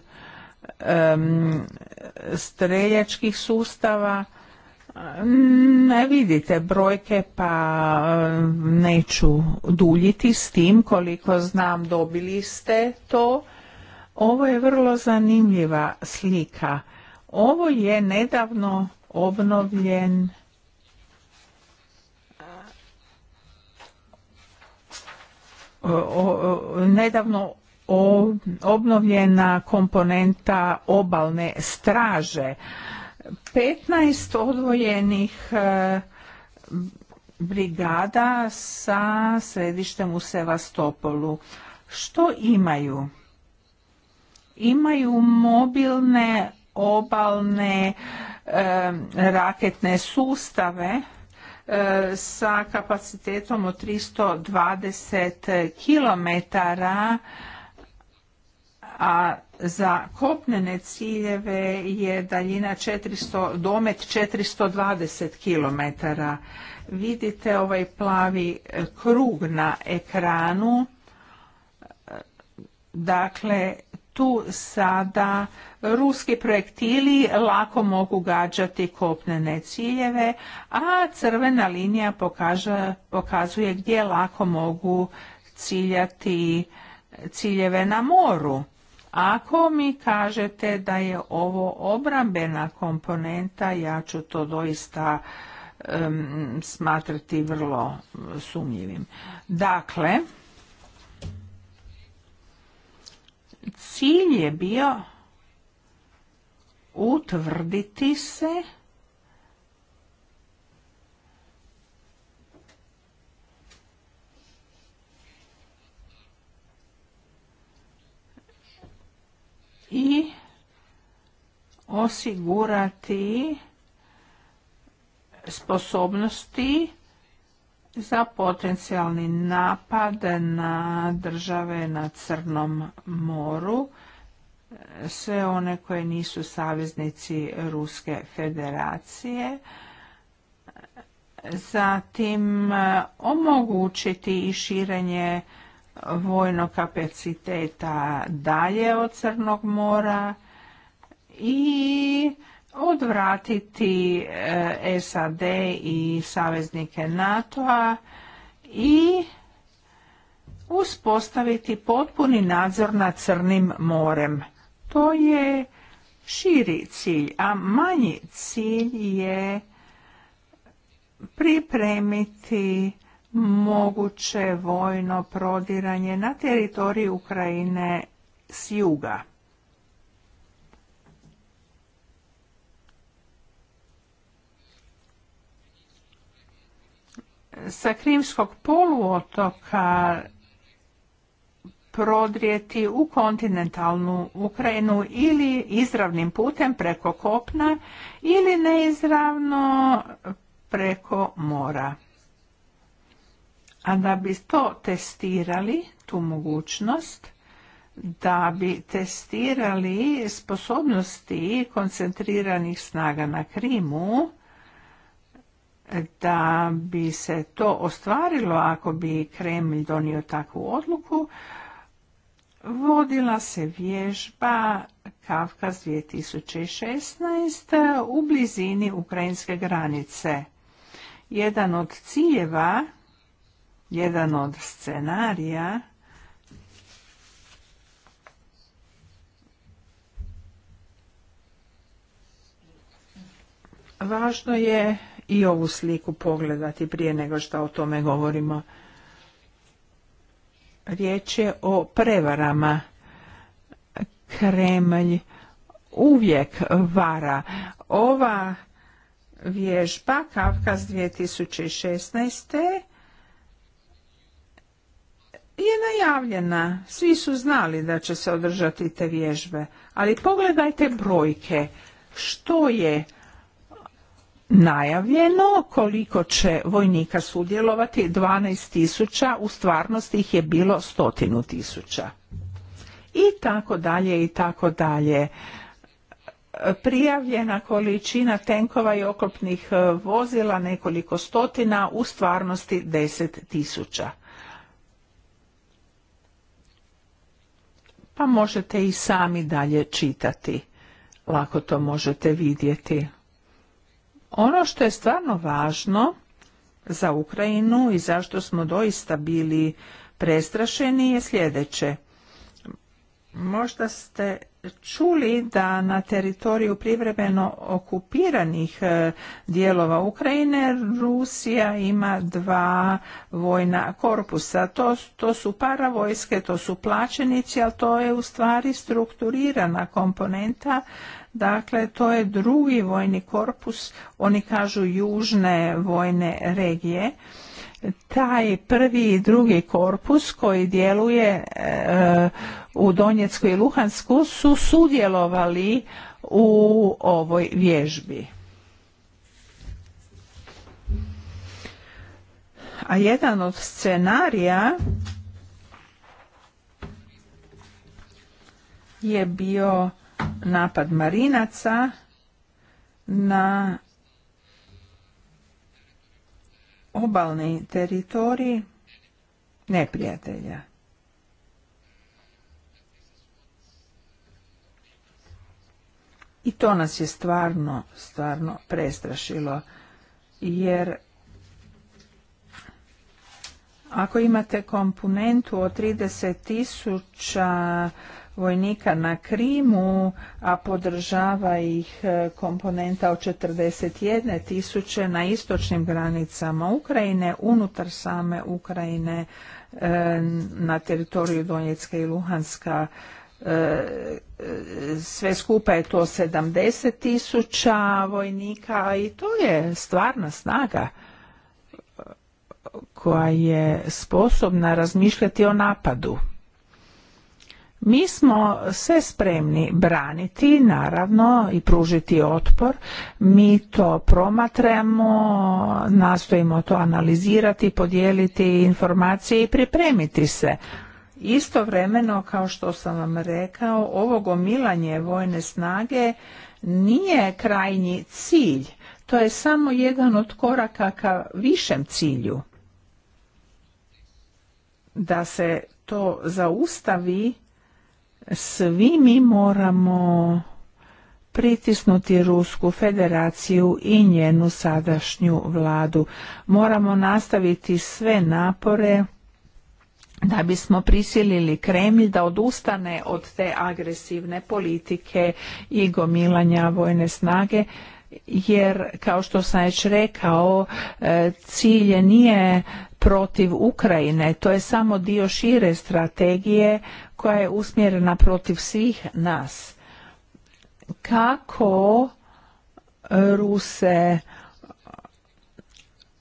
streljačkih sustava ne vidite brojke pa eh, neću duljiti s tim koliko znam dobili ste to. Ovo je vrlo zanimljiva slika. Ovo je nedavno obnovljen eh, nedavno obnovljena komponenta obalne straže. 15 odvojenih e, brigada sa središtem u Sevastopolu. Što imaju? Imaju mobilne obalne e, raketne sustave e, sa kapacitetom od 320 kilometara a za kopnene ciljeve je daljina 400, domet 420 km. Vidite ovaj plavi e, krug na ekranu. E, dakle, tu sada ruski projektili lako mogu gađati kopnene ciljeve, a crvena linija pokazuje gdje lako mogu ciljati ciljeve na moru. Ako mi kažete da je ovo obrambena komponenta, ja ću to doista smatrati vrlo sumnjivim. Dakle, cilj je bio utvrditi se i osigurati sposobnosti za potencijalni napad na države na Crnom moru, sve one koje nisu saveznici Ruske federacije, zatim e, omogućiti i širenje vojnog kapaciteta dalje od Crnog mora i odvratiti e, SAD i saveznike NATO-a i uspostaviti potpuni nadzor nad Crnim morem. To je širi cilj, a manji cilj je pripremiti moguće vojno prodiranje na teritoriju Ukrajine s juga. Sa Krimskog poluotoka prodrijeti u kontinentalnu Ukrajinu ili izravnim putem preko kopna ili neizravno preko mora. A da bi to testirali, tu mogućnost, da bi testirali sposobnosti koncentriranih snaga na Krimu, da bi se to ostvarilo ako bi Kremlj donio takvu odluku, vodila se vježba Kavkaz 2016 u blizini ukrajinske granice. Jedan od ciljeva jedan od scenarija Važno je i ovu sliku pogledati prije nego što o tome govorimo. Riječ je o prevarama. Kremlj uvijek vara. Ova vježba Kavkaz 2016 je najavljena. Svi su znali da će se održati te vježbe. Ali pogledajte brojke. Što je najavljeno, koliko će vojnika sudjelovati, 12 tisuća, u stvarnosti ih je bilo stotinu tisuća. I tako dalje, i tako dalje. Prijavljena količina tenkova i oklopnih vozila nekoliko stotina, u stvarnosti 10 tisuća. pa možete i sami dalje čitati. Lako to možete vidjeti. Ono što je stvarno važno za Ukrajinu i zašto smo doista bili prestrašeni je sljedeće. Možda ste čuli da na teritoriju privremeno okupiranih e, dijelova Ukrajine Rusija ima dva vojna korpusa. To, su paravojske, to su plaćenici, ali to je u stvari strukturirana komponenta. Dakle, to je drugi vojni korpus, oni kažu južne vojne regije taj prvi i drugi korpus koji djeluje e, u Donjecku i Luhansku su sudjelovali u ovoj vježbi. A jedan od scenarija je bio napad marinaca na obalni teritorij neprijatelja. I to nas je stvarno, stvarno prestrašilo, jer ako imate komponentu od 30 tisuća vojnika na Krimu, a podržava ih e, komponenta od 41 tisuće na istočnim granicama Ukrajine, unutar same Ukrajine e, na teritoriju Donjecka i Luhanska e, sve skupa je to 70 tisuća vojnika i to je stvarna snaga koja je sposobna razmišljati o napadu. Mi smo sve spremni braniti, naravno, i pružiti otpor. Mi to promatramo, nastojimo to analizirati, podijeliti informacije i pripremiti se. Istovremeno, kao što sam vam rekao, ovo gomilanje vojne snage nije krajnji cilj. To je samo jedan od koraka ka višem cilju. Da se to zaustavi, svi mi moramo pritisnuti Rusku federaciju i njenu sadašnju vladu. Moramo nastaviti sve napore da bismo prisilili Kremlj da odustane od te agresivne politike i gomilanja vojne snage jer kao što sam već rekao e, cilj nije protiv Ukrajine. To je samo dio šire strategije koja je usmjerena protiv svih nas. Kako Ruse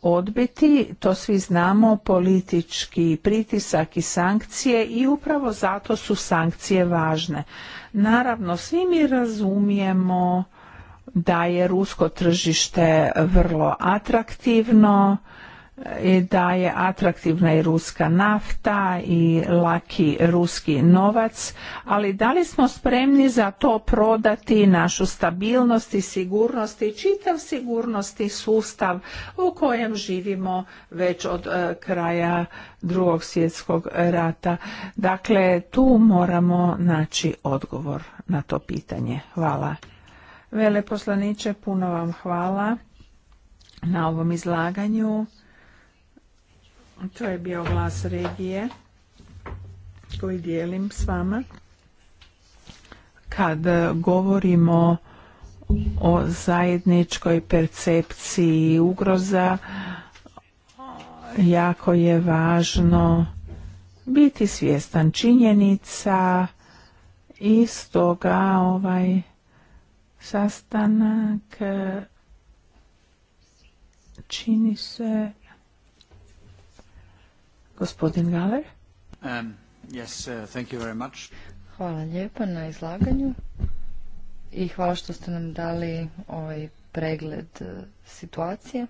odbiti, to svi znamo, politički pritisak i sankcije i upravo zato su sankcije važne. Naravno, svi mi razumijemo da je rusko tržište vrlo atraktivno, da je atraktivna i ruska nafta i laki ruski novac, ali da li smo spremni za to prodati našu stabilnost i sigurnost i čitav sigurnosti sustav u kojem živimo već od e, kraja drugog svjetskog rata. Dakle, tu moramo naći odgovor na to pitanje. Hvala. Veleposlaniče, puno vam hvala na ovom izlaganju to je bio glas regije koji dijelim s vama. Kad govorimo o zajedničkoj percepciji ugroza, jako je važno biti svjestan činjenica i stoga ovaj sastanak čini se Gospodin Galer. Um, uh, hvala lijepa na izlaganju i hvala što ste nam dali ovaj pregled uh, situacije.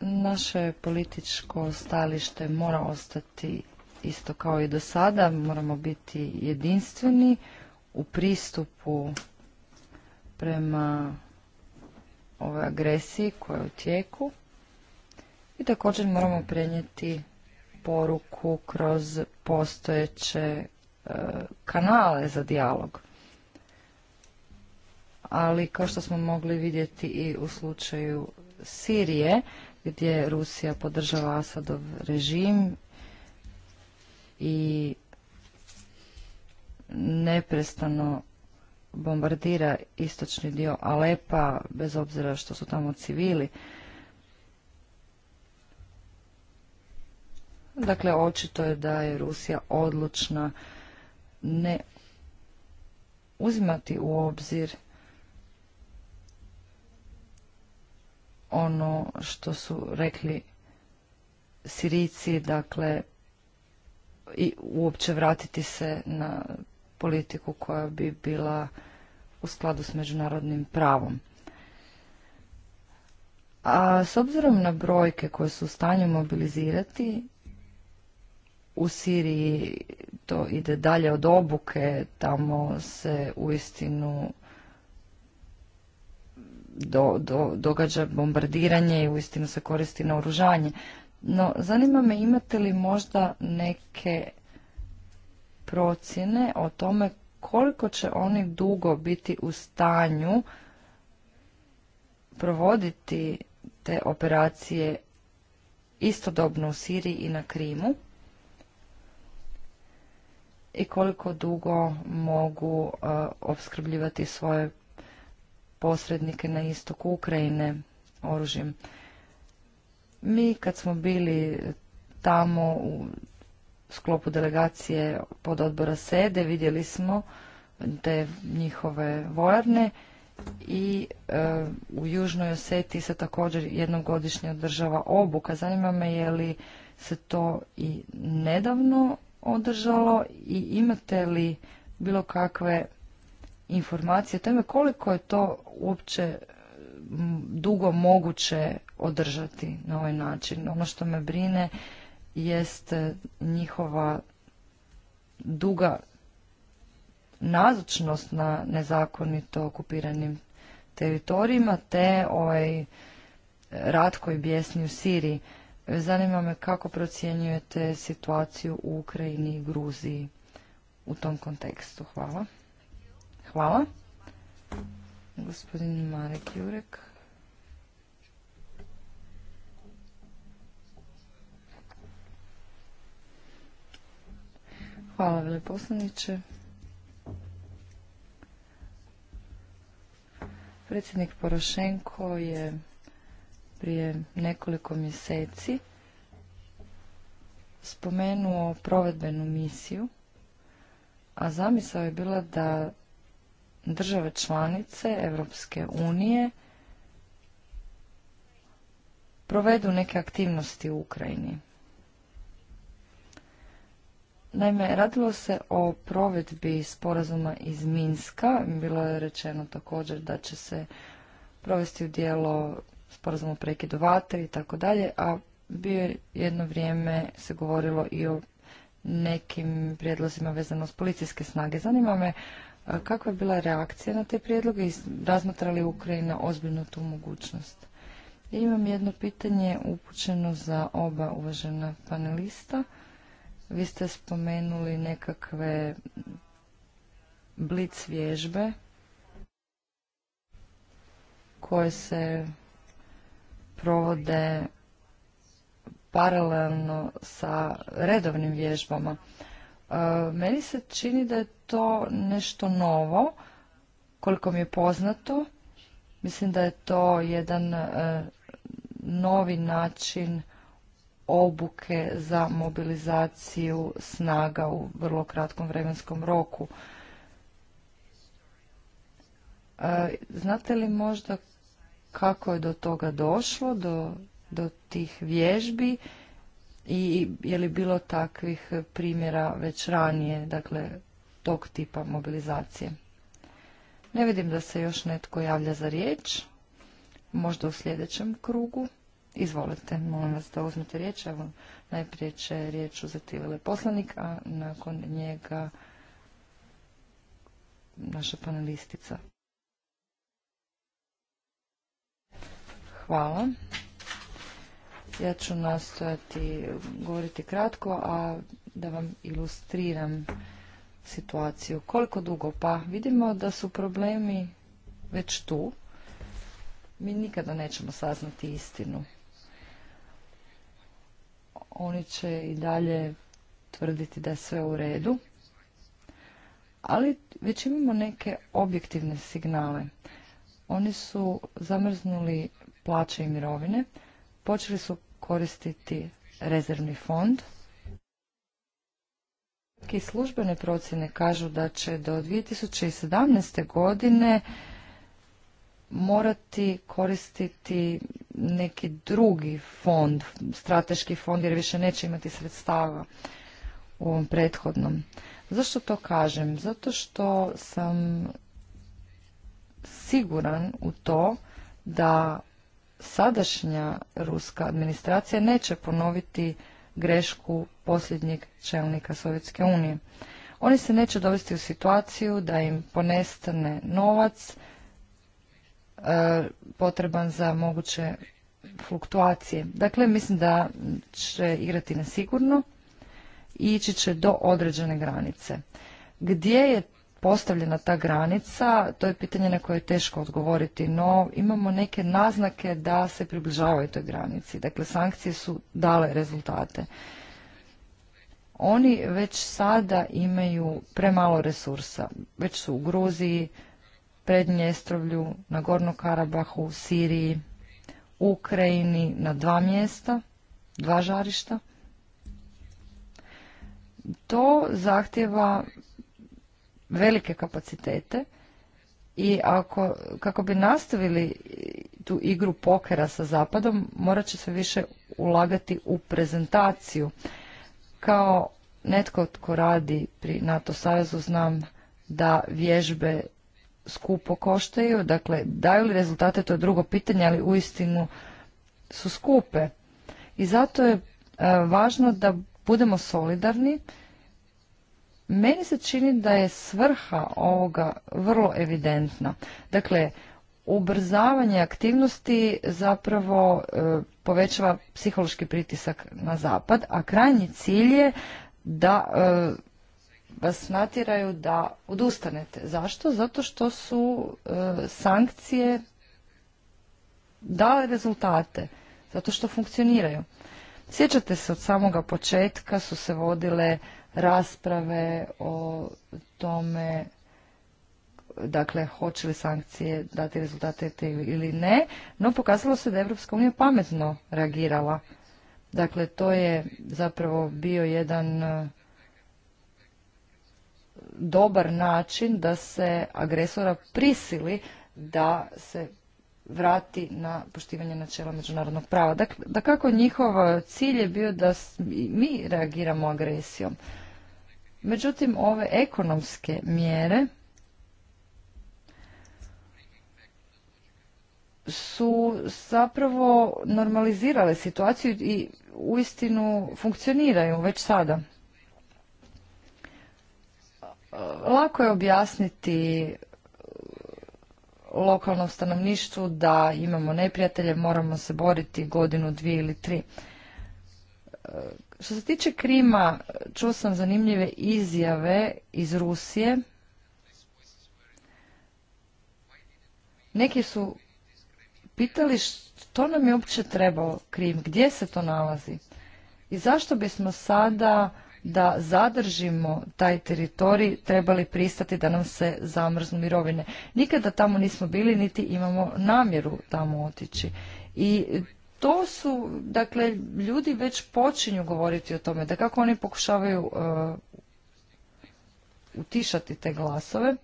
Naše političko stalište mora ostati isto kao i do sada, moramo biti jedinstveni u pristupu prema ovoj agresiji koja je u tijeku i također moramo prenijeti poruku kroz postojeće e, kanale za dijalog. Ali kao što smo mogli vidjeti i u slučaju Sirije, gdje Rusija podržava Asadov režim i neprestano bombardira istočni dio Alepa, bez obzira što su tamo civili. Dakle, očito je da je Rusija odlučna ne uzimati u obzir ono što su rekli Sirici, dakle, i uopće vratiti se na politiku koja bi bila u skladu s međunarodnim pravom. A s obzirom na brojke koje su u stanju mobilizirati, u Siriji to ide dalje od obuke, tamo se uistinu do, do, događa bombardiranje i uistinu se koristi na oružanje. No, zanima me imate li možda neke procjene o tome koliko će oni dugo biti u stanju provoditi te operacije istodobno u Siriji i na Krimu i koliko dugo mogu e, opskrbljivati svoje posrednike na istoku Ukrajine oružjem. Mi kad smo bili tamo u sklopu delegacije pod odbora SEDE vidjeli smo te njihove vojarne i e, u Južnoj Oseti se također jednom godišnje održava obuka. Zanima me je li se to i nedavno održalo i imate li bilo kakve informacije o tome koliko je to uopće dugo moguće održati na ovaj način. Ono što me brine jest e, njihova duga nazočnost na nezakonito okupiranim teritorijima, te ovaj e, rat koji bjesni u Siriji. Zanima me kako procjenjujete situaciju u Ukrajini i Gruziji u tom kontekstu. Hvala. Hvala. Gospodin Marek Jurek. Hvala veleposlaniče. Predsjednik Porošenko je prije nekoliko mjeseci spomenuo provedbenu misiju, a zamisao je bila da države članice Europske unije provedu neke aktivnosti u Ukrajini. Naime, radilo se o provedbi sporazuma iz Minska. Bilo je rečeno također da će se provesti u dijelo sporazum o prekidu vatre i tako dalje, a bio je jedno vrijeme se govorilo i o nekim prijedlozima vezano s policijske snage. Zanima me kakva je bila reakcija na te prijedloge i razmatra li Ukrajina ozbiljno tu mogućnost. imam jedno pitanje upućeno za oba uvažena panelista. Vi ste spomenuli nekakve blic vježbe koje se provode paralelno sa redovnim vježbama. E, meni se čini da je to nešto novo, koliko mi je poznato. Mislim da je to jedan e, novi način obuke za mobilizaciju snaga u vrlo kratkom vremenskom roku. E, znate li možda kako je do toga došlo, do, do tih vježbi i je li bilo takvih primjera već ranije, dakle tog tipa mobilizacije? Ne vidim da se još netko javlja za riječ, možda u sljedećem krugu. Izvolite, molim vas da uzmete riječ. Evo, najprije će riječ uzeti veleposlanik, a nakon njega naša panelistica. Hvala. Ja ću nastojati govoriti kratko, a da vam ilustriram situaciju. Koliko dugo? Pa vidimo da su problemi već tu. Mi nikada nećemo saznati istinu. Oni će i dalje tvrditi da je sve u redu, ali već imamo neke objektivne signale. Oni su zamrznuli plaće i mirovine, počeli su koristiti rezervni fond. I službene procjene kažu da će do 2017. godine morati koristiti neki drugi fond, strateški fond, jer više neće imati sredstava u ovom prethodnom. Zašto to kažem? Zato što sam siguran u to da sadašnja ruska administracija neće ponoviti grešku posljednjeg čelnika Sovjetske unije. Oni se neće dovesti u situaciju da im ponestane novac, E, potreban za moguće fluktuacije. Dakle, mislim da će igrati na sigurno i ići će do određene granice. Gdje je postavljena ta granica, to je pitanje na koje je teško odgovoriti, no imamo neke naznake da se približavaju toj granici. Dakle, sankcije su dale rezultate. Oni već sada imaju premalo resursa. Već su u Gruziji, Prednjestrovlju, na Gornu Karabahu, u Siriji, Ukrajini na dva mjesta, dva žarišta. To zahtjeva velike kapacitete i ako, kako bi nastavili tu igru pokera sa zapadom, morat će se više ulagati u prezentaciju. Kao netko tko radi pri NATO savezu znam da vježbe skupo koštaju, dakle daju li rezultate, to je drugo pitanje, ali uistinu su skupe. I zato je e, važno da budemo solidarni. Meni se čini da je svrha ovoga vrlo evidentna. Dakle, ubrzavanje aktivnosti zapravo e, povećava psihološki pritisak na zapad, a krajnji cilj je da e, vas natjeraju da odustanete. Zašto? Zato što su e, sankcije dale rezultate, zato što funkcioniraju. Sjećate se od samoga početka su se vodile rasprave o tome dakle hoće li sankcije dati rezultate ili ne, no pokazalo se da je Evropska unija pametno reagirala. Dakle, to je zapravo bio jedan dobar način da se agresora prisili da se vrati na poštivanje načela međunarodnog prava. Dakle, da kako njihov cilj je bio da mi reagiramo agresijom. Međutim, ove ekonomske mjere su zapravo normalizirale situaciju i uistinu funkcioniraju već sada. Lako je objasniti lokalnom stanovništvu da imamo neprijatelje, moramo se boriti godinu, dvije ili tri. Što se tiče Krima, čuo sam zanimljive izjave iz Rusije. Neki su pitali što nam je uopće trebao Krim, gdje se to nalazi i zašto bismo sada da zadržimo taj teritorij trebali pristati da nam se zamrznu mirovine. Nikada tamo nismo bili niti imamo namjeru tamo otići. I to su, dakle, ljudi već počinju govoriti o tome, da kako oni pokušavaju e, utišati te glasove.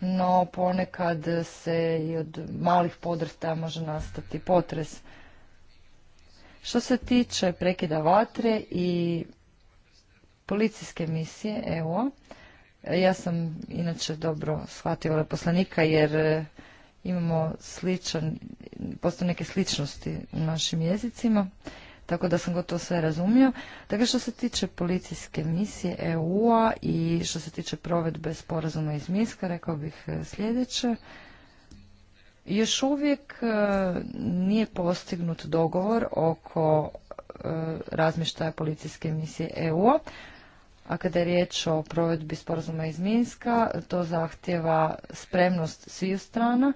No ponekad se i od malih podrstaja može nastati potres. Što se tiče prekida vatre i policijske misije EU, ja sam inače dobro shvatio poslanika jer e, imamo sličan, postoje neke sličnosti u našim jezicima, tako da sam gotovo sve razumio. Dakle, što se tiče policijske misije EU-a i što se tiče provedbe sporazuma iz Minska, rekao bih e, sljedeće. Još uvijek e, nije postignut dogovor oko e, razmještaja policijske misije EU-a, a kada je riječ o provedbi sporazuma iz Minska, to zahtjeva spremnost svih strana,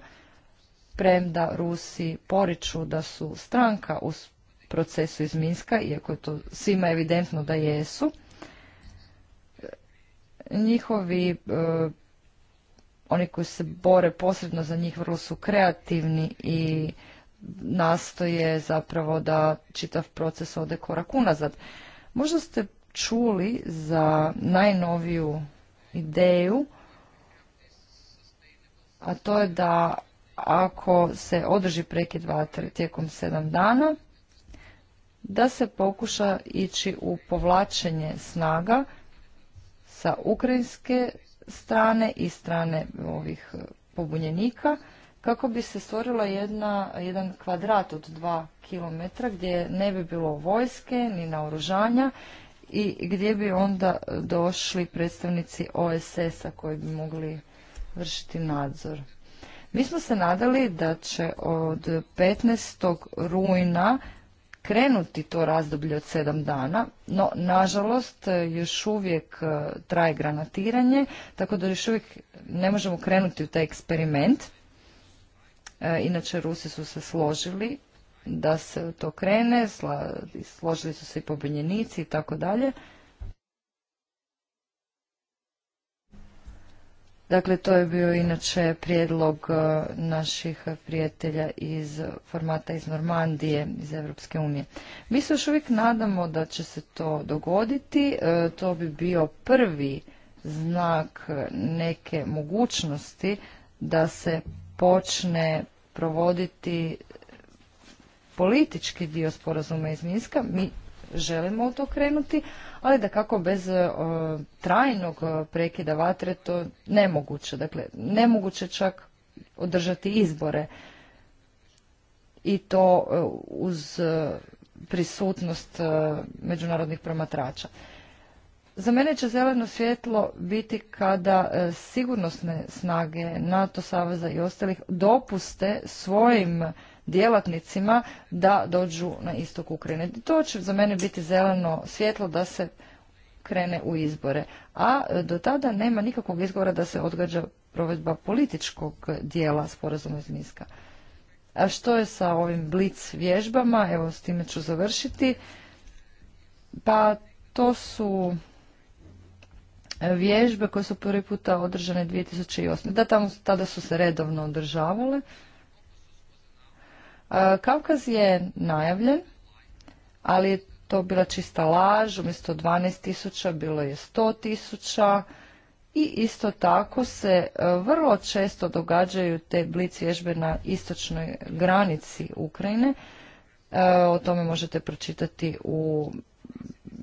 premda Rusi poriču da su stranka u procesu iz Minska, iako je to svima evidentno da jesu. Njihovi e, oni koji se bore posredno za njih vrlo su kreativni i nastoje zapravo da čitav proces ode korak unazad. Možda ste čuli za najnoviju ideju, a to je da ako se održi prekid vatre tijekom sedam dana, da se pokuša ići u povlačenje snaga sa ukrajinske strane i strane ovih e, pobunjenika kako bi se stvorila jedna, jedan kvadrat od dva kilometra gdje ne bi bilo vojske ni naoružanja i gdje bi onda e, došli predstavnici OSS-a koji bi mogli vršiti nadzor. Mi smo se nadali da će od 15. rujna Krenuti to razdoblje od sedam dana, no nažalost još uvijek e, traje granatiranje, tako da još uvijek ne možemo krenuti u taj eksperiment. E, inače Rusi su se složili da se to krene, složili su se i pobunjenici i tako dalje. Dakle, to je bio inače prijedlog e, naših prijatelja iz formata iz Normandije, iz Europske unije. Mi se još uvijek nadamo da će se to dogoditi. E, to bi bio prvi znak neke mogućnosti da se počne provoditi politički dio sporazuma iz Minska. Mi želimo u to krenuti, ali da kako bez e, trajnog e, prekida vatre to nemoguće. Dakle, nemoguće čak održati izbore i to e, uz prisutnost međunarodnih promatrača. Za mene će zeleno svjetlo biti kada sigurnosne snage NATO saveza i ostalih dopuste svojim djelatnicima da dođu na istok Ukrajine. To će za mene biti zeleno svjetlo da se krene u izbore. A e, do tada nema nikakvog izgovora da se odgađa provedba političkog dijela sporazuma iz Minska. A što je sa ovim blic vježbama? Evo, s time ću završiti. Pa to su vježbe koje su prvi puta održane 2008. Da, tada su se redovno održavale. Kavkaz je najavljen, ali je to bila čista laž, umjesto 12.000 bilo je 100.000 i isto tako se e, vrlo često događaju te blic vježbe na istočnoj granici Ukrajine. E, o tome možete pročitati u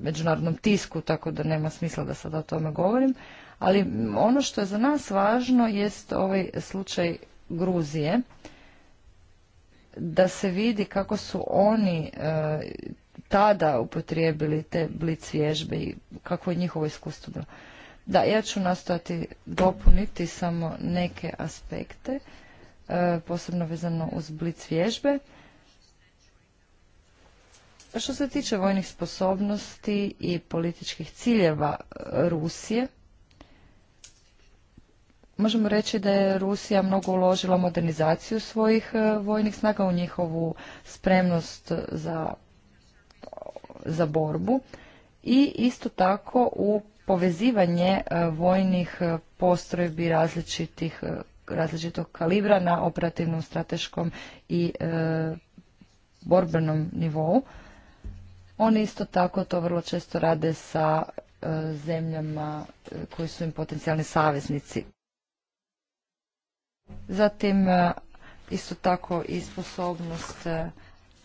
međunarodnom tisku, tako da nema smisla da sada o tome govorim. Ali ono što je za nas važno jest ovaj slučaj Gruzije da se vidi kako su oni e, tada upotrijebili te blic vježbe i kako je njihovo iskustvo bilo. Da, ja ću nastojati dopuniti samo neke aspekte, e, posebno vezano uz blic vježbe. Što se tiče vojnih sposobnosti i političkih ciljeva e, Rusije, Možemo reći da je Rusija mnogo uložila modernizaciju svojih e, vojnih snaga u njihovu spremnost za, za borbu i isto tako u povezivanje e, vojnih e, postrojbi različitih različitog kalibra na operativnom, strateškom i borbenom nivou. Oni isto tako to vrlo često rade sa zemljama koji su im potencijalni saveznici. Zatim e, isto tako i sposobnost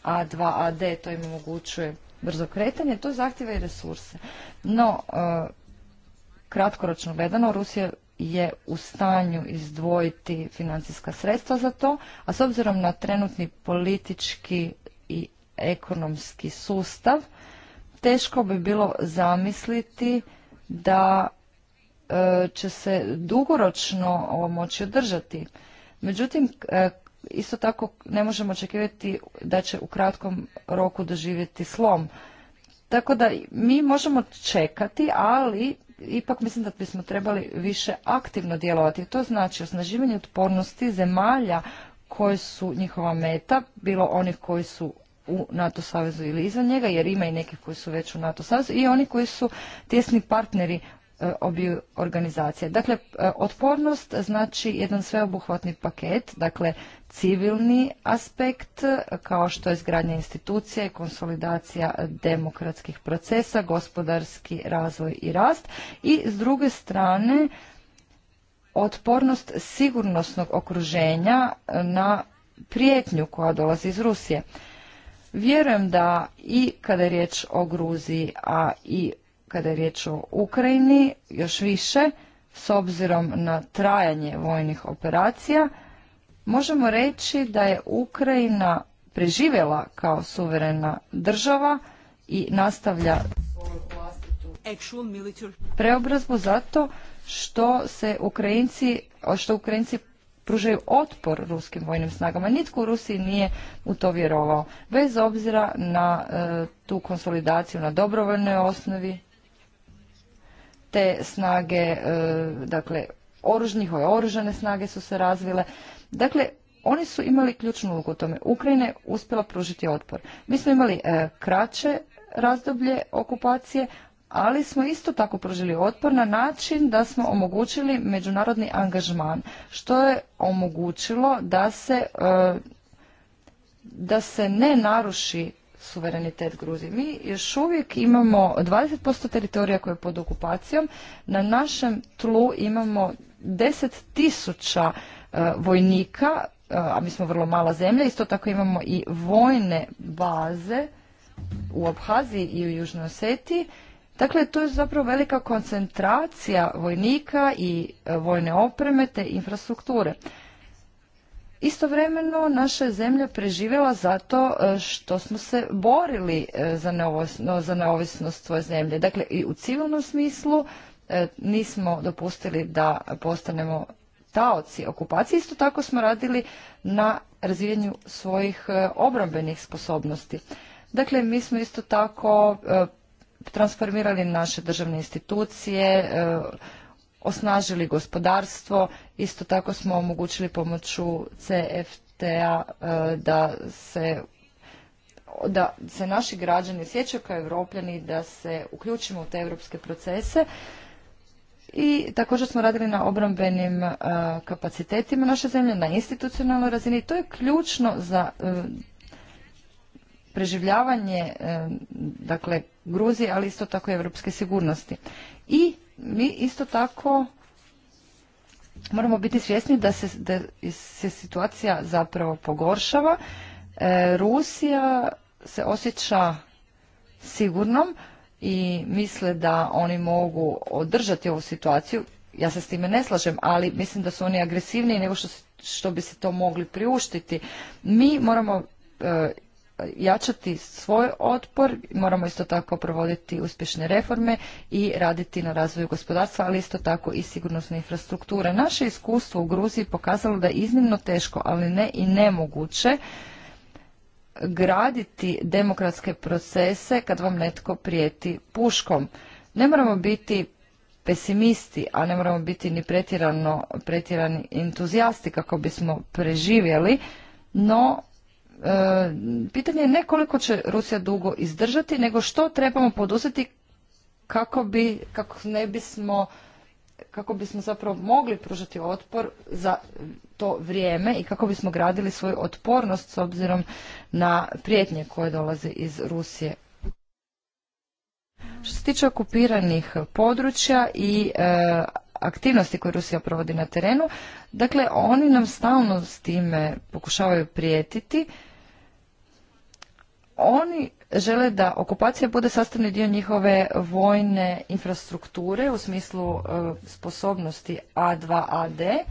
A2, e, AD, to im omogućuje brzo kretanje, to zahtjeva i resurse. No, e, kratkoročno gledano, Rusija je u stanju izdvojiti financijska sredstva za to, a s obzirom na trenutni politički i ekonomski sustav, teško bi bilo zamisliti da E, će se dugoročno ovo moći održati. Međutim, e, isto tako ne možemo očekivati da će u kratkom roku doživjeti slom. Tako da mi možemo čekati, ali ipak mislim da bismo trebali više aktivno djelovati. To znači osnaživanje otpornosti zemalja koje su njihova meta, bilo onih koji su u NATO savezu ili izvan njega, jer ima i nekih koji su već u NATO savezu i oni koji su tjesni partneri E, obje organizacije Dakle, e, otpornost znači jedan sveobuhvatni paket, dakle civilni aspekt kao što je izgradnja institucija i konsolidacija demokratskih procesa, gospodarski razvoj i rast i s druge strane otpornost sigurnosnog okruženja e, na prijetnju koja dolazi iz Rusije. Vjerujem da i kada je riječ o Gruziji, a i kada je riječ o Ukrajini, još više, s obzirom na trajanje vojnih operacija, možemo reći da je Ukrajina preživjela kao suverena država i nastavlja preobrazbu zato što se Ukrajinci, što Ukrajinci pružaju otpor ruskim vojnim snagama. Nitko u Rusiji nije u to vjerovao, bez obzira na e, tu konsolidaciju na dobrovoljnoj osnovi te snage, e, dakle, oružnih, oružane snage su se razvile. Dakle, oni su imali ključnu ulogu u tome. Ukrajina je uspjela pružiti otpor. Mi smo imali e, kraće razdoblje okupacije, ali smo isto tako pružili otpor na način da smo omogućili međunarodni angažman, što je omogućilo da se e, da se ne naruši suverenitet Gruzije. Mi još uvijek imamo 20% teritorija koje je pod okupacijom. Na našem tlu imamo 10.000 tisuća e, vojnika, e, a mi smo vrlo mala zemlja, isto tako imamo i vojne baze u Abhaziji i u Južnoj Osetiji. Dakle, to je zapravo velika koncentracija vojnika i e, vojne opreme te infrastrukture. Istovremeno naša je zemlja preživjela zato e, što smo se borili e, za neovisnost, za neovisnost svoje zemlje. Dakle, i u civilnom smislu e, nismo dopustili da postanemo taoci okupacije. Isto tako smo radili na razvijanju svojih obrambenih sposobnosti. Dakle, mi smo isto tako transformirali naše državne institucije, osnažili gospodarstvo, isto tako smo omogućili pomoću CFTA e, da se da se naši građani sjećaju kao evropljani, da se uključimo u te europske procese. I također smo radili na obrambenim e, kapacitetima naše zemlje, na institucionalnoj razini. i To je ključno za e, preživljavanje dakle Gruzije, ali isto tako i evropske sigurnosti. I mi isto tako moramo biti svjesni da se, da se situacija zapravo pogoršava. E, Rusija se osjeća sigurnom i misle da oni mogu održati ovu situaciju. Ja se s time ne slažem, ali mislim da su oni agresivniji nego što, bi se to mogli priuštiti. Mi moramo e, jačati svoj otpor, moramo isto tako provoditi uspješne reforme i raditi na razvoju gospodarstva, ali isto tako i sigurnosne infrastrukture. Naše iskustvo u Gruziji pokazalo da je iznimno teško, ali ne i nemoguće graditi demokratske procese kad vam netko prijeti puškom. Ne moramo biti pesimisti, a ne moramo biti ni pretjerano pretjerani entuzijasti kako bismo preživjeli, no E, pitanje je ne koliko će Rusija dugo izdržati, nego što trebamo poduzeti kako bi, kako ne bismo kako bismo zapravo mogli pružati otpor za to vrijeme i kako bismo gradili svoju otpornost s obzirom na prijetnje koje dolaze iz Rusije. Što se tiče okupiranih područja i e, aktivnosti koje Rusija provodi na terenu. Dakle, oni nam stalno s time pokušavaju prijetiti. Oni žele da okupacija bude sastavni dio njihove vojne infrastrukture u smislu e, sposobnosti A2AD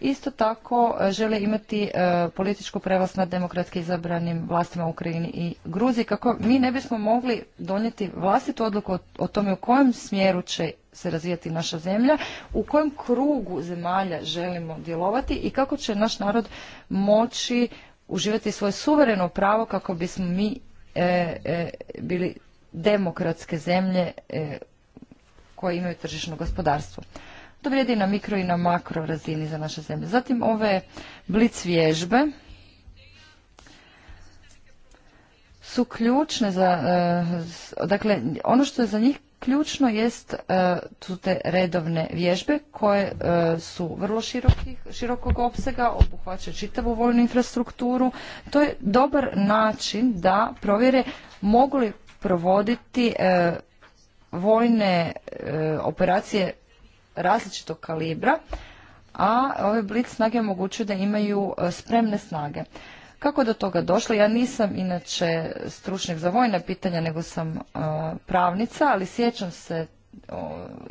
isto tako e, žele imati e, političku prevlast nad demokratski izabranim vlastima u Ukrajini i Gruziji kako mi ne bismo mogli donijeti vlastitu odluku o tome u kojem smjeru će se razvijati naša zemlja, u kojem krugu zemalja želimo djelovati i kako će naš narod moći uživati svoje suvereno pravo kako bismo mi e, bili demokratske zemlje koje imaju tržišno gospodarstvo. To vrijedi na mikro i na makro razini za naše zemlje. Zatim ove blic vježbe su ključne za, eh, dakle, ono što je za njih ključno jest eh, su te redovne vježbe koje eh, su vrlo širokog opsega, obuhvaćaju čitavu vojnu infrastrukturu. To je dobar način da provjere mogu li provoditi vojne operacije različitog kalibra, a ove ovaj blit snage omogućuju da imaju e, spremne snage. Kako do toga došlo? Ja nisam inače stručnjak za vojna pitanja, nego sam e, pravnica, ali sjećam se e,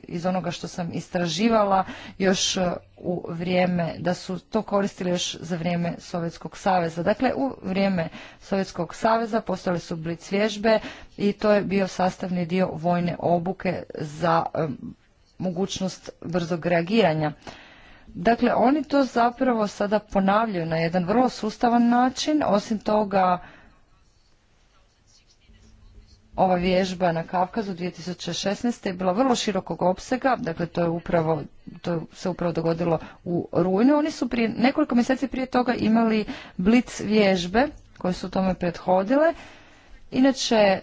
iz onoga što sam istraživala još u vrijeme, da su to koristili još za vrijeme Sovjetskog saveza. Dakle, u vrijeme Sovjetskog saveza postale su blic vježbe i to je bio sastavni dio vojne obuke za mogućnost brzog reagiranja. Dakle, oni to zapravo sada ponavljaju na jedan vrlo sustavan način. Osim toga, ova vježba na Kavkazu 2016. je bila vrlo širokog opsega, dakle to je upravo, to se upravo dogodilo u rujnu. Oni su prije, nekoliko mjeseci prije toga imali blic vježbe koje su tome prethodile Inače, e,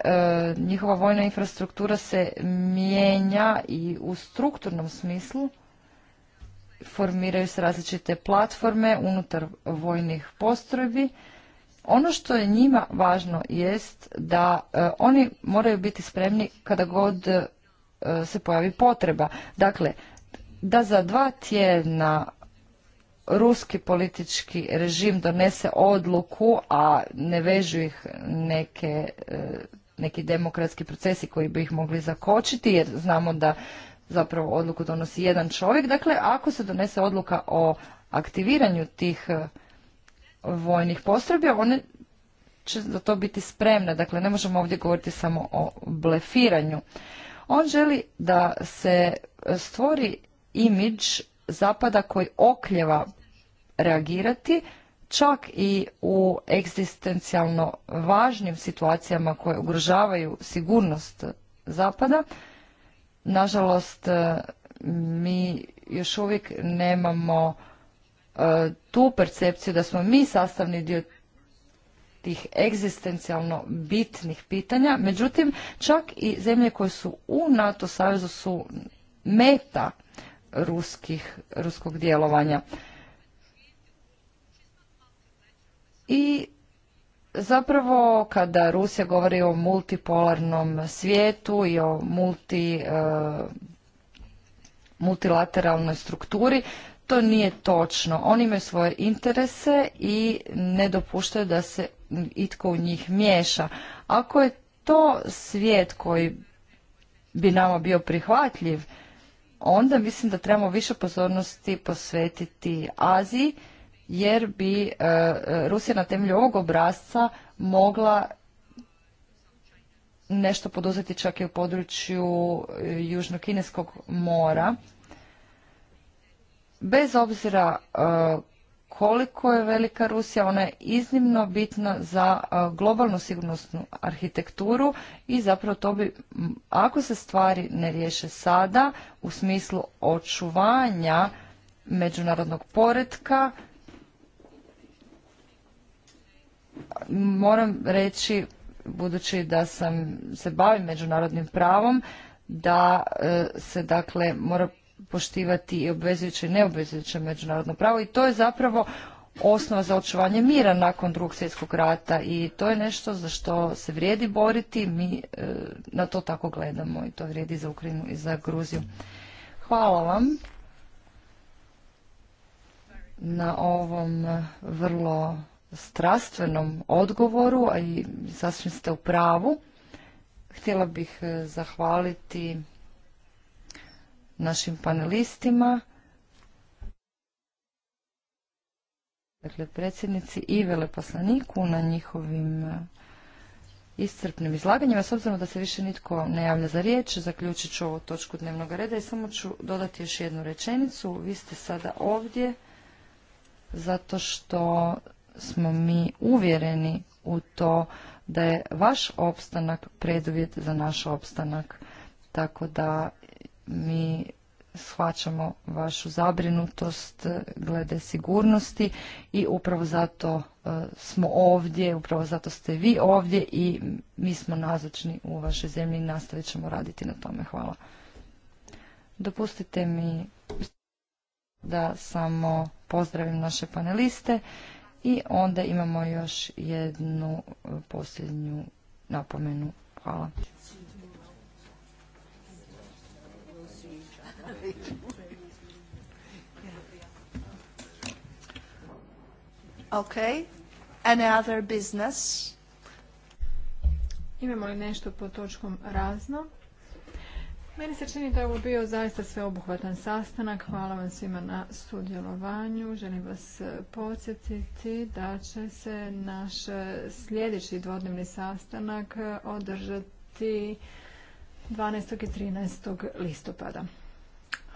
njihova vojna infrastruktura se mijenja i u strukturnom smislu. Formiraju se različite platforme unutar vojnih postrojbi. Ono što je njima važno jest da e, oni moraju biti spremni kada god e, se pojavi potreba. Dakle, da za dva tjedna ruski politički režim donese odluku, a ne vežu ih neke, e, neki demokratski procesi koji bi ih mogli zakočiti, jer znamo da zapravo odluku donosi jedan čovjek. Dakle, ako se donese odluka o aktiviranju tih e, vojnih postrojbi, one će za to biti spremne. Dakle, ne možemo ovdje govoriti samo o blefiranju. On želi da se stvori imidž zapada koji okljeva reagirati čak i u egzistencijalno važnim situacijama koje ugrožavaju sigurnost zapada nažalost e, mi još uvijek nemamo e, tu percepciju da smo mi sastavni dio tih egzistencijalno bitnih pitanja. Međutim, čak i zemlje koje su u NATO savezu su meta ruskih, ruskog djelovanja. I zapravo kada Rusija govori o multipolarnom svijetu i o multi, e, multilateralnoj strukturi, to nije točno. Oni imaju svoje interese i ne dopuštaju da se itko u njih miješa. Ako je to svijet koji bi nama bio prihvatljiv, onda mislim da trebamo više pozornosti posvetiti Aziji jer bi e, e, Rusija na temelju ovog obrazca mogla nešto poduzeti čak i u području e, Južno-Kineskog mora. Bez obzira koliko je velika Rusija. Ona je iznimno bitna za globalnu sigurnosnu arhitekturu i zapravo to bi, ako se stvari ne riješe sada, u smislu očuvanja međunarodnog poretka, moram reći, budući da sam se bavim međunarodnim pravom, da e, se dakle mora poštivati i obvezujuće i neobvezujuće međunarodno pravo i to je zapravo osnova za očuvanje mira nakon drugog svjetskog rata i to je nešto za što se vrijedi boriti, mi e, na to tako gledamo i to vrijedi za Ukrajinu i za Gruziju. Hvala vam na ovom vrlo strastvenom odgovoru, a i sasvim ste u pravu. Htjela bih e, zahvaliti našim panelistima. Dakle, predsjednici i veleposlaniku na njihovim e, iscrpnim izlaganjima. S obzirom da se više nitko ne javlja za riječ, zaključit ću ovu točku dnevnog reda i samo ću dodati još jednu rečenicu. Vi ste sada ovdje zato što smo mi uvjereni u to da je vaš opstanak preduvjet za naš opstanak. Tako da mi shvaćamo vašu zabrinutost eh, glede sigurnosti i upravo zato eh, smo ovdje, upravo zato ste vi ovdje i mi smo nazočni u vašoj zemlji i nastavit ćemo raditi na tome. Hvala. Dopustite mi da samo pozdravim naše paneliste i onda imamo još jednu eh, posljednju napomenu. Hvala. [LAUGHS] Okay. Any other business? Imamo li nešto po točkom razno? Meni se čini da je ovo bio zaista sveobuhvatan sastanak. Hvala vam svima na sudjelovanju. Želim vas e, podsjetiti da će se naš e, sljedeći dvodnevni sastanak e, održati 12. i 13. listopada.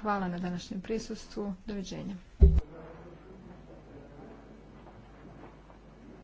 Hvala na današnjem prisustvu. Doviđenja.